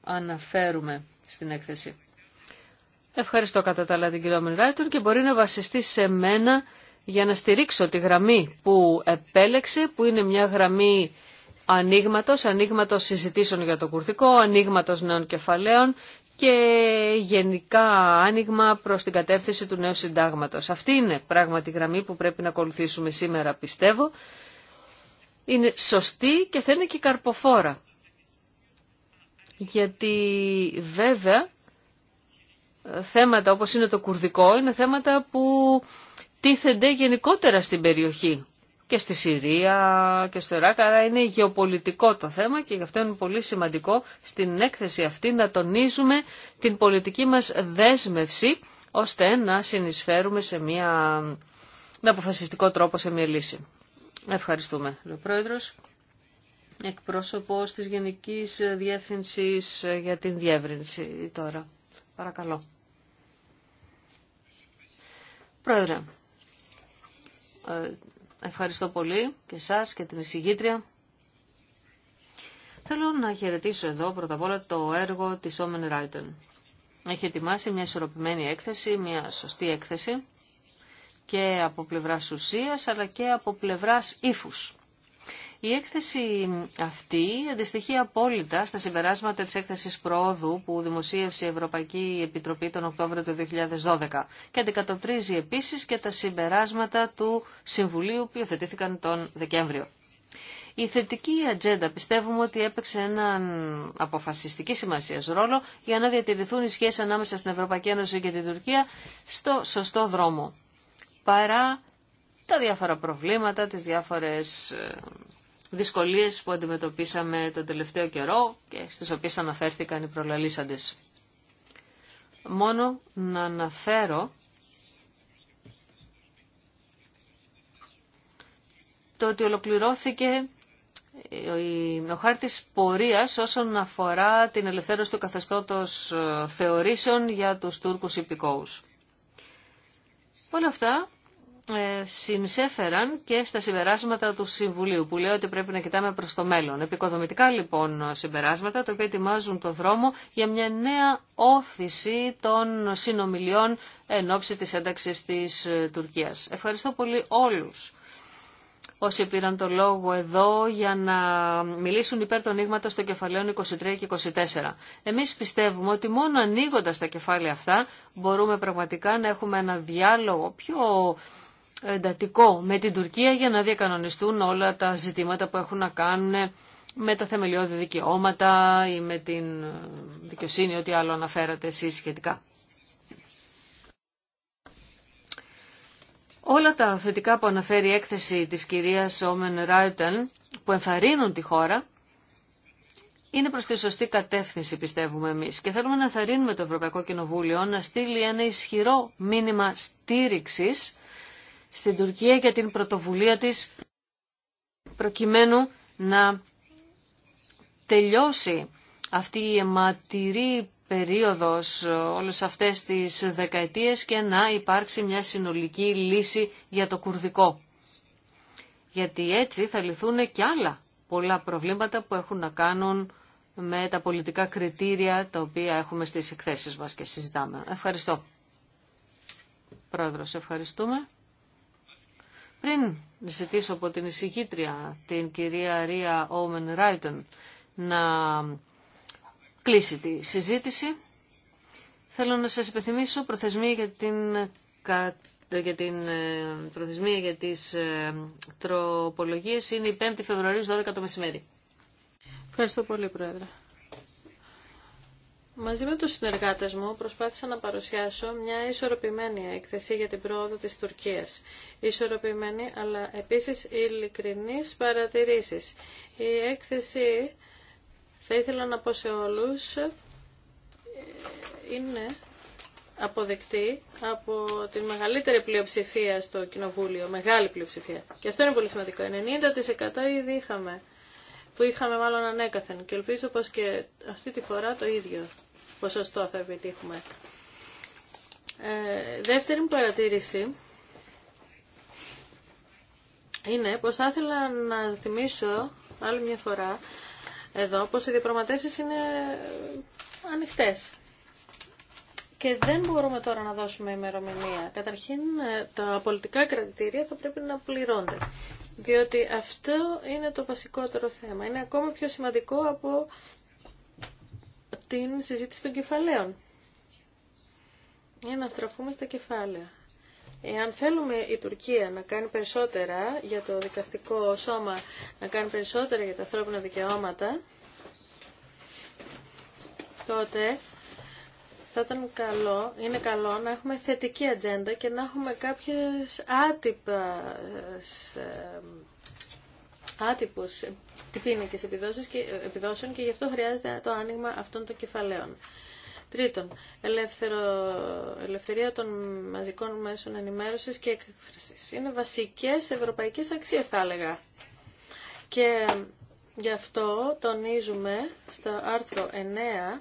αναφέρουμε στην έκθεση. Ευχαριστώ κατά τα άλλα την κυρία και μπορεί να βασιστεί σε μένα για να στηρίξω τη γραμμή που επέλεξε, που είναι μια γραμμή ανοίγματο, ανοίγματο συζητήσεων για το κουρδικό, ανοίγματο νέων κεφαλαίων και γενικά άνοιγμα προς την κατεύθυνση του νέου συντάγματος. Αυτή είναι πράγματι η γραμμή που πρέπει να ακολουθήσουμε σήμερα, πιστεύω. Είναι σωστή και θα είναι και καρποφόρα. Γιατί βέβαια θέματα όπως είναι το κουρδικό είναι θέματα που τίθενται γενικότερα στην περιοχή και στη Συρία και στο Ιράκ, άρα είναι γεωπολιτικό το θέμα και γι' αυτό είναι πολύ σημαντικό στην έκθεση αυτή να τονίζουμε την πολιτική μας δέσμευση ώστε να συνεισφέρουμε σε μια, με αποφασιστικό τρόπο σε μια λύση. Ευχαριστούμε, λέει ο Πρόεδρος. Εκπρόσωπος της Γενικής Διεύθυνσης για την Διεύρυνση τώρα. Παρακαλώ. Πρόεδρε, ε, Ευχαριστώ πολύ και σας και την εισηγήτρια. Θέλω να χαιρετήσω εδώ πρώτα απ' όλα το έργο της Omen Writer. Έχει ετοιμάσει μια ισορροπημένη έκθεση, μια σωστή έκθεση και από πλευράς ουσίας αλλά και από πλευράς ύφους. Η έκθεση αυτή αντιστοιχεί απόλυτα στα συμπεράσματα της έκθεσης πρόοδου που δημοσίευσε η Ευρωπαϊκή Επιτροπή τον Οκτώβριο του 2012 και αντικατοπτρίζει επίσης και τα συμπεράσματα του Συμβουλίου που υιοθετήθηκαν τον Δεκέμβριο. Η θετική ατζέντα πιστεύουμε ότι έπαιξε έναν αποφασιστική σημασία ρόλο για να διατηρηθούν οι σχέσει ανάμεσα στην Ευρωπαϊκή Ένωση και την Τουρκία στο σωστό δρόμο. Παρά τα διάφορα προβλήματα, τις διάφορες ε, δυσκολίες που αντιμετωπίσαμε τον τελευταίο καιρό και στις οποίες αναφέρθηκαν οι προλαλήσαντες. Μόνο να αναφέρω το ότι ολοκληρώθηκε ο χάρτης πορείας όσον αφορά την ελευθέρωση του καθεστώτος ε, θεωρήσεων για τους Τούρκους υπηκόους. Όλα αυτά ε, συνσέφεραν και στα συμπεράσματα του Συμβουλίου που λέει ότι πρέπει να κοιτάμε προς το μέλλον. Επικοδομητικά λοιπόν συμπεράσματα τα οποία ετοιμάζουν το δρόμο για μια νέα όθηση των συνομιλιών εν ώψη της ένταξης της ε, Τουρκίας. Ευχαριστώ πολύ όλους όσοι πήραν το λόγο εδώ για να μιλήσουν υπέρ των ανοίγματο των κεφαλαίων 23 και 24. Εμείς πιστεύουμε ότι μόνο ανοίγοντα τα κεφάλαια αυτά μπορούμε πραγματικά να έχουμε ένα διάλογο πιο εντατικό με την Τουρκία για να διακανονιστούν όλα τα ζητήματα που έχουν να κάνουν με τα θεμελιώδη δικαιώματα ή με την δικαιοσύνη, ό,τι άλλο αναφέρατε εσείς σχετικά. Όλα τα θετικά που αναφέρει η έκθεση της κυρίας Όμεν Ράιτεν που ενθαρρύνουν τη χώρα είναι προς τη σωστή κατεύθυνση πιστεύουμε εμείς και θέλουμε να ενθαρρύνουμε το Ευρωπαϊκό Κοινοβούλιο να στείλει ένα ισχυρό μήνυμα στήριξης στην Τουρκία για την πρωτοβουλία της προκειμένου να τελειώσει αυτή η αιματηρή περίοδος όλες αυτές τις δεκαετίες και να υπάρξει μια συνολική λύση για το κουρδικό. Γιατί έτσι θα λυθούν και άλλα πολλά προβλήματα που έχουν να κάνουν με τα πολιτικά κριτήρια τα οποία έχουμε στις εκθέσεις μας και συζητάμε. Ευχαριστώ. Πρόεδρος, ευχαριστούμε. Πριν ζητήσω από την εισηγήτρια, την κυρία Ρία Όμεν Ράιτον, να κλείσει τη συζήτηση, θέλω να σας υπενθυμίσω προθεσμία για την, για την ε, προθεσμία για τις ε, τροπολογίες είναι η 5η Φεβρουαρίου 12 το μεσημέρι. Ευχαριστώ πολύ, Πρόεδρε. Μαζί με τους συνεργάτες μου προσπάθησα να παρουσιάσω μια ισορροπημένη έκθεση για την πρόοδο της Τουρκίας. Ισορροπημένη αλλά επίσης ειλικρινής παρατηρήσεις. Η έκθεση, θα ήθελα να πω σε όλους, είναι αποδεκτή από την μεγαλύτερη πλειοψηφία στο Κοινοβούλιο, μεγάλη πλειοψηφία. Και αυτό είναι πολύ σημαντικό. 90% ήδη είχαμε, που είχαμε μάλλον ανέκαθεν και ελπίζω πως και αυτή τη φορά το ίδιο ποσοστό θα επιτύχουμε. Ε, δεύτερη μου παρατήρηση είναι πως θα ήθελα να θυμίσω άλλη μια φορά εδώ πως οι διαπραγματεύσεις είναι ανοιχτές. Και δεν μπορούμε τώρα να δώσουμε ημερομηνία. Καταρχήν ε, τα πολιτικά κρατητήρια θα πρέπει να πληρώνται. Διότι αυτό είναι το βασικότερο θέμα. Είναι ακόμα πιο σημαντικό από την συζήτηση των κεφαλαίων. Για να στραφούμε στα κεφάλαια. Εάν θέλουμε η Τουρκία να κάνει περισσότερα για το δικαστικό σώμα, να κάνει περισσότερα για τα ανθρώπινα δικαιώματα, τότε θα ήταν καλό, είναι καλό να έχουμε θετική ατζέντα και να έχουμε κάποιες άτυπες ε, άτυπου πίνακε ε, επιδόσεων και γι' αυτό χρειάζεται το άνοιγμα αυτών των κεφαλαίων. Τρίτον, ελεύθερο, ελευθερία των μαζικών μέσων ενημέρωσης και έκφρασης. Είναι βασικές ευρωπαϊκές αξίες θα έλεγα. Και γι' αυτό τονίζουμε στο άρθρο 9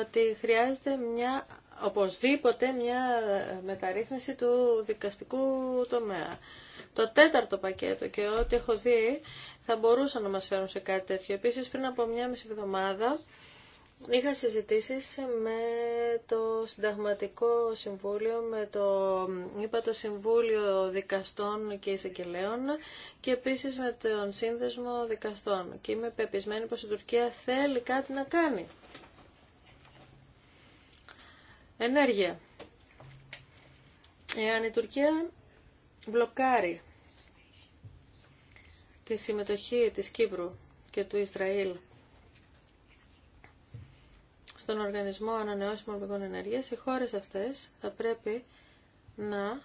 ότι χρειάζεται μια, οπωσδήποτε μια μεταρρύθμιση του δικαστικού τομέα το τέταρτο πακέτο και ό,τι έχω δει θα μπορούσαν να μας φέρουν σε κάτι τέτοιο. Επίσης πριν από μια μισή εβδομάδα είχα συζητήσει με το Συνταγματικό Συμβούλιο, με το, είπα, το Συμβούλιο Δικαστών και Εισαγγελέων και επίσης με τον Σύνδεσμο Δικαστών και είμαι πεπισμένη πως η Τουρκία θέλει κάτι να κάνει. Ενέργεια. Εάν η Τουρκία μπλοκάρει τη συμμετοχή της Κύπρου και του Ισραήλ στον Οργανισμό Ανανεώσιμων Πηγών Ενέργειας, οι χώρες αυτές θα πρέπει να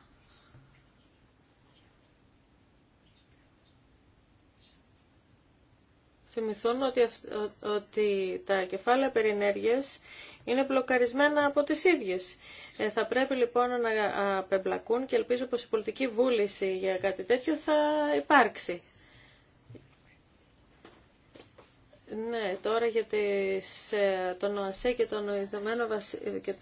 θυμηθούν ότι, ότι τα κεφάλαια ενέργειας είναι μπλοκαρισμένα από τις ίδιες. Ε, θα πρέπει λοιπόν να απεμπλακούν και ελπίζω πως η πολιτική βούληση για κάτι τέτοιο θα υπάρξει. Ναι, τώρα για ε, τον ΟΑΣΕ και τον Ιδωμένο για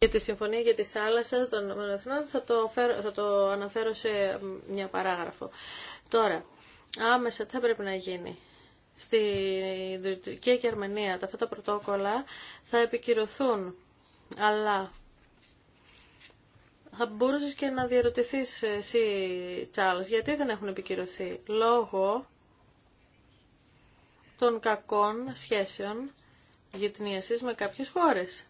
ε, τη Συμφωνία για τη Θάλασσα των Εθνών θα το, θα το αναφέρω σε μια παράγραφο. Τώρα, άμεσα τι θα πρέπει να γίνει. Στη Τουρκία και τα αυτά τα πρωτόκολλα θα επικυρωθούν, αλλά θα μπορούσες και να διαρωτηθείς εσύ, Τσάλς, γιατί δεν έχουν επικυρωθεί. Λόγω των κακών σχέσεων γυτνίασης με κάποιες χώρες.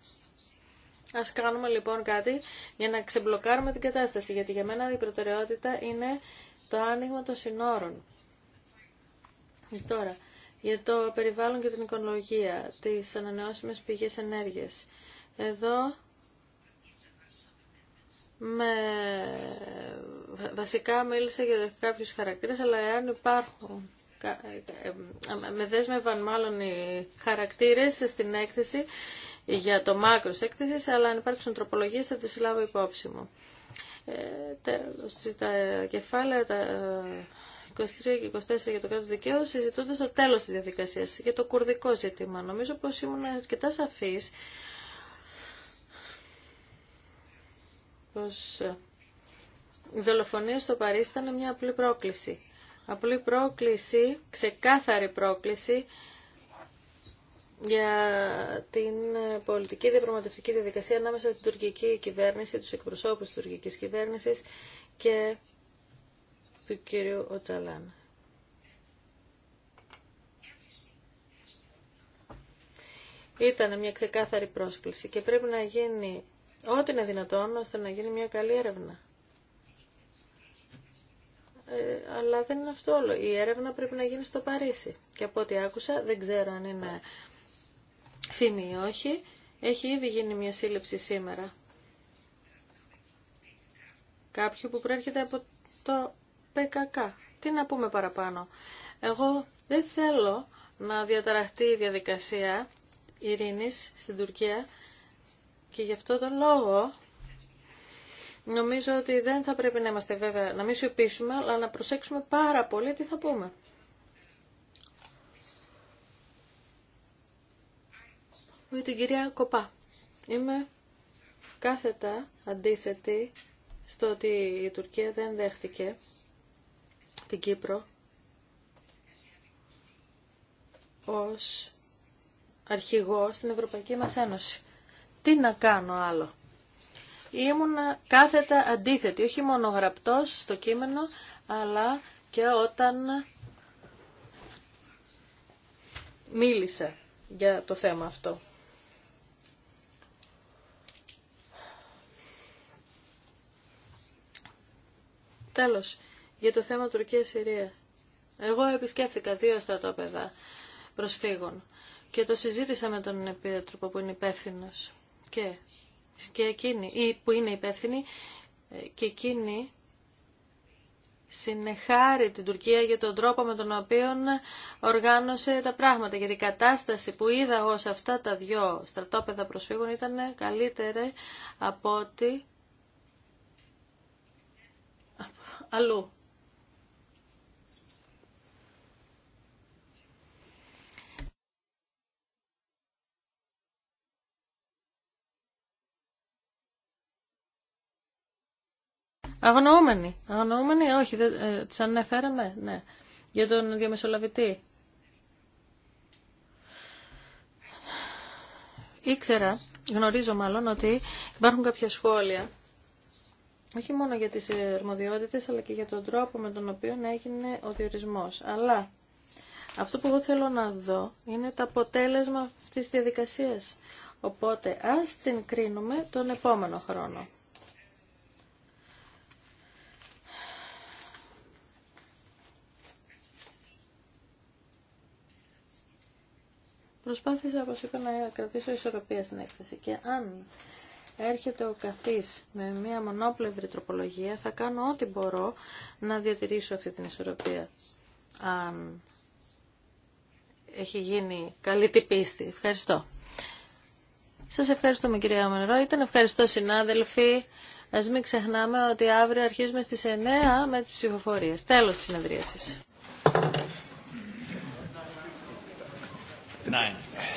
Ας κάνουμε λοιπόν κάτι για να ξεμπλοκάρουμε την κατάσταση, γιατί για μένα η προτεραιότητα είναι το άνοιγμα των συνόρων. Ε, τώρα, για το περιβάλλον και την οικολογία, τις ανανεώσιμες πηγές ενέργειας. Εδώ με... βασικά μίλησα για κάποιους χαρακτήρες, αλλά εάν υπάρχουν ε, ε, με δέσμευαν μάλλον οι χαρακτήρες στην έκθεση για το μάκρος έκθεσης, αλλά αν υπάρξουν τροπολογίες θα τις λάβω υπόψη ε, τα κεφάλαια τα 23 ε, και 24 για το κράτος δικαίου συζητούνται στο τέλος της διαδικασίας για το κουρδικό ζήτημα. Νομίζω πως ήμουν αρκετά σαφής πως η ε, δολοφονία στο Παρίσι ήταν μια απλή πρόκληση. Απλή πρόκληση, ξεκάθαρη πρόκληση για την ε, πολιτική διαπραγματευτική διαδικασία ανάμεσα στην τουρκική κυβέρνηση, τους εκπροσώπους της τουρκικής κυβέρνησης και του κύριου Οτσαλάν. Ήταν μια ξεκάθαρη πρόσκληση και πρέπει να γίνει ό,τι είναι δυνατόν ώστε να γίνει μια καλή έρευνα. Ε, αλλά δεν είναι αυτό όλο. Η έρευνα πρέπει να γίνει στο Παρίσι. Και από ό,τι άκουσα, δεν ξέρω αν είναι φήμη ή όχι, έχει ήδη γίνει μια σύλληψη σήμερα. Κάποιου που προέρχεται από το ΠΚΚ. Τι να πούμε παραπάνω. Εγώ δεν θέλω να διαταραχτεί η διαδικασία ειρήνης στην Τουρκία και γι' αυτό τον λόγο νομίζω ότι δεν θα πρέπει να είμαστε βέβαια να μην σιωπήσουμε αλλά να προσέξουμε πάρα πολύ τι θα πούμε. με Κοπά. Είμαι κάθετα αντίθετη στο ότι η Τουρκία δεν δέχτηκε την Κύπρο ως αρχηγό στην Ευρωπαϊκή μας Ένωση. Τι να κάνω άλλο. Ήμουν κάθετα αντίθετη, όχι μόνο γραπτός στο κείμενο, αλλά και όταν μίλησα για το θέμα αυτό. Τέλος, για το θέμα Τουρκία-Συρία. Εγώ επισκέφθηκα δύο στρατόπεδα προσφύγων και το συζήτησα με τον επίτροπο που είναι υπεύθυνο. Και, και εκείνη, ή που είναι υπεύθυνη, ε, και εκείνη συνεχάρει την Τουρκία για τον τρόπο με τον οποίο οργάνωσε τα πράγματα. Γιατί η κατάσταση που είδα εγώ σε αυτά τα δυο στρατόπεδα προσφύγων ήταν καλύτερη από ότι αλλού. Αγνοούμενοι. Αγνοούμενοι, όχι, δεν, ε, τους ανέφεραμε, ναι. Για τον διαμεσολαβητή. Ήξερα, γνωρίζω μάλλον, ότι υπάρχουν κάποια σχόλια όχι μόνο για τις αρμοδιότητες αλλά και για τον τρόπο με τον οποίο έγινε ο διορισμός. Αλλά αυτό που εγώ θέλω να δω είναι το αποτέλεσμα αυτής της διαδικασίας. Οπότε ας την κρίνουμε τον επόμενο χρόνο. Προσπάθησα, όπως είπα, να κρατήσω ισορροπία στην έκθεση και αν έρχεται ο καθής με μια μονόπλευρη τροπολογία, θα κάνω ό,τι μπορώ να διατηρήσω αυτή την ισορροπία. Αν έχει γίνει καλή την πίστη. Ευχαριστώ. Σας ευχαριστούμε κυρία Μενρό. Ήταν ευχαριστώ συνάδελφοι. Ας μην ξεχνάμε ότι αύριο αρχίζουμε στις 9 με τις ψηφοφορίες. Τέλος της συνεδρίασης. Nine.